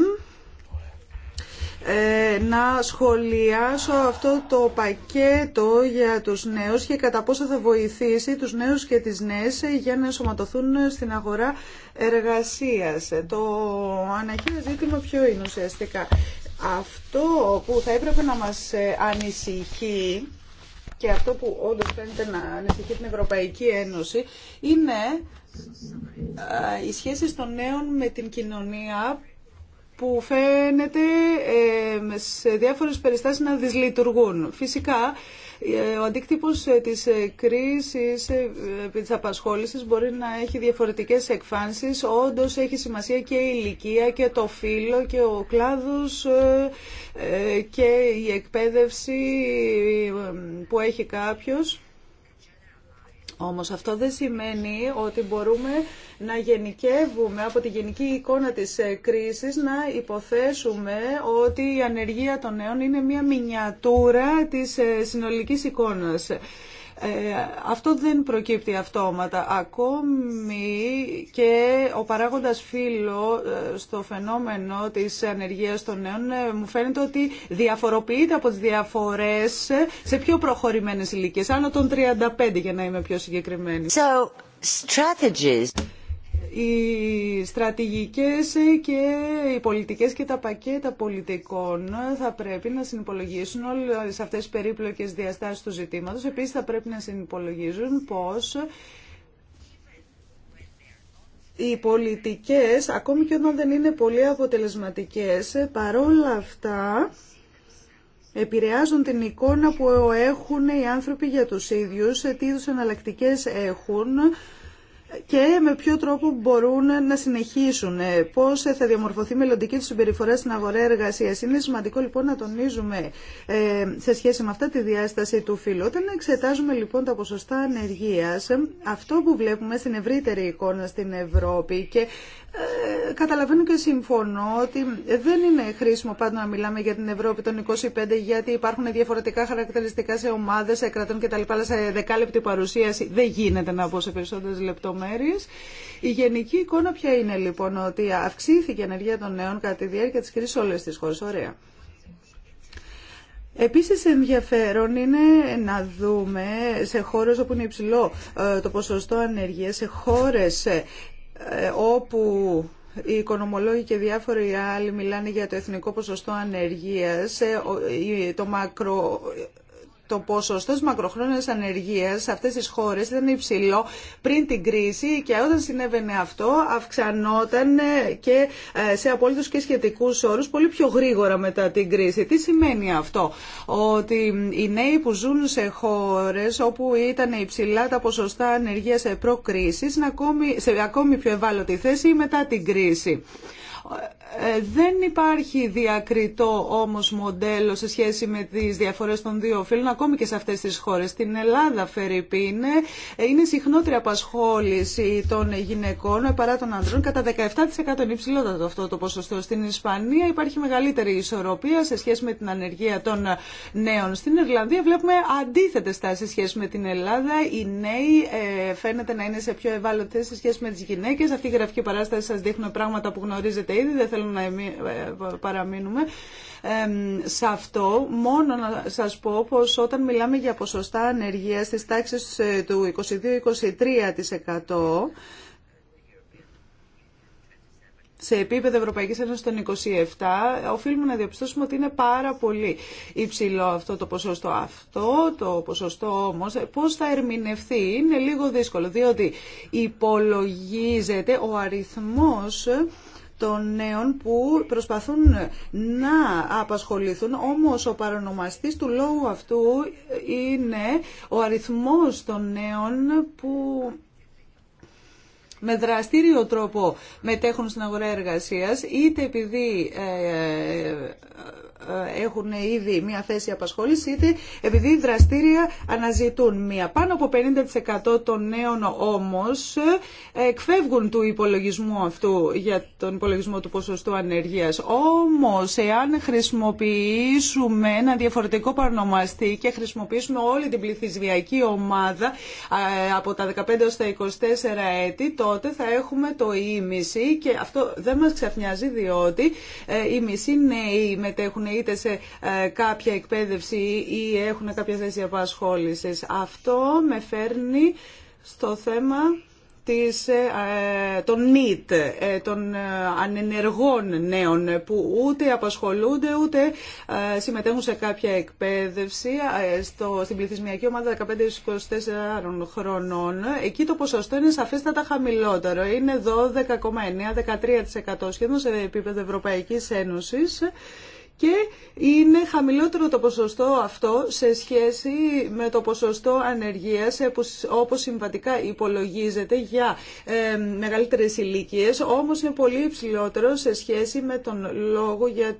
ε, να σχολιάσω αυτό το πακέτο για τους νέους και κατά πόσο θα βοηθήσει τους νέους και τις νέες για να σωματωθούν στην αγορά εργασίας. Το αναχείριο ζήτημα ποιο είναι ουσιαστικά. Αυτό που θα έπρεπε να μας ε, ανησυχεί και αυτό που όντως φαίνεται να ανησυχεί την Ευρωπαϊκή Ένωση είναι ε, οι σχέσεις των νέων με την κοινωνία που φαίνεται σε διάφορες περιστάσεις να δυσλειτουργούν. Φυσικά, ε, ο αντίκτυπος ε, της ε, κρίσης της απασχόλησης μπορεί να έχει διαφορετικές εκφάνσεις. Όντως έχει σημασία και η ηλικία και το φύλλο και ο κλάδος και η εκπαίδευση που έχει κάποιος. Όμως αυτό δεν σημαίνει ότι μπορούμε να γενικεύουμε από τη γενική εικόνα της ε, κρίσης να υποθέσουμε ότι η ανεργία των νέων είναι μια μινιατούρα της ε, συνολικής εικόνας. Ε, αυτό δεν προκύπτει αυτόματα. Ακόμη και ο παράγοντας φύλλο ε, στο φαινόμενο της ανεργίας των νέων ε, μου φαίνεται ότι διαφοροποιείται από τις διαφορές σε πιο προχωρημένες ηλικίες, άνω των 35 για να είμαι πιο συγκεκριμένη. Οι στρατηγικές και οι πολιτικές και τα πακέτα πολιτικών θα πρέπει να συνυπολογίσουν όλες αυτές τις περίπλοκες διαστάσεις του ζητήματος. Επίσης θα πρέπει να συνυπολογίζουν πως οι πολιτικές, ακόμη και όταν δεν είναι πολύ αποτελεσματικές, παρόλα αυτά επηρεάζουν την εικόνα που έχουν οι άνθρωποι για τους ίδιους, τι είδους εναλλακτικές έχουν, και με ποιο τρόπο μπορούν να συνεχίσουν, ε, πώς θα διαμορφωθεί η μελλοντική του συμπεριφορά στην αγορά εργασίας. Είναι σημαντικό λοιπόν να τονίζουμε ε, σε σχέση με αυτά τη διάσταση του φύλου. Όταν εξετάζουμε λοιπόν τα ποσοστά ανεργίας, αυτό που βλέπουμε στην ευρύτερη εικόνα στην Ευρώπη και ε, καταλαβαίνω και συμφωνώ ότι δεν είναι χρήσιμο πάντα να μιλάμε για την Ευρώπη των 25 γιατί υπάρχουν διαφορετικά χαρακτηριστικά σε ομάδες, σε κρατών κτλ. Αλλά σε δεκάλεπτη παρουσίαση δεν γίνεται να πω σε περισσότερε λεπτό. Η γενική εικόνα ποια είναι λοιπόν ότι αυξήθηκε η ενεργεία των νέων κατά τη διάρκεια της κρίση όλε τι χώρε. Ωραία. Επίσης ενδιαφέρον είναι να δούμε σε χώρες όπου είναι υψηλό ε, το ποσοστό ανεργία, σε χώρες ε, όπου οι οικονομολόγοι και διάφοροι άλλοι μιλάνε για το εθνικό ποσοστό ανεργίας, ε, το μακρο το ποσοστό της μακροχρόνιας ανεργίας σε αυτές τις χώρες ήταν υψηλό πριν την κρίση και όταν συνέβαινε αυτό αυξανόταν ε, και ε, σε απόλυτους και σχετικούς όρους πολύ πιο γρήγορα μετά την κρίση. Τι σημαίνει αυτό? Ότι οι νέοι που ζουν σε χώρες όπου ήταν υψηλά τα ποσοστά ανεργίας προ-κρίση είναι ακόμη, σε ακόμη πιο ευάλωτη θέση μετά την κρίση. Ε, δεν υπάρχει διακριτό όμως μοντέλο σε σχέση με τις διαφορές των δύο φίλων ακόμη και σε αυτές τις χώρες. Στην Ελλάδα, Φερρυπίν, είναι συχνότερη απασχόληση των γυναικών ε, παρά των ανδρών κατά 17% είναι υψηλότατο αυτό το ποσοστό. Στην Ισπανία υπάρχει μεγαλύτερη ισορροπία σε σχέση με την ανεργία των νέων. Στην Ιρλανδία βλέπουμε αντίθετες τάσεις σε σχέση με την Ελλάδα. Οι νέοι ε, φαίνεται να είναι σε πιο ευάλωτε σε σχέση με τις γυναίκες. Αυτή η γραφική παράσταση σας δείχνει πράγματα που γνωρίζετε ήδη θέλω να ε, παραμείνουμε σε αυτό. Μόνο να σας πω πως όταν μιλάμε για ποσοστά ανεργία στις τάξεις ε, του 22-23% σε επίπεδο Ευρωπαϊκής Ένωσης των 27, οφείλουμε να διαπιστώσουμε ότι είναι πάρα πολύ υψηλό αυτό το ποσοστό. Αυτό το ποσοστό όμως ε, πώς θα ερμηνευθεί είναι λίγο δύσκολο, διότι υπολογίζεται ο αριθμός των νέων που προσπαθούν να απασχοληθούν, όμως ο παρονομαστής του λόγου αυτού είναι ο αριθμός των νέων που με δραστήριο τρόπο μετέχουν στην αγορά εργασίας, είτε επειδή ε, ε, έχουν ήδη μια θέση απασχόληση είτε επειδή δραστήρια αναζητούν μια. Πάνω από 50% των νέων όμως ε, εκφεύγουν του υπολογισμού αυτού για τον υπολογισμό του ποσοστού ανεργίας. Όμως εάν χρησιμοποιήσουμε ένα διαφορετικό παρονομαστή και χρησιμοποιήσουμε όλη την πληθυσμιακή ομάδα ε, από τα 15 έως τα 24 έτη τότε θα έχουμε το ίμιση και αυτό δεν μας ξαφνιάζει διότι οι μισοί νέοι μετέχουν είτε σε ε, κάποια εκπαίδευση ή έχουν κάποια θέση απασχόλησης. Αυτό με φέρνει στο θέμα της, ε, ε, των NEET, των ανενεργών νέων που ούτε απασχολούνται ούτε συμμετέχουν σε κάποια εκπαίδευση στο, στην πληθυσμιακή ομάδα 15-24 χρονών. Εκεί το ποσοστό είναι σαφέστατα χαμηλότερο. Είναι 12,9-13% σχεδόν σε επίπεδο Ευρωπαϊκής Ένωσης και είναι χαμηλότερο το ποσοστό αυτό σε σχέση με το ποσοστό ανεργίας ε, όπως συμβατικά υπολογίζεται για ε, μεγαλύτερες ηλικίε, όμως είναι πολύ υψηλότερο σε σχέση με τον λόγο για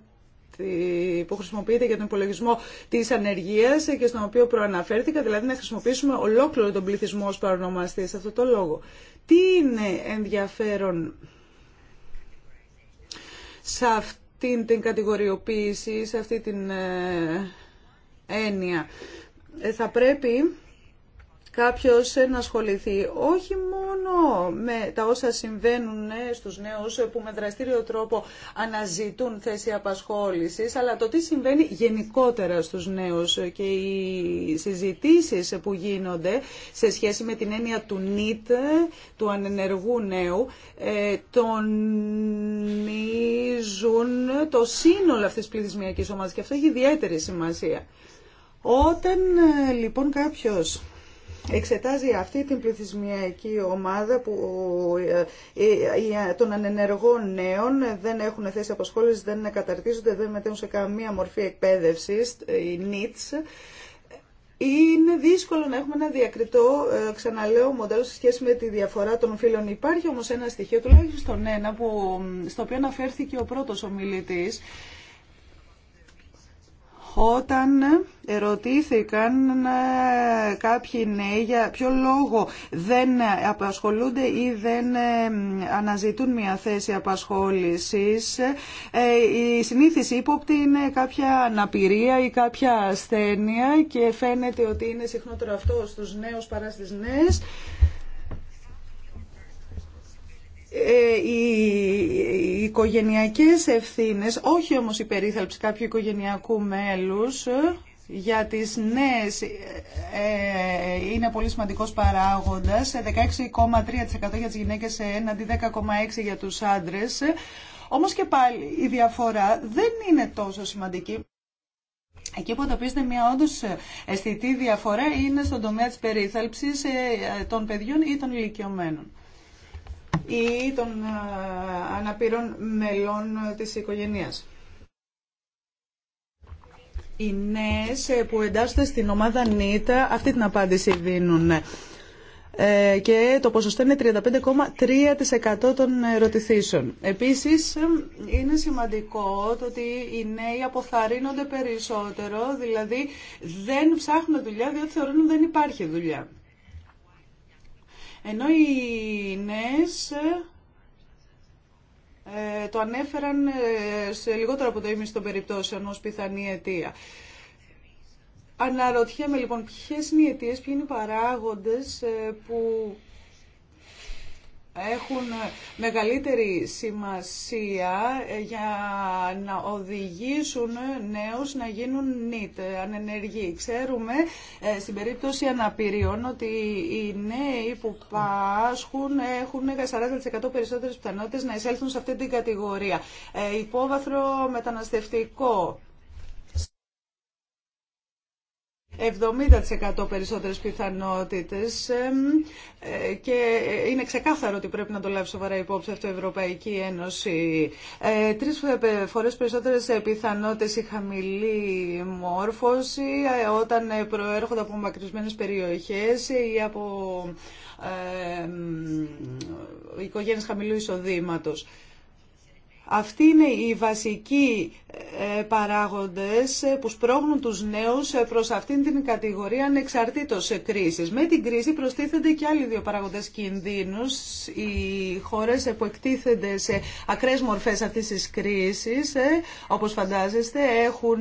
που χρησιμοποιείται για τον υπολογισμό τη ανεργία ε, και στον οποίο προαναφέρθηκα, δηλαδή να χρησιμοποιήσουμε ολόκληρο τον πληθυσμό ω παρονομαστή σε αυτό το λόγο. Τι είναι ενδιαφέρον σε αυτό αυτήν την κατηγοριοποίηση, σε αυτή την ε, έννοια. Ε, θα πρέπει κάποιος να ασχοληθεί όχι μόνο με τα όσα συμβαίνουν ε, στους νέους ε, που με δραστήριο τρόπο αναζητούν θέση απασχόλησης, αλλά το τι συμβαίνει γενικότερα στους νέους και οι συζητήσεις που γίνονται σε σχέση με την έννοια του NEET, ε, του ανενεργού νέου, τονίζουν το σύνολο αυτής της πληθυσμιακής ομάδας και αυτό έχει ιδιαίτερη σημασία. Όταν λοιπόν κάποιος εξετάζει αυτή την πληθυσμιακή ομάδα που ε, ε, ε, των ανενεργών νέων δεν έχουν θέση απασχόληση, δεν καταρτίζονται, δεν μετέχουν σε καμία μορφή εκπαίδευση, οι NITS. Είναι δύσκολο να έχουμε ένα διακριτό, ξαναλέω, μοντέλο σε σχέση με τη διαφορά των φίλων Υπάρχει όμως ένα στοιχείο, τουλάχιστον ένα, που, στο οποίο αναφέρθηκε ο πρώτος ομιλητή όταν ερωτήθηκαν ε, κάποιοι νέοι για ποιο λόγο δεν απασχολούνται ή δεν ε, αναζητούν μια θέση απασχόλησης, ε, η συνήθιση ύποπτη είναι κάποια αναπηρία ή κάποια ασθένεια και φαίνεται ότι είναι συχνότερο αυτό στους νέους παρά στις νέες. Ε, οι οικογενειακές ευθύνες, όχι όμως η περίθαλψη κάποιου οικογενειακού μέλους, ε, για τις νέες ε, ε, είναι πολύ σημαντικός παράγοντας, 16,3% για τις γυναίκες έναντι 10,6% για τους άντρες. Όμως και πάλι η διαφορά δεν είναι τόσο σημαντική. Εκεί που εντοπίζεται μια όντω αισθητή διαφορά είναι στον τομέα της περίθαλψης των παιδιών ή των ηλικιωμένων ή των ε, αναπήρων μελών της οικογένειας. Οι νέες ε, που εντάσσονται στην ομάδα ΝΙΤΑ αυτή την απάντηση δίνουν ε, και το ποσοστό είναι 35,3% των ερωτηθήσεων. Επίσης, είναι σημαντικό το ότι οι νέοι αποθαρρύνονται περισσότερο, δηλαδή δεν ψάχνουν δουλειά διότι θεωρούν ότι δεν υπάρχει δουλειά. Ενώ οι νέες ε, το ανέφεραν ε, σε λιγότερο από το ίμιση των περιπτώσεων ως πιθανή αιτία. Αναρωτιέμαι λοιπόν ποιες είναι οι αιτίες, ποιοι είναι οι παράγοντες ε, που έχουν ε, μεγαλύτερη σημασία ε, για να οδηγήσουν ε, νέους να γίνουν νίτ, ανενεργοί. Ξέρουμε στην περίπτωση αναπηριών ότι οι νέοι που πάσχουν έχουν 40% περισσότερες πιθανότητες να εισέλθουν σε αυτή την κατηγορία. Υπόβαθρο μεταναστευτικό 70% περισσότερες πιθανότητες ε, και είναι ξεκάθαρο ότι πρέπει να το λάβει σοβαρά υπόψη αυτό η Ευρωπαϊκή Ένωση. Ε, τρεις φορές περισσότερες πιθανότητες η χαμηλή μόρφωση ε, όταν προέρχονται από μακρισμένες περιοχές ή από οικογένειες χαμηλού εισοδήματος. Αυτοί είναι οι βασικοί ε, παράγοντες ε, που σπρώχνουν τους νέους ε, προς αυτήν την κατηγορία ανεξαρτήτως κρίσης. Με την κρίση προστίθενται και άλλοι δύο παράγοντες κινδύνους. Οι χώρες που εκτίθενται σε ακραίες μορφές αυτής της κρίσης, όπως φαντάζεστε, έχουν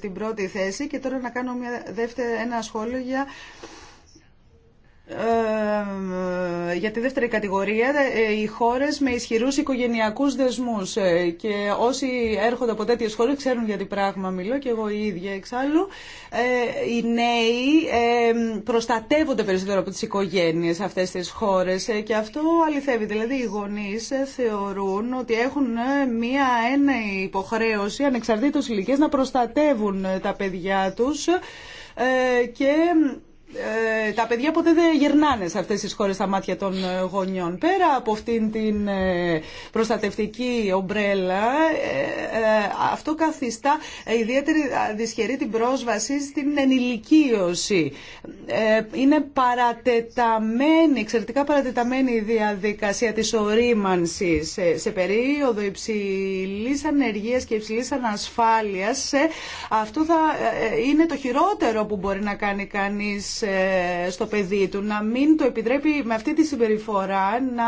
την πρώτη θέση. Και τώρα να κάνω μια δεύτερη, ένα σχόλιο για ε, για τη δεύτερη κατηγορία ε, οι χώρες με ισχυρούς οικογενειακούς δεσμούς ε, και όσοι έρχονται από τέτοιες χώρες ξέρουν για τι πράγμα μιλώ και εγώ η ίδια εξάλλου οι νέοι προστατεύονται περισσότερο από τις οικογένειες αυτές τις χώρες και αυτό αληθεύει δηλαδή οι γονείς θεωρούν ότι έχουν μία ένα υποχρέωση ανεξαρτήτως ηλικίας να προστατεύουν τα παιδιά τους και ε, τα παιδιά ποτέ δεν γερνάνε σε αυτές τις χώρες στα μάτια των ε, γονιών. Πέρα από αυτήν την ε, προστατευτική ομπρέλα, αυτό καθιστά ιδιαίτερη δυσχερή την πρόσβαση στην ενηλικίωση. Είναι παρατεταμένη, εξαιρετικά παρατεταμένη η διαδικασία της ορίμανσης σε περίοδο υψηλής ανεργίας και υψηλής ανασφάλειας. Αυτό θα είναι το χειρότερο που μπορεί να κάνει κανείς ε, στο παιδί του, να μην το επιτρέπει με αυτή τη συμπεριφορά να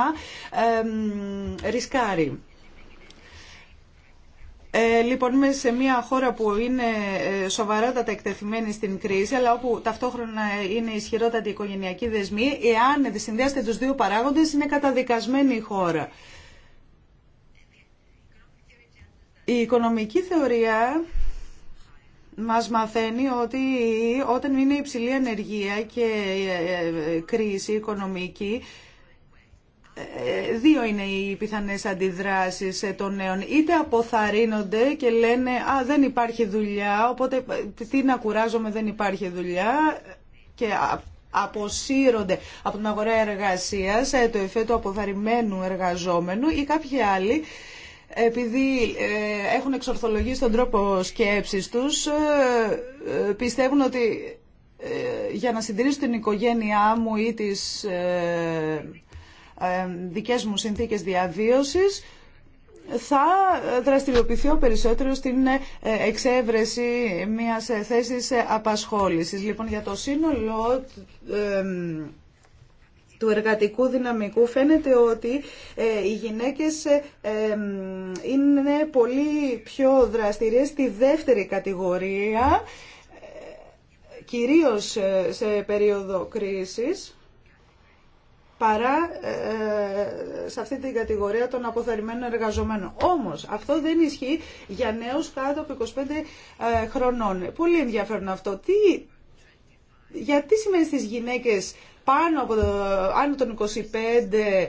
ρισκάρει. Ε, λοιπόν, είμαι σε μια χώρα που είναι ε, σοβαρότατα εκτεθειμένη στην κρίση, αλλά όπου ταυτόχρονα είναι ισχυρότατη η οικογενειακή δεσμή, εάν συνδέαστε τους δύο παράγοντες, είναι καταδικασμένη η χώρα. Η οικονομική θεωρία μας μαθαίνει ότι όταν είναι υψηλή ενεργεία και ε, ε, κρίση οικονομική, ε, δύο είναι οι πιθανές αντιδράσεις των νέων. Είτε αποθαρρύνονται και λένε «Α, δεν υπάρχει δουλειά, οπότε τι να κουράζομαι, δεν υπάρχει δουλειά» και αποσύρονται από την αγορά εργασίας, το εφέ του αποθαρρυμένου εργαζόμενου ή κάποιοι άλλοι επειδή ε, έχουν εξορθολογήσει τον τρόπο σκέψης τους, ε, ε, πιστεύουν ότι για να συντηρήσω την οικογένειά μου ή τις δικές μου συνθήκες διαβίωσης, θα δραστηριοποιηθώ περισσότερο στην εξέβρεση μιας θέσης απασχόλησης. Λοιπόν, για το σύνολο του εργατικού δυναμικού φαίνεται ότι ε, οι γυναίκες ε, είναι πολύ πιο δραστηριές στη δεύτερη κατηγορία, ε, κυρίως σε περίοδο κρίσης παρά σε αυτή την κατηγορία των αποθαρρυμένων εργαζομένων. Όμως αυτό δεν ισχύει για νέους κάτω από 25 χρονών. Πολύ ενδιαφέρον αυτό. Τι, γιατί σημαίνει στις γυναίκες πάνω από το, άνω των 25 ε,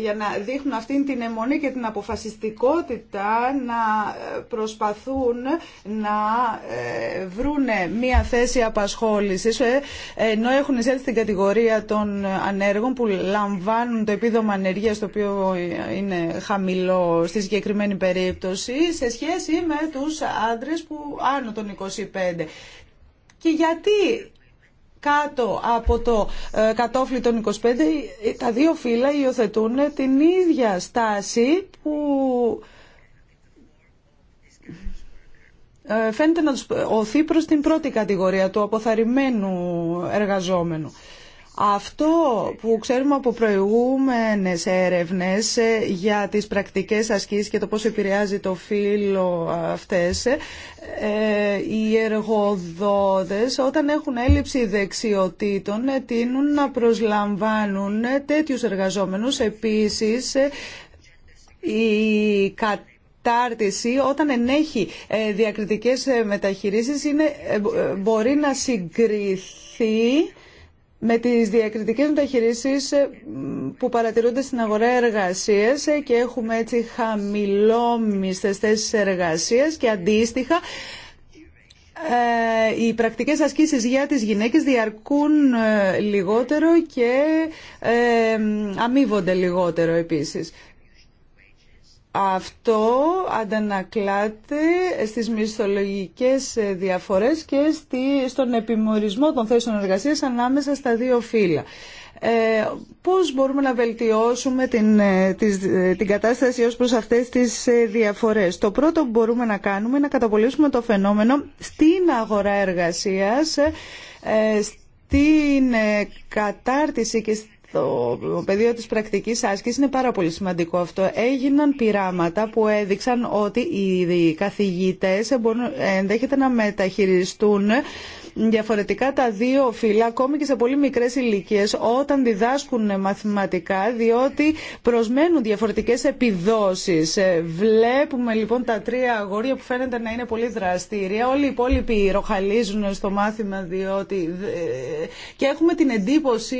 για να δείχνουν αυτήν την αιμονή και την αποφασιστικότητα να ε, προσπαθούν να ε, βρούνε μία θέση απασχόλησης ε, ενώ έχουν εισέλθει στην κατηγορία των ανέργων που λαμβάνουν το επίδομα ανεργίας το οποίο είναι χαμηλό στη συγκεκριμένη περίπτωση σε σχέση με τους άντρες που άνω των 25. Και γιατί κάτω από το ε, κατόφλι των 25 ε, τα δύο φύλλα υιοθετούν την ίδια στάση που ε, φαίνεται να τους οθεί προς την πρώτη κατηγορία του αποθαρρυμένου εργαζόμενου. Αυτό που ξέρουμε από προηγούμενες έρευνες ε, για τις πρακτικές ασκήσεις και το πώς επηρεάζει το φύλλο αυτές, ε, οι εργοδότες όταν έχουν έλλειψη δεξιοτήτων ε, τείνουν να προσλαμβάνουν τέτοιους εργαζόμενους. Επίσης, η κατάρτιση όταν ενέχει διακριτικές μεταχειρήσεις είναι, μπορεί να συγκριθεί με τις διακριτικές μεταχειρήσεις ε, που παρατηρούνται στην αγορά εργασίας ε, και έχουμε έτσι χαμηλόμιστες θέσεις εργασίας και αντίστοιχα ε, οι πρακτικές ασκήσεις για τις γυναίκες διαρκούν λιγότερο και αμείβονται λιγότερο επίσης. Αυτό αντανακλάται στις μισθολογικές διαφορές και στον επιμορισμό των θέσεων εργασίας ανάμεσα στα δύο φύλλα. Ε, πώς μπορούμε να βελτιώσουμε την, ε, ε, την κατάσταση ως προς αυτές τις ε, διαφορές. Το πρώτο που μπορούμε να κάνουμε είναι να καταπολύσουμε το φαινόμενο στην αγορά εργασίας, στην κατάρτιση και το πεδίο της πρακτικής άσκησης είναι πάρα πολύ σημαντικό αυτό. Έγιναν πειράματα που έδειξαν ότι οι καθηγητές μπορούν, ενδέχεται να μεταχειριστούν διαφορετικά τα δύο φύλλα, ακόμη και σε πολύ μικρές ηλικίε, όταν διδάσκουν μαθηματικά, διότι προσμένουν διαφορετικές επιδόσεις. Βλέπουμε λοιπόν τα τρία αγόρια που φαίνεται να είναι πολύ δραστήρια. Όλοι οι υπόλοιποι ροχαλίζουν στο μάθημα διότι... Ε, και έχουμε την εντύπωση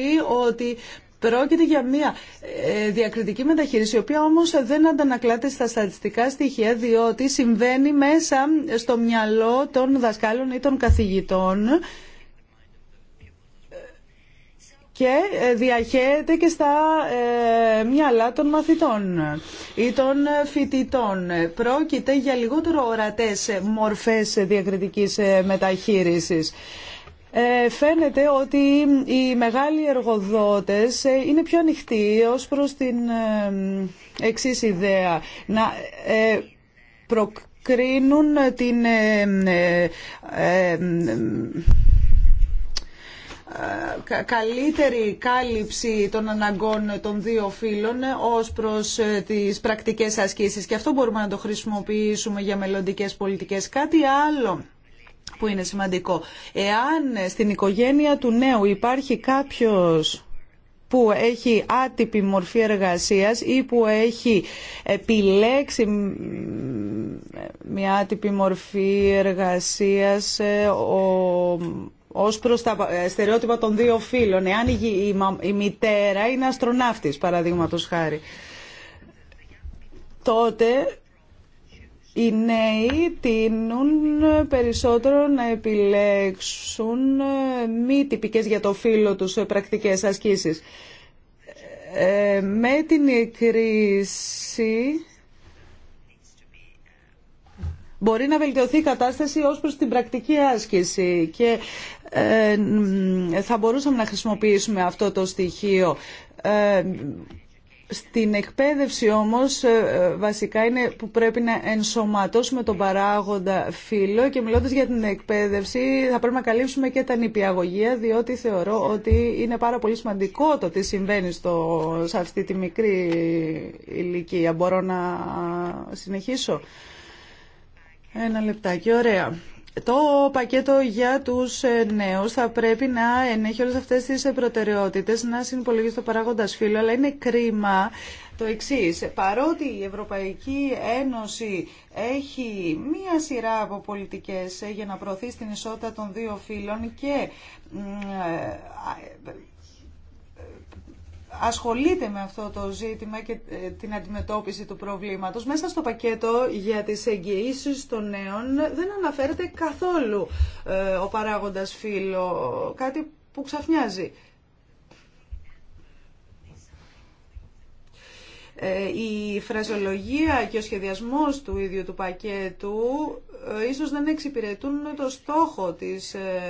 ότι Πρόκειται για μια ε, διακριτική μεταχείριση, η οποία όμως δεν αντανακλάται στα στατιστικά στοιχεία, διότι συμβαίνει μέσα στο μυαλό των δασκάλων ή των καθηγητών και ε, διαχέεται και στα ε, μυαλά των μαθητών ή των φοιτητών. Πρόκειται για λιγότερο ορατές μορφές διακριτικής μεταχείρισης. Ε, φαίνεται ότι οι μεγάλοι εργοδότες ε, είναι πιο ανοιχτοί ως προς την ε, εξή ιδέα. Να προκρίνουν την καλύτερη κάλυψη των αναγκών των δύο φύλων ως προς τις πρακτικές ασκήσεις και αυτό μπορούμε να το χρησιμοποιήσουμε για μελλοντικές πολιτικές. Κάτι άλλο που είναι σημαντικό. Εάν στην οικογένεια του νέου υπάρχει κάποιος που έχει άτυπη μορφή εργασίας ή που έχει επιλέξει μια άτυπη μορφή εργασίας ε, ως προς τα στερεότυπα των δύο φίλων. Εάν η μητέρα είναι αστροναύτης, παραδείγματος χάρη, τότε οι νέοι τείνουν περισσότερο να επιλέξουν ε, μη τυπικές για το φύλλο τους ε, πρακτικές ασκήσεις. Ε, με την κρίση μπορεί να βελτιωθεί η κατάσταση ως προς την πρακτική άσκηση και ε, θα μπορούσαμε να χρησιμοποιήσουμε αυτό το στοιχείο. Ε, στην εκπαίδευση όμως ε, ε, βασικά είναι που πρέπει να ενσωματώσουμε τον παράγοντα φύλλο και μιλώντας για την εκπαίδευση θα πρέπει να καλύψουμε και τα νηπιαγωγεία διότι θεωρώ ότι είναι πάρα πολύ σημαντικό το τι συμβαίνει στο, σε αυτή τη μικρή ηλικία. Μπορώ να συνεχίσω. Ένα λεπτάκι, ωραία το πακέτο για τους ε, νέους θα πρέπει να ενέχει όλε αυτές τις ε, προτεραιότητε, να συνυπολογίζει το παράγοντας φύλλο, αλλά είναι κρίμα το εξή. Παρότι η Ευρωπαϊκή Ένωση έχει μία σειρά από πολιτικές ε, για να προωθεί την ισότητα των δύο φύλων και ασχολείται με αυτό το ζήτημα και ε, την αντιμετώπιση του προβλήματος. Μέσα στο πακέτο για τις εγγυήσει των νέων δεν αναφέρεται καθόλου ε, ο παράγοντας φύλλο, κάτι που ξαφνιάζει. Ε, η φραζολογία και ο σχεδιασμός του ίδιου του πακέτου ίσως δεν εξυπηρετούν το στόχο της ε,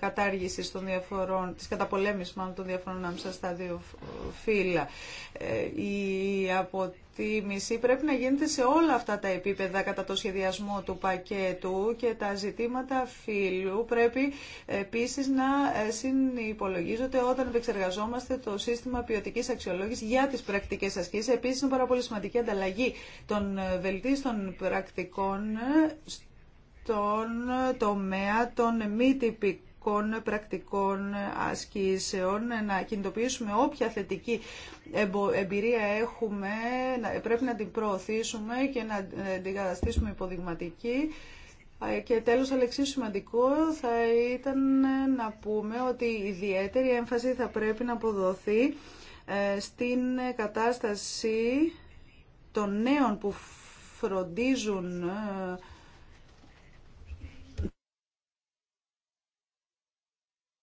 κατάργησης των διαφορών, της καταπολέμησης μάλλον των διαφορών ανάμεσα στα δύο φύλλα. Ε, η αποτίμηση πρέπει να γίνεται σε όλα αυτά τα επίπεδα κατά το σχεδιασμό του πακέτου και τα ζητήματα φύλου πρέπει επίσης να ε, συνυπολογίζονται όταν επεξεργαζόμαστε το σύστημα ποιοτική αξιολόγηση για τις πρακτικές ασκήσεις. Επίσης είναι πάρα πολύ σημαντική ανταλλαγή των βελτίστων πρακτικών τον τομέα των μη τυπικών πρακτικών ασκήσεων, να κινητοποιήσουμε όποια θετική εμπειρία έχουμε, πρέπει να την προωθήσουμε και να ε, την καταστήσουμε υποδειγματική. Ε, και τέλος, Αλεξίου, σημαντικό θα ήταν να πούμε ότι ιδιαίτερη έμφαση θα πρέπει να αποδοθεί ε, στην κατάσταση των νέων που φροντίζουν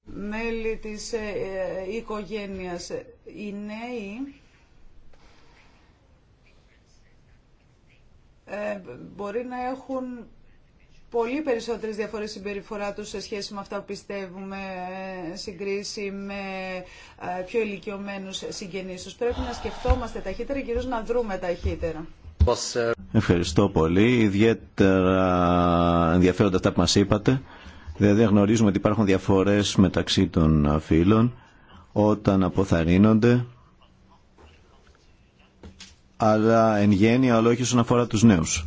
μέλη της ε, ε, οικογένειας. Οι νέοι ε, μπορεί να έχουν πολύ περισσότερες διαφορές συμπεριφορά τους σε σχέση με αυτά που πιστεύουμε συγκρίση με πιο ηλικιωμένους συγγενείς τους. Πρέπει να σκεφτόμαστε ταχύτερα και να δρούμε ταχύτερα. Ευχαριστώ πολύ. Ιδιαίτερα ενδιαφέροντα αυτά που μας είπατε. Δηλαδή γνωρίζουμε ότι υπάρχουν διαφορές μεταξύ των φύλων όταν αποθαρρύνονται αλλά εν γέννη αλλά όχι όσον αφορά τους νέους.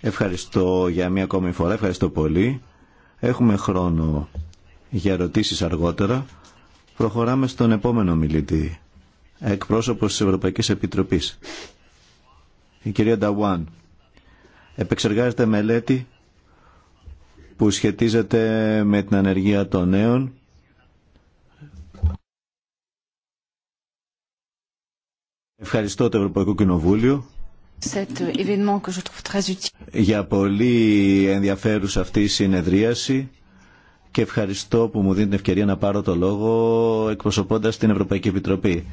Ευχαριστώ για μία ακόμη φορά, ευχαριστώ πολύ. Έχουμε χρόνο για ερωτήσεις αργότερα. Προχωράμε στον επόμενο μιλητή, εκπρόσωπος της Ευρωπαϊκής Επιτροπής. Η κυρία Νταουάν επεξεργάζεται μελέτη που σχετίζεται με την ανεργία των νέων. Ευχαριστώ το Ευρωπαϊκό Κοινοβούλιο για πολύ ενδιαφέρουσα αυτή η συνεδρίαση και ευχαριστώ που μου δίνει την ευκαιρία να πάρω το λόγο εκπροσωπώντας την Ευρωπαϊκή Επιτροπή.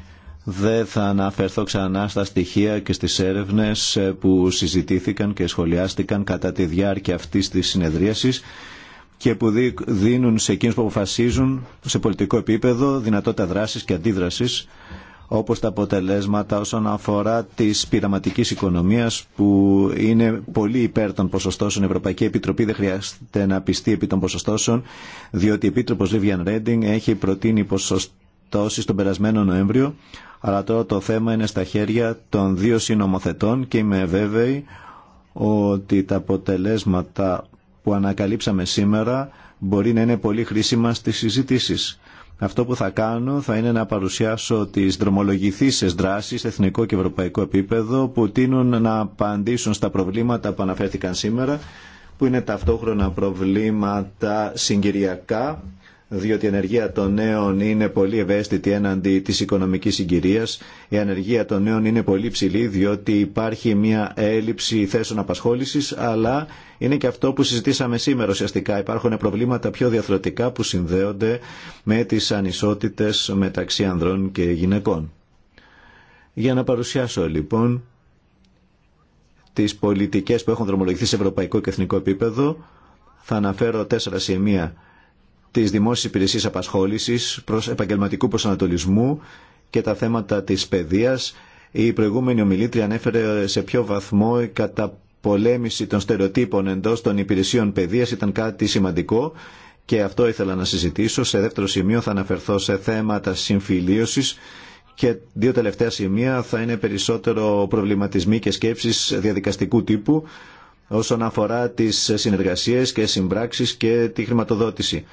Δεν θα αναφερθώ ξανά στα στοιχεία και στις έρευνες ε, που συζητήθηκαν και σχολιάστηκαν κατά τη διάρκεια αυτής της συνεδρίασης και που δίνουν σε εκείνους που αποφασίζουν σε πολιτικό επίπεδο δυνατότητα δράσης και αντίδρασης όπως τα αποτελέσματα όσον αφορά της πειραματικής οικονομίας που είναι πολύ υπέρ των ποσοστώσεων. Η Ευρωπαϊκή Επιτροπή δεν χρειάζεται να πιστεί επί των ποσοστώσεων διότι η Επίτροπος Vivian Ρέντινγκ έχει προτείνει ποσοστώσεις τον περασμένο Νοέμβριο αλλά τώρα το θέμα είναι στα χέρια των δύο συνομοθετών και είμαι βέβαιη ότι τα αποτελέσματα που ανακαλύψαμε σήμερα μπορεί να είναι πολύ χρήσιμα στις συζητήσεις. Αυτό που θα κάνω θα είναι να παρουσιάσω τις δρομολογηθήσεις δράσεις σε εθνικό και ευρωπαϊκό επίπεδο που τείνουν να απαντήσουν στα προβλήματα που αναφέρθηκαν σήμερα που είναι ταυτόχρονα προβλήματα συγκυριακά διότι η ανεργία των νέων είναι πολύ ευαίσθητη έναντι της οικονομικής συγκυρίας. Η ανεργία των νέων είναι πολύ ψηλή διότι υπάρχει μια έλλειψη θέσεων απασχόλησης, αλλά είναι και αυτό που συζητήσαμε σήμερα ουσιαστικά. Υπάρχουν προβλήματα πιο διαθροτικά που συνδέονται με τις ανισότητες μεταξύ ανδρών και γυναικών. Για να παρουσιάσω λοιπόν τις πολιτικές που έχουν δρομολογηθεί σε ευρωπαϊκό και εθνικό επίπεδο, θα αναφέρω τέσσερα σημεία Τη δημόσια Υπηρεσία απασχόληση, προ επαγγελματικού προσανατολισμού και τα θέματα τη παιδεία. Η προηγούμενη ομιλήτρια ανέφερε σε ποιο βαθμό η καταπολέμηση των στερεοτύπων εντό των υπηρεσίων παιδεία ήταν κάτι σημαντικό και αυτό ήθελα να συζητήσω. Σε δεύτερο σημείο θα αναφερθώ σε θέματα συμφιλίωση και δύο τελευταία σημεία θα είναι περισσότερο προβληματισμοί και σκέψει διαδικαστικού τύπου όσον αφορά τις συνεργασίες και συμπράξεις και τη χρηματοδότηση.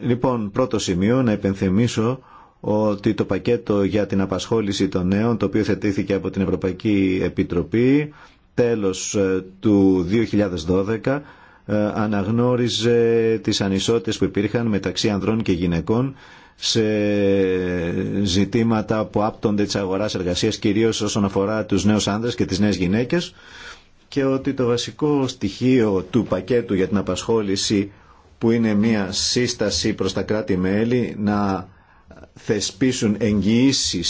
Λοιπόν, πρώτο σημείο να επενθυμίσω ότι το πακέτο για την απασχόληση των νέων, το οποίο θετήθηκε από την Ευρωπαϊκή Επιτροπή τέλος ε, του 2012, ε, αναγνώριζε τις ανισότητες που υπήρχαν μεταξύ ανδρών και γυναικών σε ζητήματα που άπτονται της αγοράς εργασίας κυρίως όσον αφορά τους νέους άνδρες και τις νέες γυναίκες και ότι το βασικό στοιχείο του πακέτου για την απασχόληση που είναι μια σύσταση προς τα κράτη-μέλη να θεσπίσουν εγγυήσει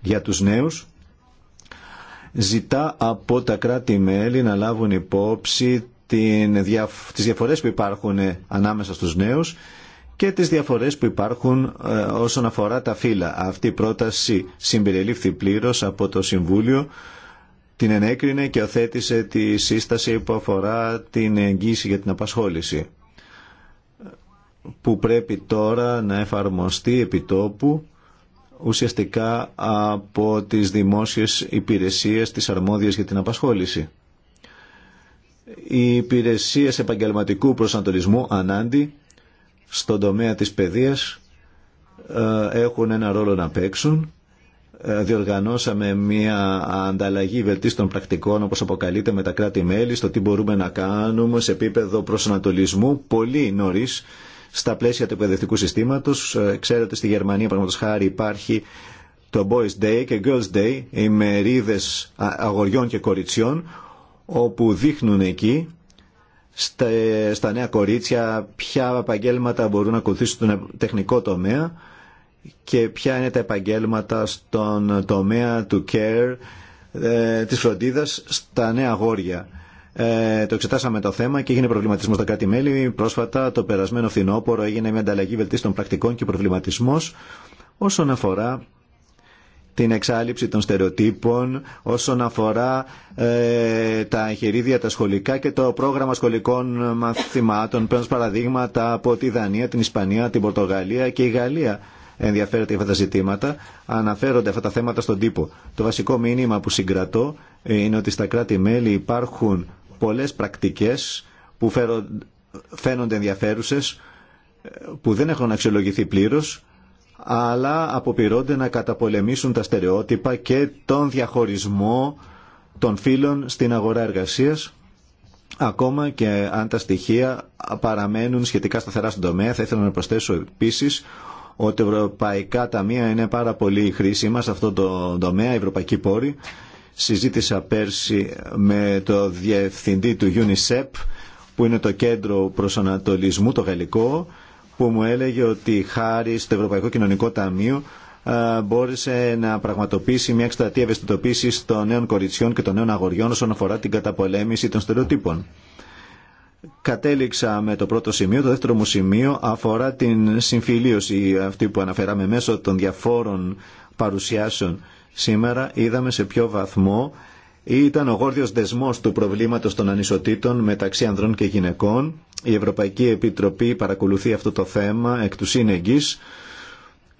για τους νέους, ζητά από τα κράτη-μέλη να λάβουν υπόψη τις διαφορές που υπάρχουν ανάμεσα στους νέους και τις διαφορές που υπάρχουν ε, όσον αφορά τα φύλλα. Αυτή η πρόταση συμπεριλήφθη πλήρως από το Συμβούλιο, την ενέκρινε και οθέτησε τη σύσταση που αφορά την εγγύηση για την απασχόληση που πρέπει τώρα να εφαρμοστεί επιτόπου ουσιαστικά από τις δημόσιες υπηρεσίες της αρμόδιας για την απασχόληση. Οι υπηρεσίες επαγγελματικού προσανατολισμού ανάντι στον τομέα της παιδείας ε, έχουν ένα ρόλο να παίξουν. Ε, διοργανώσαμε μια ανταλλαγή βελτίστων πρακτικών όπως αποκαλείται με τα κράτη-μέλη στο τι μπορούμε να κάνουμε σε επίπεδο προσανατολισμού πολύ νωρίς στα πλαίσια του εκπαιδευτικού συστήματος. Ε, ξέρετε, στη Γερμανία, παραδείγματο χάρη, υπάρχει το Boys Day και Girls Day, οι μερίδες αγοριών και κοριτσιών, όπου δείχνουν εκεί στα νέα κορίτσια ποια επαγγέλματα μπορούν να ακολουθήσουν τον τεχνικό τομέα και ποια είναι τα επαγγέλματα στον τομέα του care, ε, της φροντίδας στα νέα αγόρια. Ε, το εξετάσαμε το θέμα και έγινε προβληματισμό στα κράτη-μέλη. Πρόσφατα, το περασμένο φθινόπωρο, έγινε μια ανταλλαγή βελτίστων πρακτικών και προβληματισμό όσον αφορά την εξάλληψη των στερεοτύπων όσον αφορά ε, τα εγχειρίδια, τα σχολικά και το πρόγραμμα σχολικών μαθημάτων. Παίρνω παραδείγματα από τη Δανία, την Ισπανία, την Πορτογαλία και η Γαλλία ενδιαφέρεται για αυτά τα ζητήματα. Αναφέρονται αυτά τα θέματα στον τύπο. Το βασικό μήνυμα που συγκρατώ είναι ότι στα κράτη-μέλη υπάρχουν πολλές πρακτικές που φαίνονται ενδιαφέρουσες, που δεν έχουν αξιολογηθεί πλήρως, αλλά αποπειρώνται να καταπολεμήσουν τα στερεότυπα και τον διαχωρισμό των φύλων στην αγορά εργασίας, ακόμα και αν τα στοιχεία παραμένουν σχετικά σταθερά στον τομέα. Θα ήθελα να προσθέσω επίσης ότι ευρωπαϊκά ταμεία είναι πάρα πολύ χρήσιμα σε αυτό το τομέα, ευρωπαϊκή πόρη, συζήτησα πέρσι με το διευθυντή του UNICEF που είναι το κέντρο προσανατολισμού το γαλλικό που μου έλεγε ότι χάρη στο Ευρωπαϊκό Κοινωνικό Ταμείο μπόρεσε να πραγματοποιήσει μια εκστρατεία ευαισθητοποίηση των νέων κοριτσιών και των νέων αγοριών όσον αφορά την καταπολέμηση των στερεοτύπων. Κατέληξα με το πρώτο σημείο. Το δεύτερο μου σημείο αφορά την συμφιλίωση αυτή που αναφέραμε μέσω των διαφόρων παρουσιάσεων Σήμερα είδαμε σε ποιο βαθμό ήταν ο γόρδιος δεσμός του προβλήματος των ανισοτήτων μεταξύ ανδρών και γυναικών. Η Ευρωπαϊκή Επιτροπή παρακολουθεί αυτό το θέμα εκ του σύνεγγυς.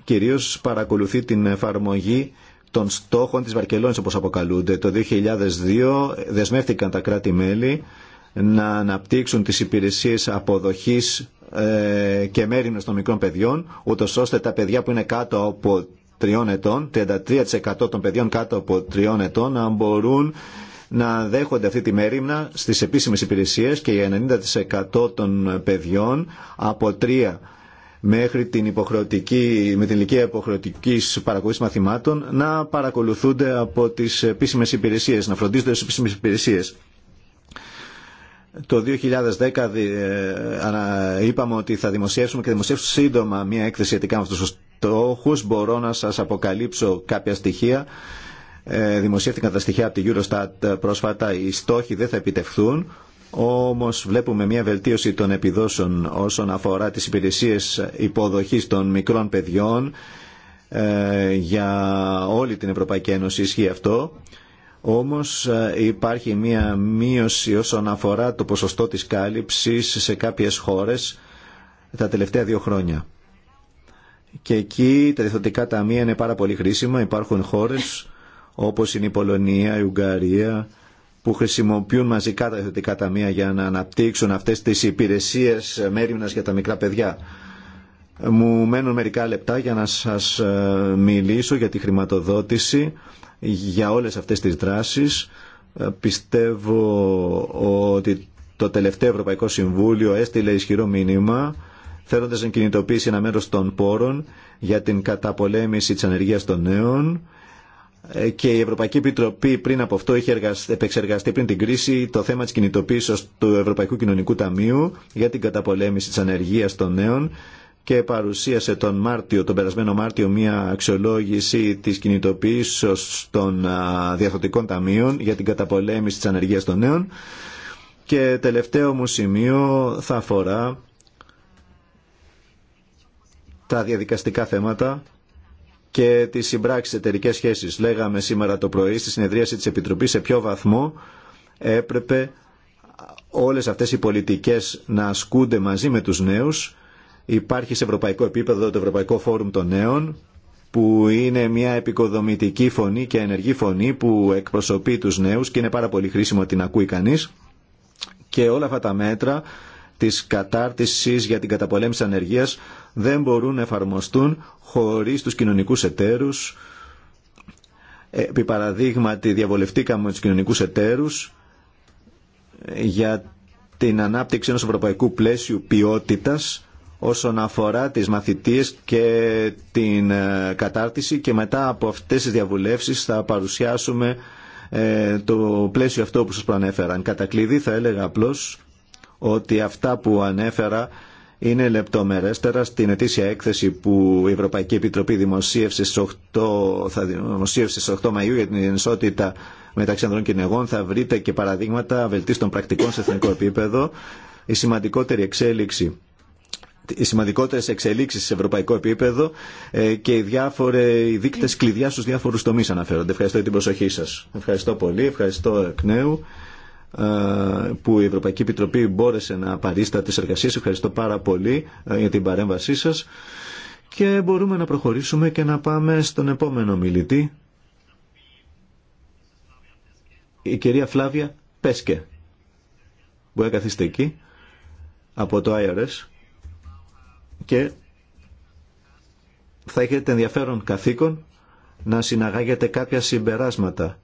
Κυρίως παρακολουθεί την εφαρμογή των στόχων της Βαρκελόνης όπως αποκαλούνται. Το 2002 δεσμεύτηκαν τα κράτη-μέλη να αναπτύξουν τις υπηρεσίες αποδοχής ε, και μέρημνες των μικρών παιδιών, ούτως ώστε τα παιδιά που είναι κάτω από τριών ετών, 33% των παιδιών κάτω από τριών ετών να μπορούν να δέχονται αυτή τη μέρημνα στις επίσημες υπηρεσίες και οι 90% των παιδιών από τρία μέχρι την υποχρεωτική, με την ηλικία υποχρεωτική παρακολούθηση μαθημάτων να παρακολουθούνται από τις επίσημες υπηρεσίες, να φροντίζονται στις επίσημες υπηρεσίες. Το 2010 ε, είπαμε ότι θα δημοσιεύσουμε και δημοσιεύσουμε σύντομα μία έκθεση σχετικά με αυτούς τους στόχους. Μπορώ να σας αποκαλύψω κάποια στοιχεία. Ε, δημοσιεύτηκαν τα στοιχεία από τη Eurostat ε, πρόσφατα. Οι στόχοι δεν θα επιτευχθούν. Όμως βλέπουμε μία βελτίωση των επιδόσεων όσον αφορά τις υπηρεσίες υποδοχής των μικρών παιδιών. Για όλη την Ευρωπαϊκή Ένωση ισχύει αυτό. Όμως ε, υπάρχει μία μείωση όσον αφορά το ποσοστό της κάλυψης σε κάποιες χώρες τα τελευταία δύο χρόνια. Και εκεί τα διευθυντικά ταμεία είναι πάρα πολύ χρήσιμα. Υπάρχουν χώρες όπως είναι η Πολωνία, η Ουγγαρία που χρησιμοποιούν μαζικά τα διευθυντικά ταμεία για να αναπτύξουν αυτές τις υπηρεσίες μέρημνας για τα μικρά παιδιά. Μου μένουν μερικά λεπτά για να σας ε, μιλήσω για τη χρηματοδότηση για όλες αυτές τις δράσεις. Ε, πιστεύω ότι το τελευταίο Ευρωπαϊκό Συμβούλιο έστειλε ισχυρό μήνυμα θέλοντας να κινητοποιήσει ένα μέρος των πόρων για την καταπολέμηση της ανεργίας των νέων ε, και η Ευρωπαϊκή Επιτροπή πριν από αυτό είχε επεξεργαστεί πριν την κρίση το θέμα της κινητοποίησης του Ευρωπαϊκού Κοινωνικού Ταμείου για την καταπολέμηση της ανεργίας των νέων και παρουσίασε τον Μάρτιο, τον περασμένο Μάρτιο μια αξιολόγηση της κινητοποίησης των διαθωτικών ταμείων για την καταπολέμηση της ανεργία των νέων και τελευταίο μου σημείο θα αφορά τα διαδικαστικά θέματα και τις συμπράξεις εταιρικέ σχέσεις. Λέγαμε σήμερα το πρωί στη συνεδρίαση της Επιτροπής σε ποιο βαθμό έπρεπε όλες αυτές οι πολιτικές να ασκούνται μαζί με τους νέους Υπάρχει σε ευρωπαϊκό επίπεδο το Ευρωπαϊκό Φόρουμ των Νέων που είναι μια επικοδομητική φωνή και ενεργή φωνή που εκπροσωπεί τους νέους και είναι πάρα πολύ χρήσιμο ότι την ακούει κανείς και όλα αυτά τα μέτρα της κατάρτισης για την καταπολέμηση ανεργίας δεν μπορούν να εφαρμοστούν χωρίς τους κοινωνικούς εταίρους. Επί παραδείγματι διαβολευτήκαμε τους κοινωνικούς εταίρους για την ανάπτυξη ενός ευρωπαϊκού πλαίσιου ποιότητας όσον αφορά τις μαθητείες και την ε, κατάρτιση και μετά από αυτές τις διαβουλεύσεις θα παρουσιάσουμε ε, το πλαίσιο αυτό που σας προανέφεραν. Κατά κλειδί θα έλεγα απλώς ότι αυτά που ανέφερα είναι λεπτομερέστερα στην ετήσια έκθεση που η Ευρωπαϊκή Επιτροπή δημοσίευσε στις 8, θα δημοσίευσε στις 8 Μαΐου για την ενισότητα μεταξύ ανδρών και νεγών. Θα βρείτε και παραδείγματα βελτίστων πρακτικών σε εθνικό επίπεδο. Η σημαντικότερη εξέλιξη οι σημαντικότερε εξελίξει σε ευρωπαϊκό επίπεδο ε, και οι διάφοροι δείκτες κλειδιά στου διάφορου τομεί αναφέρονται. Ευχαριστώ για την προσοχή σα. Ευχαριστώ πολύ, ευχαριστώ εκ νέου ε, που η Ευρωπαϊκή Επιτροπή μπόρεσε να παρίστα τι εργασίε. Ευχαριστώ πάρα πολύ ε, για την παρέμβασή σα και μπορούμε να προχωρήσουμε και να πάμε στον επόμενο μιλητή. Η κυρία Φλάβια Πέσκε που έκαθιστε εκεί από το IRS και θα έχετε ενδιαφέρον καθήκον να συναγάγετε κάποια συμπεράσματα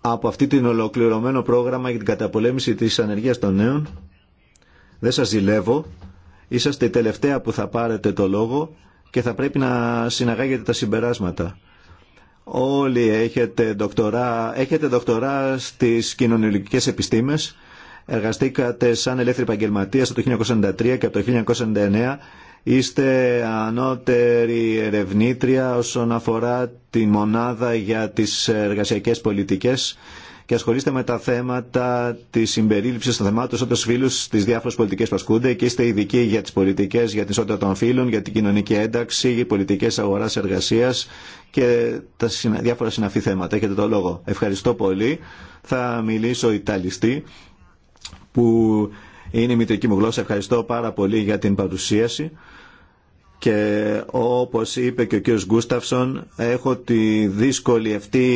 από αυτή την ολοκληρωμένο πρόγραμμα για την καταπολέμηση της ανεργίας των νέων. Δεν σας ζηλεύω. Είσαστε η τελευταία που θα πάρετε το λόγο και θα πρέπει να συναγάγετε τα συμπεράσματα. Όλοι έχετε δοκτορά, έχετε δοκτορά στις κοινωνιολογικές επιστήμες εργαστήκατε σαν ελεύθερη επαγγελματία από το 1993 και από το 1999 είστε ανώτερη ερευνήτρια όσον αφορά τη μονάδα για τις εργασιακές πολιτικές και ασχολείστε με τα θέματα τη συμπερίληψη των θεμάτων όπως φίλου στι διάφορε πολιτικέ που ασκούνται και είστε ειδικοί για τι πολιτικέ, για την ισότητα των φίλων, για την κοινωνική ένταξη, για πολιτικέ αγορά-εργασία και τα διάφορα συναφή θέματα. Έχετε το λόγο. Ευχαριστώ πολύ. Θα μιλήσω Ιταλιστή που είναι η μητρική μου γλώσσα. Ευχαριστώ πάρα πολύ για την παρουσίαση και όπως είπε και ο κύριος Γκούσταυσον έχω τη δύσκολη αυτή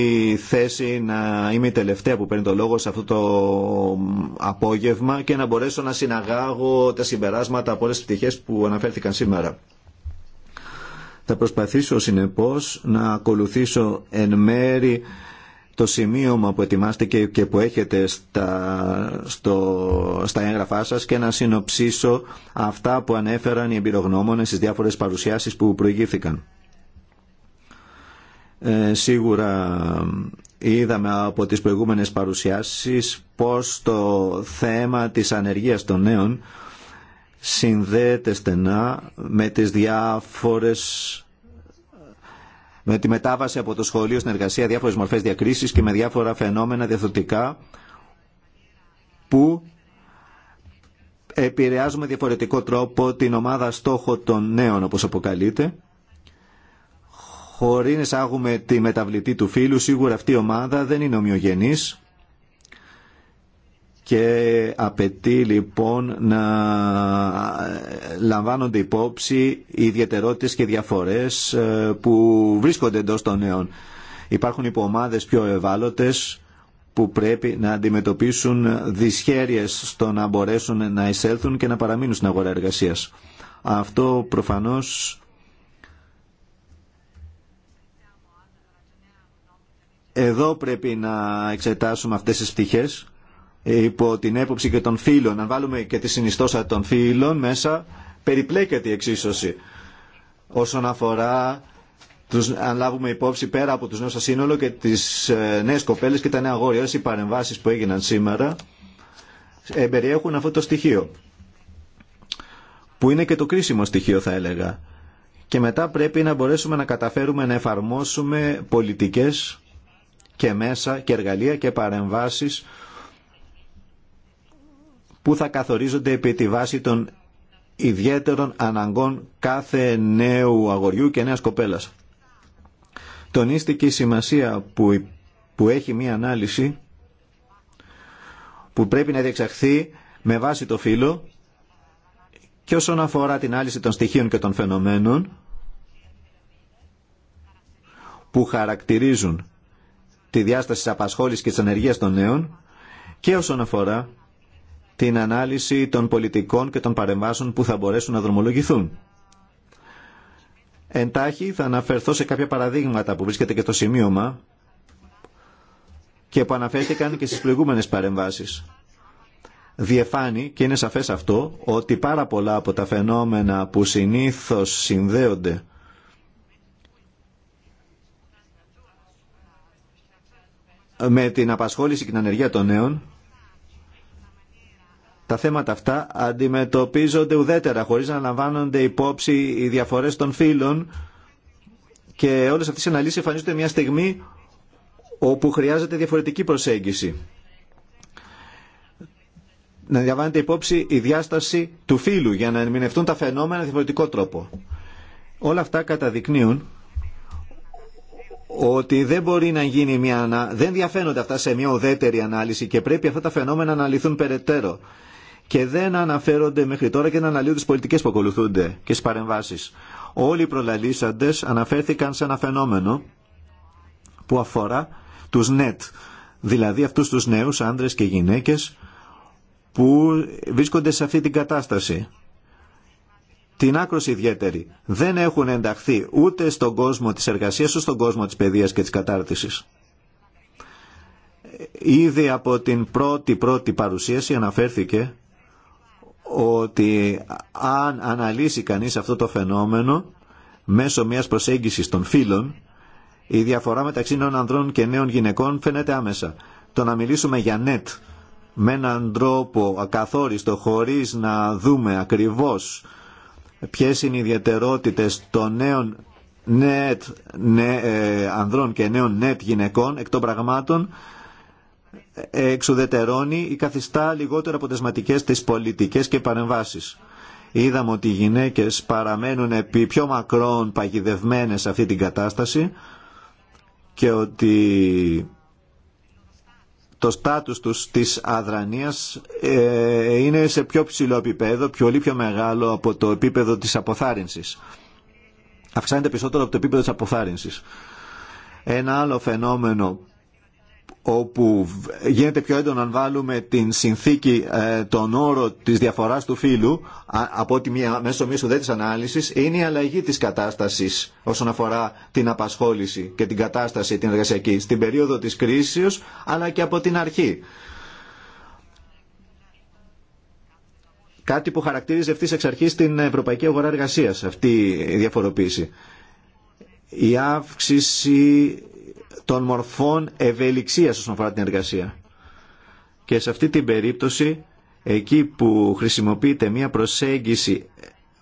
θέση να είμαι η τελευταία που παίρνει το λόγο σε αυτό το απόγευμα και να μπορέσω να συναγάγω τα συμπεράσματα από όλες τις πτυχές που αναφέρθηκαν σήμερα. Θα προσπαθήσω συνεπώς να ακολουθήσω εν μέρη το σημείωμα που ετοιμάστηκε και που έχετε στα, στο, στα έγγραφά σας και να συνοψίσω αυτά που ανέφεραν οι εμπειρογνώμονες στις διάφορες παρουσιάσεις που προηγήθηκαν. Ε, σίγουρα ε, είδαμε από τις προηγούμενες παρουσιάσεις πως το θέμα της ανεργίας των νέων συνδέεται στενά με τις διάφορες με τη μετάβαση από το σχολείο στην εργασία, διάφορε μορφέ διακρίσει και με διάφορα φαινόμενα διαθωτικά που επηρεάζουν με διαφορετικό τρόπο την ομάδα στόχο των νέων, όπως αποκαλείται. Χωρίς να εισάγουμε τη μεταβλητή του φίλου, σίγουρα αυτή η ομάδα δεν είναι ομοιογενής και απαιτεί λοιπόν να λαμβάνονται υπόψη οι ιδιαιτερότητες και διαφορές ε, που βρίσκονται εντός των νέων. Υπάρχουν υποομάδες πιο ευάλωτες που πρέπει να αντιμετωπίσουν δυσχέρειες στο να μπορέσουν να εισέλθουν και να παραμείνουν στην αγορά εργασίας. Αυτό προφανώς εδώ πρέπει να εξετάσουμε αυτές τις πτυχές ε, υπό την έποψη και των φίλων. αν βάλουμε και τη συνιστόσα των φίλων μέσα, περιπλέκεται η εξίσωση. Όσον αφορά, τους, αν λάβουμε υπόψη πέρα από τους νέους σας σύνολο και τις ε, νέες κοπέλες και τα νέα αγόρια, οι παρεμβάσεις που έγιναν σήμερα, ε, περιέχουν αυτό το στοιχείο. Που είναι και το κρίσιμο στοιχείο θα έλεγα. Και μετά πρέπει να μπορέσουμε να καταφέρουμε να εφαρμόσουμε πολιτικές και μέσα και εργαλεία και παρεμβάσεις που θα καθορίζονται επί τη βάση των ιδιαίτερων αναγκών κάθε νέου αγοριού και νέας κοπέλας. Τονίστηκε η σημασία που, έχει μία ανάλυση που πρέπει να διεξαχθεί με βάση το φύλλο και όσον αφορά την άλυση των στοιχείων και των φαινομένων που χαρακτηρίζουν τη διάσταση της απασχόλησης και της ανεργίας των νέων και όσον αφορά την ανάλυση των πολιτικών και των παρεμβάσεων που θα μπορέσουν να δρομολογηθούν. Εντάχει θα αναφερθώ σε κάποια παραδείγματα που βρίσκεται και στο σημείωμα και που αναφέρθηκαν και στις προηγούμενες παρεμβάσεις. Διεφάνει και είναι σαφές αυτό ότι πάρα πολλά από τα φαινόμενα που συνήθως συνδέονται με την απασχόληση και την ανεργία των νέων τα θέματα αυτά αντιμετωπίζονται ουδέτερα χωρίς να λαμβάνονται υπόψη οι διαφορές των φύλων και όλες αυτές οι αναλύσεις εμφανίζονται μια στιγμή όπου χρειάζεται διαφορετική προσέγγιση. Να διαβάνεται υπόψη η διάσταση του φύλου για να ερμηνευτούν τα φαινόμενα διαφορετικό τρόπο. Όλα αυτά καταδεικνύουν ότι δεν μπορεί να γίνει μια δεν διαφαίνονται αυτά σε μια ουδέτερη ανάλυση και πρέπει αυτά τα φαινόμενα να λυθούν περαιτέρω και δεν αναφέρονται μέχρι τώρα και να αναλύουν τι πολιτικέ που ακολουθούνται και τι παρεμβάσει. Όλοι οι προλαλήσαντε αναφέρθηκαν σε ένα φαινόμενο που αφορά του νετ, δηλαδή αυτού του νέου άντρε και γυναίκε που βρίσκονται σε αυτή την κατάσταση. Την άκρο ιδιαίτερη. Δεν έχουν ενταχθεί ούτε στον κόσμο της εργασίας, ούτε στον κόσμο της παιδείας και της κατάρτισης ήδη από την πρώτη πρώτη παρουσίαση αναφέρθηκε ότι αν αναλύσει κανείς αυτό το φαινόμενο μέσω μιας προσέγγισης των φίλων η διαφορά μεταξύ νέων ανδρών και νέων γυναικών φαίνεται άμεσα. Το να μιλήσουμε για νετ με έναν τρόπο ακαθόριστο χωρίς να δούμε ακριβώς ποιες είναι οι ιδιαιτερότητες των νέων ε, ανδρών και νέων νετ γυναικών εκ των πραγμάτων εξουδετερώνει ή καθιστά λιγότερο αποτελεσματικές τις πολιτικές και παρεμβάσεις. Είδαμε ότι οι γυναίκες παραμένουν επί πιο μακρόν παγιδευμένες σε αυτή την κατάσταση και ότι το στάτους τους της αδρανίας ε, είναι σε πιο ψηλό επίπεδο, πιο πολύ πιο μεγάλο από το επίπεδο της αποθάρρυνσης. Αυξάνεται περισσότερο από το επίπεδο της αποθάρρυνσης. Ένα άλλο φαινόμενο όπου γίνεται πιο έντονο αν βάλουμε την συνθήκη, ε, τον όρο της διαφοράς του φύλου από ότι μία, μέσω μίσου ανάλυσης είναι η αλλαγή της κατάστασης όσον αφορά την απασχόληση και την κατάσταση την εργασιακή στην περίοδο της κρίσης αλλά και από την αρχή. Κάτι που χαρακτήριζε ευθύ εξ αρχής την ευρωπαϊκή αγορά εργασίας αυτή η διαφοροποίηση. Η αύξηση των μορφών ευελιξίας όσον αφορά την εργασία. Και σε αυτή την περίπτωση, εκεί που χρησιμοποιείται μια προσέγγιση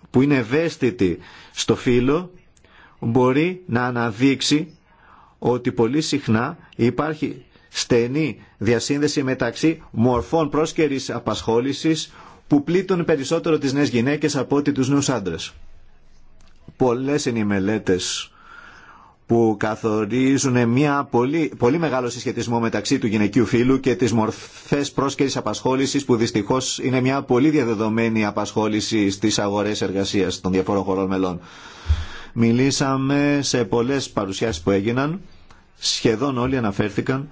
που είναι ευαίσθητη στο φύλλο, μπορεί να αναδείξει ότι πολύ συχνά υπάρχει στενή διασύνδεση μεταξύ μορφών πρόσκαιρης απασχόλησης που πλήττουν περισσότερο τις νέες γυναίκες από ότι τους νέους άντρες. Πολλές είναι οι μελέτες που καθορίζουν μια πολύ, πολύ μεγάλο συσχετισμό μεταξύ του γυναικείου φύλου και τις μορφές πρόσκαιρης απασχόλησης που δυστυχώς είναι μια πολύ διαδεδομένη απασχόληση στις αγορές εργασίας των διαφόρων χωρών μελών. Μιλήσαμε σε πολλές παρουσιάσεις που έγιναν, σχεδόν όλοι αναφέρθηκαν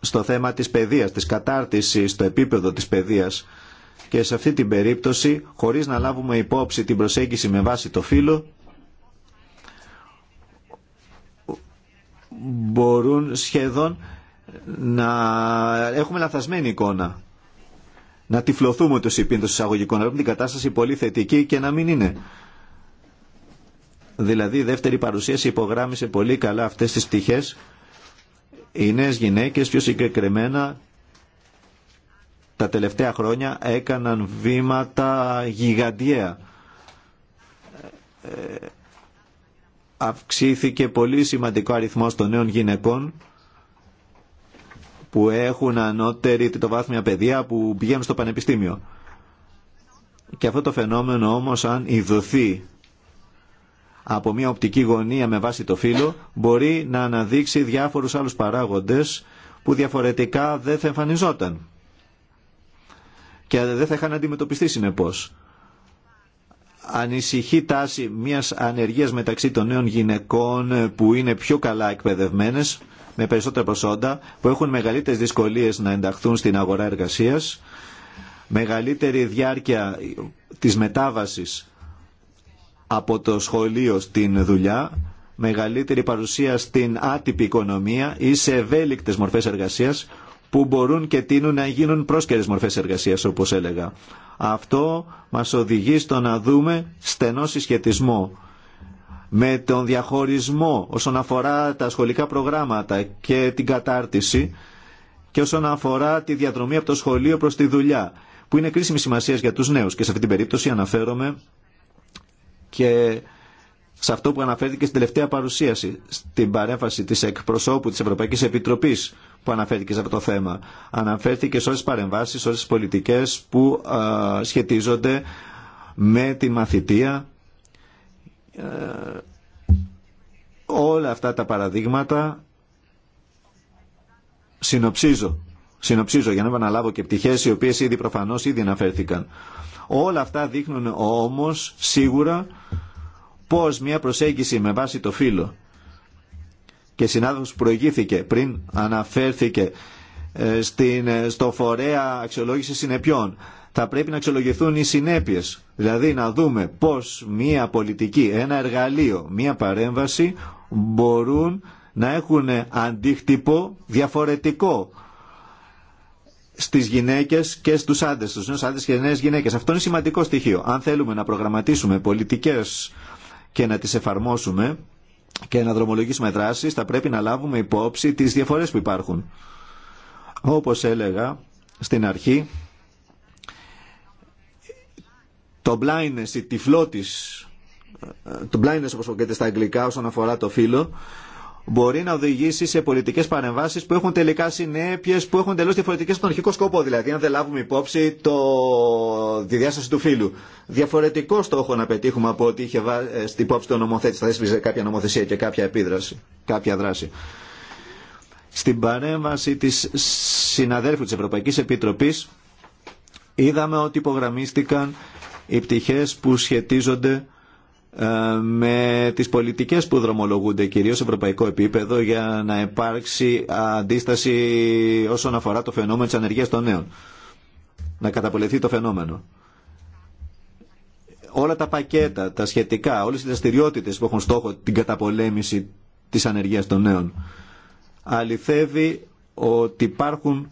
στο θέμα της παιδείας, της κατάρτισης, στο επίπεδο της παιδείας και σε αυτή την περίπτωση, χωρίς να λάβουμε υπόψη την προσέγγιση με βάση το φύλλο, μπορούν σχεδόν να έχουμε λαθασμένη εικόνα. Να τυφλωθούμε τους υπήντους εισαγωγικών. Να βλέπουμε την κατάσταση πολύ θετική και να μην είναι. Δηλαδή η δεύτερη παρουσίαση υπογράμμισε πολύ καλά αυτές τις πτυχές. Οι νέες γυναίκες πιο συγκεκριμένα τα τελευταία χρόνια έκαναν βήματα γιγαντιαία ε, αυξήθηκε πολύ σημαντικό αριθμός των νέων γυναικών που έχουν ανώτερη τριτοβάθμια παιδεία που πηγαίνουν στο πανεπιστήμιο. Και αυτό το φαινόμενο όμως αν ιδωθεί από μια οπτική γωνία με βάση το φύλλο μπορεί να αναδείξει διάφορους άλλους παράγοντες που διαφορετικά δεν θα εμφανιζόταν και δεν θα είχαν αντιμετωπιστεί συνεπώς ανησυχεί τάση μιας ανεργίας μεταξύ των νέων γυναικών που είναι πιο καλά εκπαιδευμένες, με περισσότερα προσόντα, που έχουν μεγαλύτερες δυσκολίες να ενταχθούν στην αγορά εργασίας, μεγαλύτερη διάρκεια της μετάβασης από το σχολείο στην δουλειά, μεγαλύτερη παρουσία στην άτυπη οικονομία ή σε ευέλικτες μορφές εργασίας, που μπορούν και τείνουν να γίνουν πρόσκαιρες μορφές εργασίας όπως έλεγα. Αυτό μας οδηγεί στο να δούμε στενό συσχετισμό με τον διαχωρισμό όσον αφορά τα σχολικά προγράμματα και την κατάρτιση και όσον αφορά τη διαδρομή από το σχολείο προς τη δουλειά που είναι κρίσιμη σημασία για τους νέους και σε αυτή την περίπτωση αναφέρομαι και σε αυτό που αναφέρθηκε στην τελευταία παρουσίαση, στην παρέμφαση της εκπροσώπου της Ευρωπαϊκής Επιτροπής που αναφέρθηκε σε αυτό το θέμα. Αναφέρθηκε σε όλες τι παρεμβάσεις, σε όλες τι πολιτικές που α, σχετίζονται με τη μαθητεία. Ε, όλα αυτά τα παραδείγματα συνοψίζω. Συνοψίζω για να επαναλάβω και πτυχέ, οι οποίε ήδη προφανώ ήδη αναφέρθηκαν. Όλα αυτά δείχνουν όμω σίγουρα πώς μια προσέγγιση με βάση το φύλλο και συνάδελφος προηγήθηκε πριν αναφέρθηκε ε, στην, ε, στο φορέα αξιολόγηση Συνεπιών... Θα πρέπει να αξιολογηθούν οι συνέπειες, δηλαδή να δούμε πώς μία πολιτική, ένα εργαλείο, μία παρέμβαση μπορούν να έχουν αντίχτυπο διαφορετικό στις γυναίκες και στους άντρες, στους νέους άντρες και νέες γυναίκες. Αυτό είναι σημαντικό στοιχείο. Αν θέλουμε να προγραμματίσουμε πολιτικές και να τις εφαρμόσουμε και να δρομολογήσουμε δράσεις θα πρέπει να λάβουμε υπόψη τις διαφορές που υπάρχουν. Όπως έλεγα στην αρχή, το blindness, η τυφλότης, ε, το blindness όπως στα αγγλικά όσον αφορά το φύλλο, μπορεί να οδηγήσει σε πολιτικέ παρεμβάσει που έχουν τελικά συνέπειε που έχουν τελώ διαφορετικέ από τον αρχικό σκοπό. Δηλαδή, αν δεν λάβουμε υπόψη το... τη διάσταση του φύλου. Διαφορετικό στόχο να πετύχουμε από ότι είχε βά... Ε, στην υπόψη το νομοθέτη. Θα έσβησε κάποια νομοθεσία και κάποια επίδραση, κάποια δράση. Στην παρέμβαση τη συναδέλφου τη Ευρωπαϊκή Επίτροπή, είδαμε ότι υπογραμμίστηκαν οι πτυχέ που σχετίζονται ε, με τις πολιτικές που δρομολογούνται κυρίως σε ευρωπαϊκό επίπεδο για να υπάρξει αντίσταση όσον αφορά το φαινόμενο της ανεργίας των νέων. Να καταπολεθεί το φαινόμενο. Όλα τα πακέτα, τα σχετικά, όλες οι δραστηριότητε που έχουν στόχο την καταπολέμηση της ανεργίας των νέων αληθεύει ότι υπάρχουν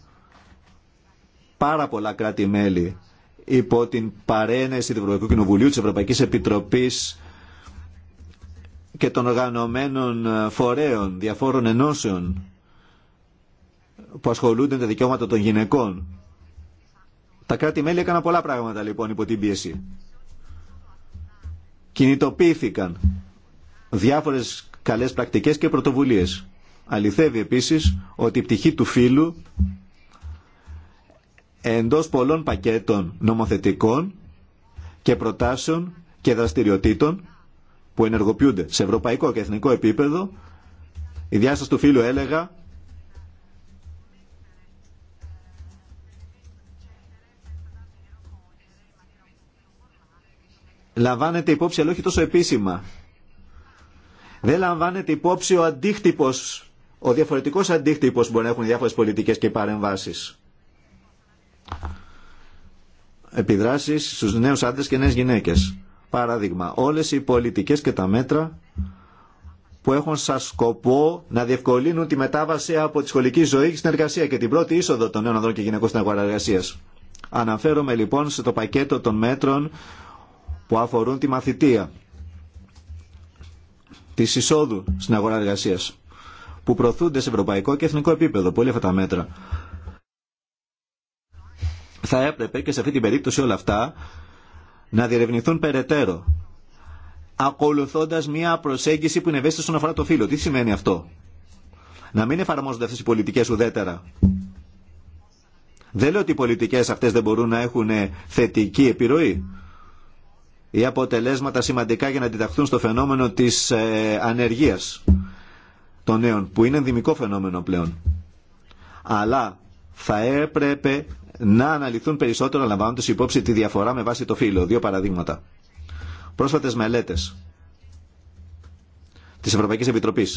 πάρα πολλά κράτη-μέλη υπό την παρένεση του Ευρωπαϊκού Κοινοβουλίου, της Ευρωπαϊκής Επιτροπής και των οργανωμένων ε, φορέων, διαφόρων ενώσεων που ασχολούνται με τα δικαιώματα των γυναικών. Τα κράτη-μέλη έκαναν πολλά πράγματα λοιπόν υπό την πίεση. Κινητοποιήθηκαν διάφορες καλές πρακτικές και πρωτοβουλίες. Αληθεύει επίσης ότι η πτυχή του φύλου εντός πολλών πακέτων νομοθετικών και προτάσεων και δραστηριοτήτων που ενεργοποιούνται σε ευρωπαϊκό και εθνικό επίπεδο. Η διάσταση του φίλου έλεγα λαμβάνεται υπόψη αλλά όχι τόσο επίσημα. Δεν λαμβάνεται υπόψη ο αντίχτυπος, ο διαφορετικός αντίχτυπος που μπορεί να έχουν οι διάφορες πολιτικές και παρεμβάσεις. Επιδράσεις στους νέους άντρες και νέες γυναίκες. Παράδειγμα, όλες οι πολιτικές και τα μέτρα που έχουν σαν σκοπό να διευκολύνουν τη μετάβαση από τη σχολική ζωή στην εργασία και την πρώτη είσοδο των νέων ανδρών και γυναικών στην αγορά εργασία. Αναφέρομαι λοιπόν στο πακέτο των μέτρων που αφορούν τη μαθητεία τη εισόδου στην αγορά εργασία που προωθούνται σε ευρωπαϊκό και εθνικό επίπεδο. Πολύ αυτά τα μέτρα. Θα έπρεπε και σε αυτή την περίπτωση όλα αυτά να διερευνηθούν περαιτέρω, ακολουθώντας μια προσέγγιση που είναι ευαίσθητη στον αφορά το φύλλο. Τι σημαίνει αυτό. Να μην εφαρμόζονται αυτές οι πολιτικές ουδέτερα. Δεν λέω ότι οι πολιτικές αυτές δεν μπορούν να έχουν θετική επιρροή ή αποτελέσματα σημαντικά για να αντιταχθούν στο φαινόμενο της ε, ανεργίας των νέων, που είναι ενδημικό φαινόμενο πλέον. Αλλά θα έπρεπε να αναλυθούν περισσότερο λαμβάνοντα υπόψη τη διαφορά με βάση το φύλλο. Δύο παραδείγματα. Πρόσφατε μελέτε τη Ευρωπαϊκή Επιτροπή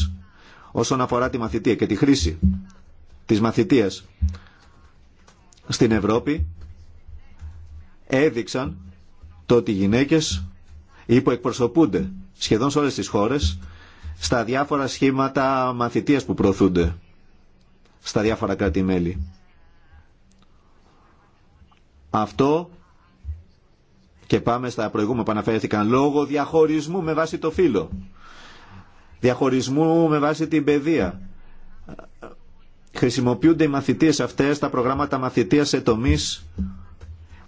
όσον αφορά τη μαθητεία και τη χρήση της μαθητείας στην Ευρώπη έδειξαν το ότι οι γυναίκες υποεκπροσωπούνται σχεδόν σε όλες τις χώρες στα διάφορα σχήματα μαθητείας που προωθούνται στα διάφορα κράτη-μέλη. Αυτό και πάμε στα προηγούμενα που αναφέρθηκαν λόγω διαχωρισμού με βάση το φύλλο. Διαχωρισμού με βάση την παιδεία. Χρησιμοποιούνται οι μαθητείες αυτές, τα προγράμματα μαθητείας σε τομείς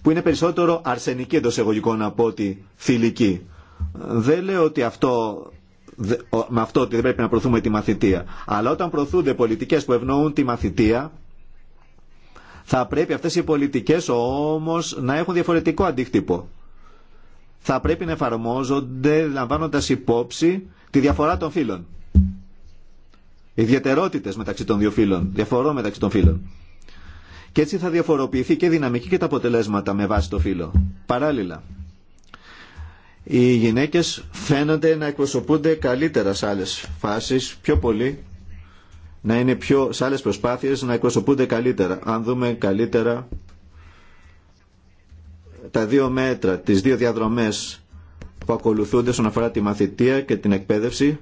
που είναι περισσότερο αρσενική εντό εγωγικών από ότι φιλική. Δεν λέω ότι αυτό, με αυτό ότι δεν πρέπει να προωθούμε τη μαθητεία. Αλλά όταν προωθούνται πολιτικές που ευνοούν τη μαθητεία, θα πρέπει αυτές οι πολιτικές όμως να έχουν διαφορετικό αντίκτυπο. Θα πρέπει να εφαρμόζονται λαμβάνοντας υπόψη τη διαφορά των φύλων. Ιδιαιτερότητες μεταξύ των δύο φύλων, διαφορών μεταξύ των φύλων. Και έτσι θα διαφοροποιηθεί και δυναμική και τα αποτελέσματα με βάση το φύλο. Παράλληλα, οι γυναίκες φαίνονται να εκπροσωπούνται καλύτερα σε άλλες φάσεις, πιο πολύ να είναι πιο σε άλλες προσπάθειες να εκπροσωπούνται καλύτερα. Αν δούμε καλύτερα τα δύο μέτρα, τις δύο διαδρομές που ακολουθούνται στον αφορά τη μαθητεία και την εκπαίδευση,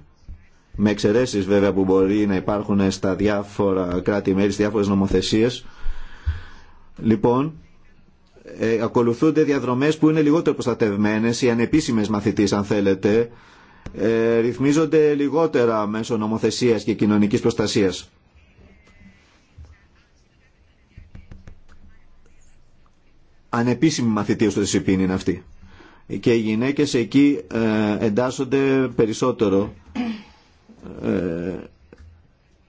με εξαιρέσει βέβαια που μπορεί να υπάρχουν στα διάφορα κράτη-μέρη, στις διάφορες νομοθεσίες. Λοιπόν, ε, ακολουθούνται διαδρομές που είναι λιγότερο προστατευμένες, οι ανεπίσημες μαθητής αν θέλετε, ε, ρυθμίζονται λιγότερα μέσω νομοθεσίας και κοινωνικής προστασίας. Ανεπίσημη μαθητή στο ΣΥΠΗΝ είναι αυτή. Και οι γυναίκες εκεί ε, εντάσσονται περισσότερο ε,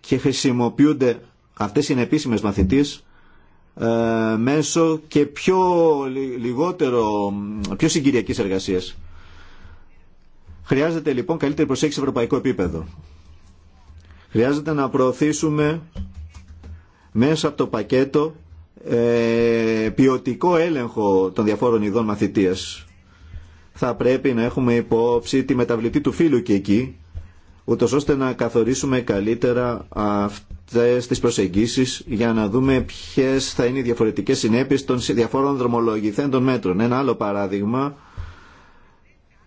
και χρησιμοποιούνται αυτές οι ανεπίσημες μαθητείες ε, μέσω και πιο λιγότερο πιο συγκυριακής εργασίας Χρειάζεται λοιπόν καλύτερη προσέγγιση σε ευρωπαϊκό επίπεδο. Χρειάζεται να προωθήσουμε μέσα από το πακέτο ε, ποιοτικό έλεγχο των διαφόρων ειδών μαθητείας. Θα πρέπει να έχουμε υπόψη τη μεταβλητή του φίλου και εκεί, ούτως ώστε να καθορίσουμε καλύτερα αυτές τις προσεγγίσεις για να δούμε ποιες θα είναι οι διαφορετικές συνέπειες των διαφόρων δρομολογηθέντων μέτρων. Ένα άλλο παράδειγμα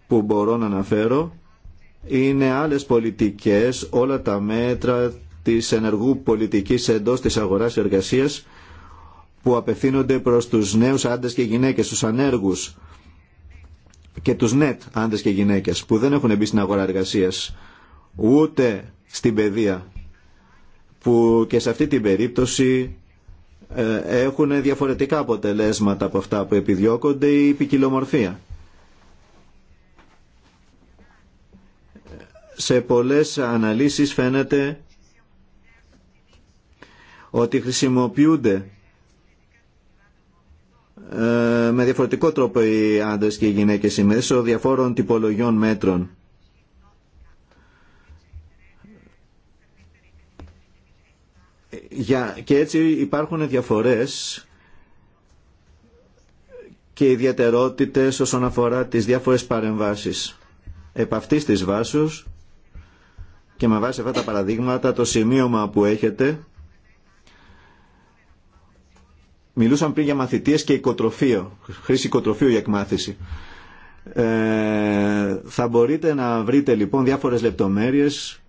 που μπορώ να αναφέρω είναι άλλες πολιτικές, όλα τα μέτρα της ενεργού πολιτικής εντός της αγοράς εργασίας που απευθύνονται προς τους νέους άντρες και γυναίκες, τους ανέργους και τους νετ άντρες και γυναίκες που δεν έχουν μπει στην αγορά εργασίας ούτε στην παιδεία που και σε αυτή την περίπτωση ε, έχουν διαφορετικά αποτελέσματα από αυτά που επιδιώκονται η ποικιλομορφία. σε πολλές αναλύσεις φαίνεται ότι χρησιμοποιούνται ε, με διαφορετικό τρόπο οι άντρες και οι γυναίκες μέσω διαφόρων τυπολογιών μέτρων. και έτσι υπάρχουν διαφορές και ιδιαιτερότητες όσον αφορά τις διάφορες παρεμβάσεις. Επ' αυτής της βάσης και με βάση αυτά τα παραδείγματα το σημείωμα που έχετε μιλούσαν πριν για μαθητείες και οικοτροφείο, χρήση οικοτροφείο για εκμάθηση. Ε, θα μπορείτε να βρείτε λοιπόν διάφορες λεπτομέρειες,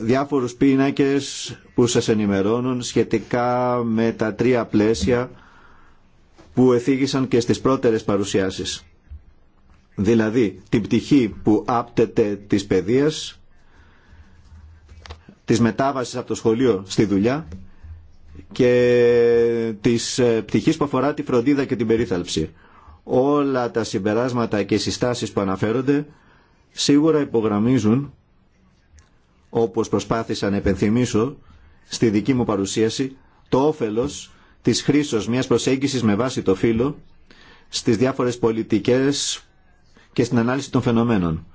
διάφορους πίνακες που σας ενημερώνουν σχετικά με τα τρία πλαίσια που εθίγησαν και στις πρώτερες παρουσιάσεις δηλαδή την πτυχή που άπτεται της παιδείας, της μετάβασης από το σχολείο στη δουλειά και της ε, πτυχής που αφορά τη φροντίδα και την περίθαλψη. Όλα τα συμπεράσματα και οι συστάσεις που αναφέρονται σίγουρα υπογραμμίζουν, όπως προσπάθησα να επενθυμίσω στη δική μου παρουσίαση, το όφελος της χρήσης μιας προσέγγισης με βάση το φύλλο στις διάφορες πολιτικές και στην ανάλυση των φαινομένων.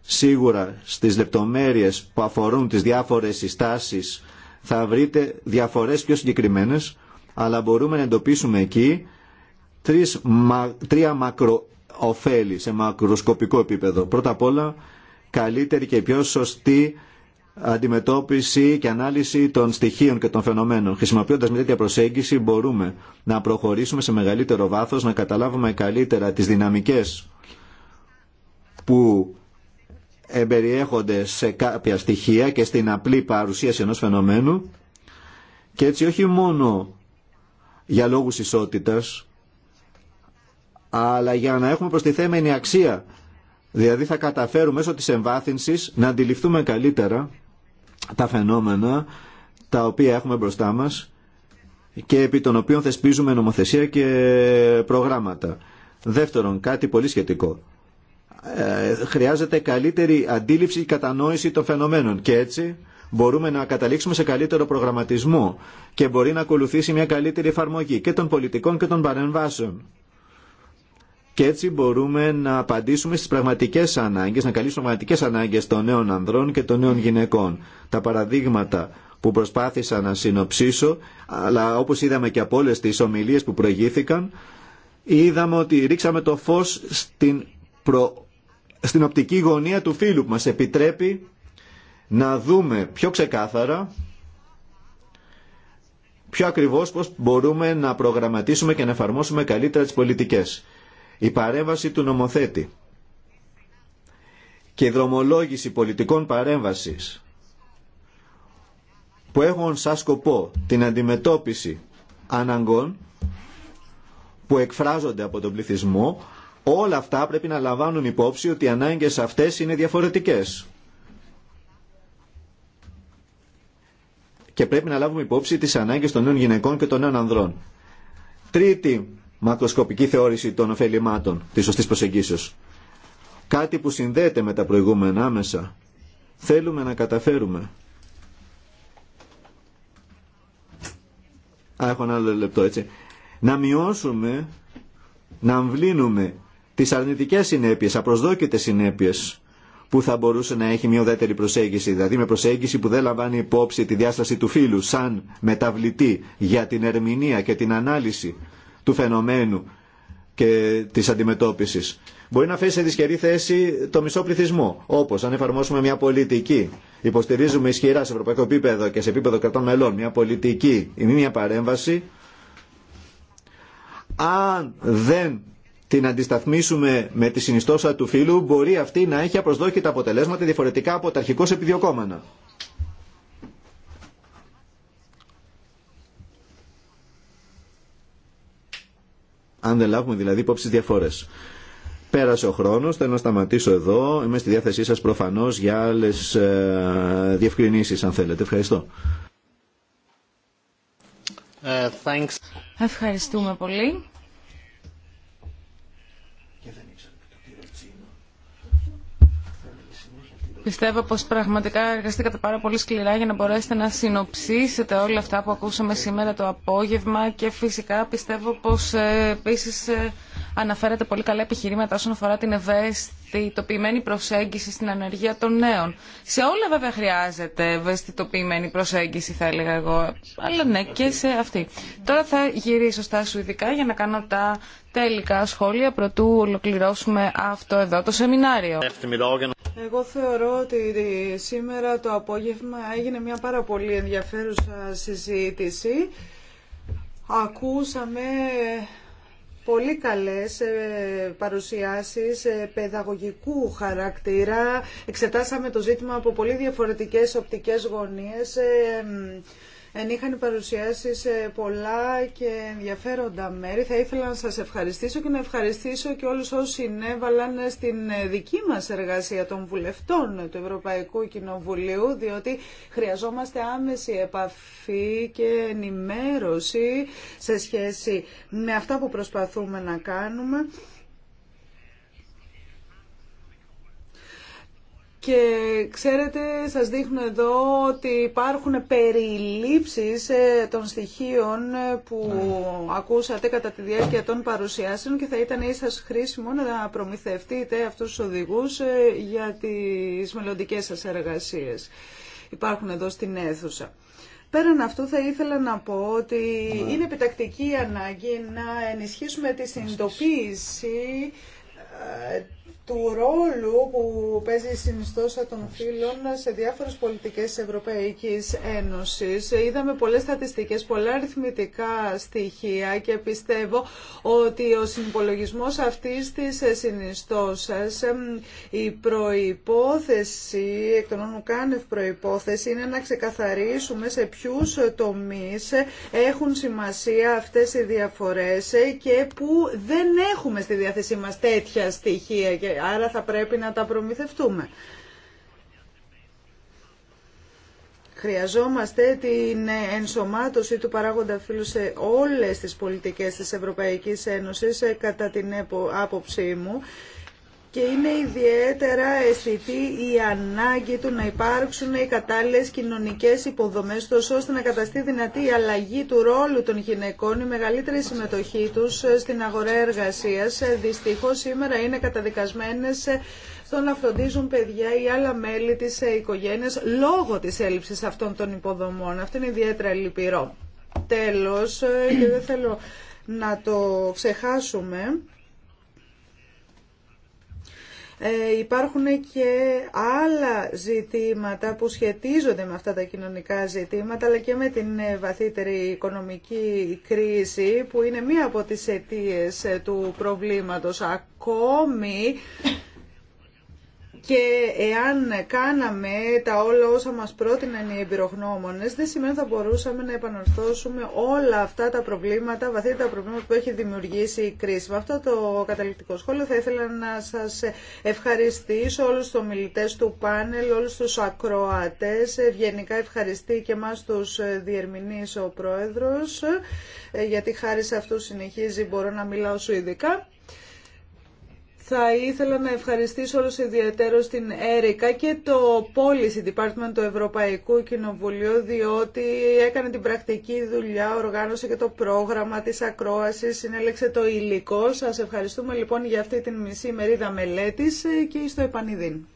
Σίγουρα στις λεπτομέρειες που αφορούν τις διάφορες συστάσεις θα βρείτε διαφορές πιο συγκεκριμένες, αλλά μπορούμε να εντοπίσουμε εκεί τρία μακροοφέλη σε μακροσκοπικό επίπεδο. Πρώτα απ' όλα, καλύτερη και πιο σωστή αντιμετώπιση και ανάλυση των στοιχείων και των φαινομένων. Χρησιμοποιώντας μια τέτοια προσέγγιση μπορούμε να προχωρήσουμε σε μεγαλύτερο βάθος, να καταλάβουμε καλύτερα τις δυναμικές που εμπεριέχονται σε κάποια στοιχεία και στην απλή παρουσίαση ενός φαινομένου και έτσι όχι μόνο για λόγους ισότητας αλλά για να έχουμε προστιθέμενη αξία δηλαδή θα καταφέρουμε μέσω της εμβάθυνσης να αντιληφθούμε καλύτερα τα φαινόμενα τα οποία έχουμε μπροστά μας και επί των οποίων θεσπίζουμε νομοθεσία και προγράμματα. Δεύτερον, κάτι πολύ σχετικό. Ε, χρειάζεται καλύτερη αντίληψη και κατανόηση των φαινομένων. Και έτσι μπορούμε να καταλήξουμε σε καλύτερο προγραμματισμό και μπορεί να ακολουθήσει μια καλύτερη εφαρμογή και των πολιτικών και των παρεμβάσεων. Και έτσι μπορούμε να απαντήσουμε στις πραγματικές ανάγκες, να καλύψουμε πραγματικές ανάγκες των νέων ανδρών και των νέων γυναικών. Τα παραδείγματα που προσπάθησα να συνοψίσω, αλλά όπως είδαμε και από όλες τις ομιλίες που προηγήθηκαν, είδαμε ότι ρίξαμε το φως στην προ στην οπτική γωνία του φίλου που μας επιτρέπει να δούμε πιο ξεκάθαρα πιο ακριβώς πώς μπορούμε να προγραμματίσουμε και να εφαρμόσουμε καλύτερα τις πολιτικές. Η παρέμβαση του νομοθέτη και η δρομολόγηση πολιτικών παρέμβασης που έχουν σαν σκοπό την αντιμετώπιση αναγκών που εκφράζονται από τον πληθυσμό Όλα αυτά πρέπει να λαμβάνουν υπόψη ότι οι ανάγκες αυτές είναι διαφορετικές. Και πρέπει να λάβουμε υπόψη τις ανάγκες των νέων γυναικών και των νέων ανδρών. Τρίτη μακροσκοπική θεώρηση των ωφελημάτων της σωστής προσεγγίσεως. Κάτι που συνδέεται με τα προηγούμενα άμεσα. Θέλουμε να καταφέρουμε. Α, έχω ένα άλλο λεπτό έτσι. Να μειώσουμε, να αμβλύνουμε τις αρνητικές συνέπειες, απροσδόκητες συνέπειες που θα μπορούσε να έχει μια ουδέτερη προσέγγιση, δηλαδή με προσέγγιση που δεν λαμβάνει υπόψη τη διάσταση του φίλου σαν μεταβλητή για την ερμηνεία και την ανάλυση του φαινομένου και της αντιμετώπισης. Μπορεί να φέρει σε δυσκερή θέση το μισό πληθυσμό. Όπω αν εφαρμόσουμε μια πολιτική, υποστηρίζουμε ισχυρά σε ευρωπαϊκό επίπεδο και σε επίπεδο κρατών μελών μια πολιτική ή μια παρέμβαση, αν δεν την αντισταθμίσουμε με τη συνιστόσα του φίλου, μπορεί αυτή να έχει απροσδόκητα αποτελέσματα διαφορετικά από τα αρχικώς επιδιωκόμενα. Αν δεν λάβουμε δηλαδή υπόψη διαφορές. Πέρασε ο χρόνος, θέλω να σταματήσω εδώ. Είμαι στη διάθεσή σας προφανώς για άλλες ε, αν θέλετε. Ευχαριστώ. Ε, Ευχαριστούμε πολύ. Πιστεύω πως πραγματικά εργαστήκατε πάρα πολύ σκληρά για να μπορέσετε να συνοψίσετε όλα αυτά που ακούσαμε σήμερα το απόγευμα και φυσικά πιστεύω πως ε, επίσης ε, αναφέρατε πολύ καλά επιχειρήματα όσον αφορά την ευαισθητοποιημένη προσέγγιση στην ανεργία των νέων. Σε όλα βέβαια χρειάζεται ευαισθητοποιημένη προσέγγιση θα έλεγα εγώ, αλλά ναι και σε αυτή. Τώρα θα γυρίσω στα ειδικά για να κάνω τα τελικά σχόλια προτού ολοκληρώσουμε αυτό εδώ το σεμινάριο. Εγώ θεωρώ ότι σήμερα το απόγευμα έγινε μια πάρα πολύ ενδιαφέρουσα συζήτηση. Ακούσαμε πολύ καλές ε, παρουσιάσεις ε, παιδαγωγικού χαρακτήρα. Εξετάσαμε το ζήτημα από πολύ διαφορετικές οπτικές γωνίες ε, είχαν παρουσιάσει σε πολλά και ενδιαφέροντα μέρη. Θα ήθελα να σας ευχαριστήσω και να ευχαριστήσω και όλους όσοι συνέβαλαν στην ε, δική μας εργασία των βουλευτών του Ευρωπαϊκού Κοινοβουλίου, διότι χρειαζόμαστε άμεση επαφή και ενημέρωση σε σχέση με αυτά που προσπαθούμε να κάνουμε. Και ξέρετε, σας δείχνω εδώ ότι υπάρχουν περιλήψεις ε, των στοιχείων ε, που ναι. ακούσατε κατά τη διάρκεια των παρουσιάσεων και θα ήταν ίσως χρήσιμο να προμηθευτείτε αυτούς τους οδηγούς ε, για τις μελλοντικέ σας εργασίες. Υπάρχουν εδώ στην αίθουσα. Πέραν αυτού θα ήθελα να πω ότι ναι. είναι επιτακτική ανάγκη να ενισχύσουμε τη συνειδητοποίηση του ρόλου που παίζει η συνιστόσα των φύλων σε διάφορες πολιτικές της Ευρωπαϊκής Ένωσης. Είδαμε πολλές στατιστικές, πολλά αριθμητικά στοιχεία και πιστεύω ότι ο συμπολογισμός αυτής της συνιστόσας, η προϋπόθεση, εκ των όνων κάνευ προϋπόθεση, είναι να ξεκαθαρίσουμε σε ποιους τομείς έχουν σημασία αυτές οι διαφορές και που δεν έχουμε στη διάθεσή μας τέτοια στοιχεία άρα θα πρέπει να τα προμηθευτούμε. Χρειαζόμαστε την ενσωμάτωση του παράγοντα φύλου σε όλες τις πολιτικές της Ευρωπαϊκής Ένωσης ε, κατά την άποψή μου και είναι ιδιαίτερα αισθητή η ανάγκη του να υπάρξουν οι κατάλληλες κοινωνικές υποδομές τόσο ώστε να καταστεί δυνατή η αλλαγή του ρόλου των γυναικών, η μεγαλύτερη συμμετοχή τους στην αγορά εργασίας. Δυστυχώς σήμερα είναι καταδικασμένες στο να φροντίζουν παιδιά ή άλλα μέλη της οικογένειας λόγω της έλλειψης αυτών των υποδομών. Αυτό είναι ιδιαίτερα λυπηρό. Τέλος, και δεν θέλω να το ξεχάσουμε, ε, υπάρχουν και άλλα ζητήματα που σχετίζονται με αυτά τα κοινωνικά ζητήματα αλλά και με την ε, βαθύτερη οικονομική κρίση που είναι μία από τις αιτίες ε, του προβλήματος. Ακόμη και εάν κάναμε τα όλα όσα μας πρότειναν οι εμπειρογνώμονες, δεν σημαίνει ότι θα μπορούσαμε να επανορθώσουμε όλα αυτά τα προβλήματα, βαθύτερα προβλήματα που έχει δημιουργήσει η κρίση. Με αυτό το καταληκτικό σχόλιο θα ήθελα να σας ευχαριστήσω όλους τους ομιλητές του πάνελ, όλους τους ακροατές. Γενικά ευχαριστεί και εμάς τους διερμηνείς ο Πρόεδρος, γιατί χάρη σε αυτού συνεχίζει μπορώ να μιλάω σου ειδικά. Θα ήθελα να ευχαριστήσω όλους ιδιαίτερο την Έρικα και το Policy Department του Ευρωπαϊκού Κοινοβουλίου διότι έκανε την πρακτική δουλειά, οργάνωσε και το πρόγραμμα της ακρόασης, συνέλεξε το υλικό. Σας ευχαριστούμε λοιπόν για αυτή την μισή μερίδα μελέτης και στο επανειδήν.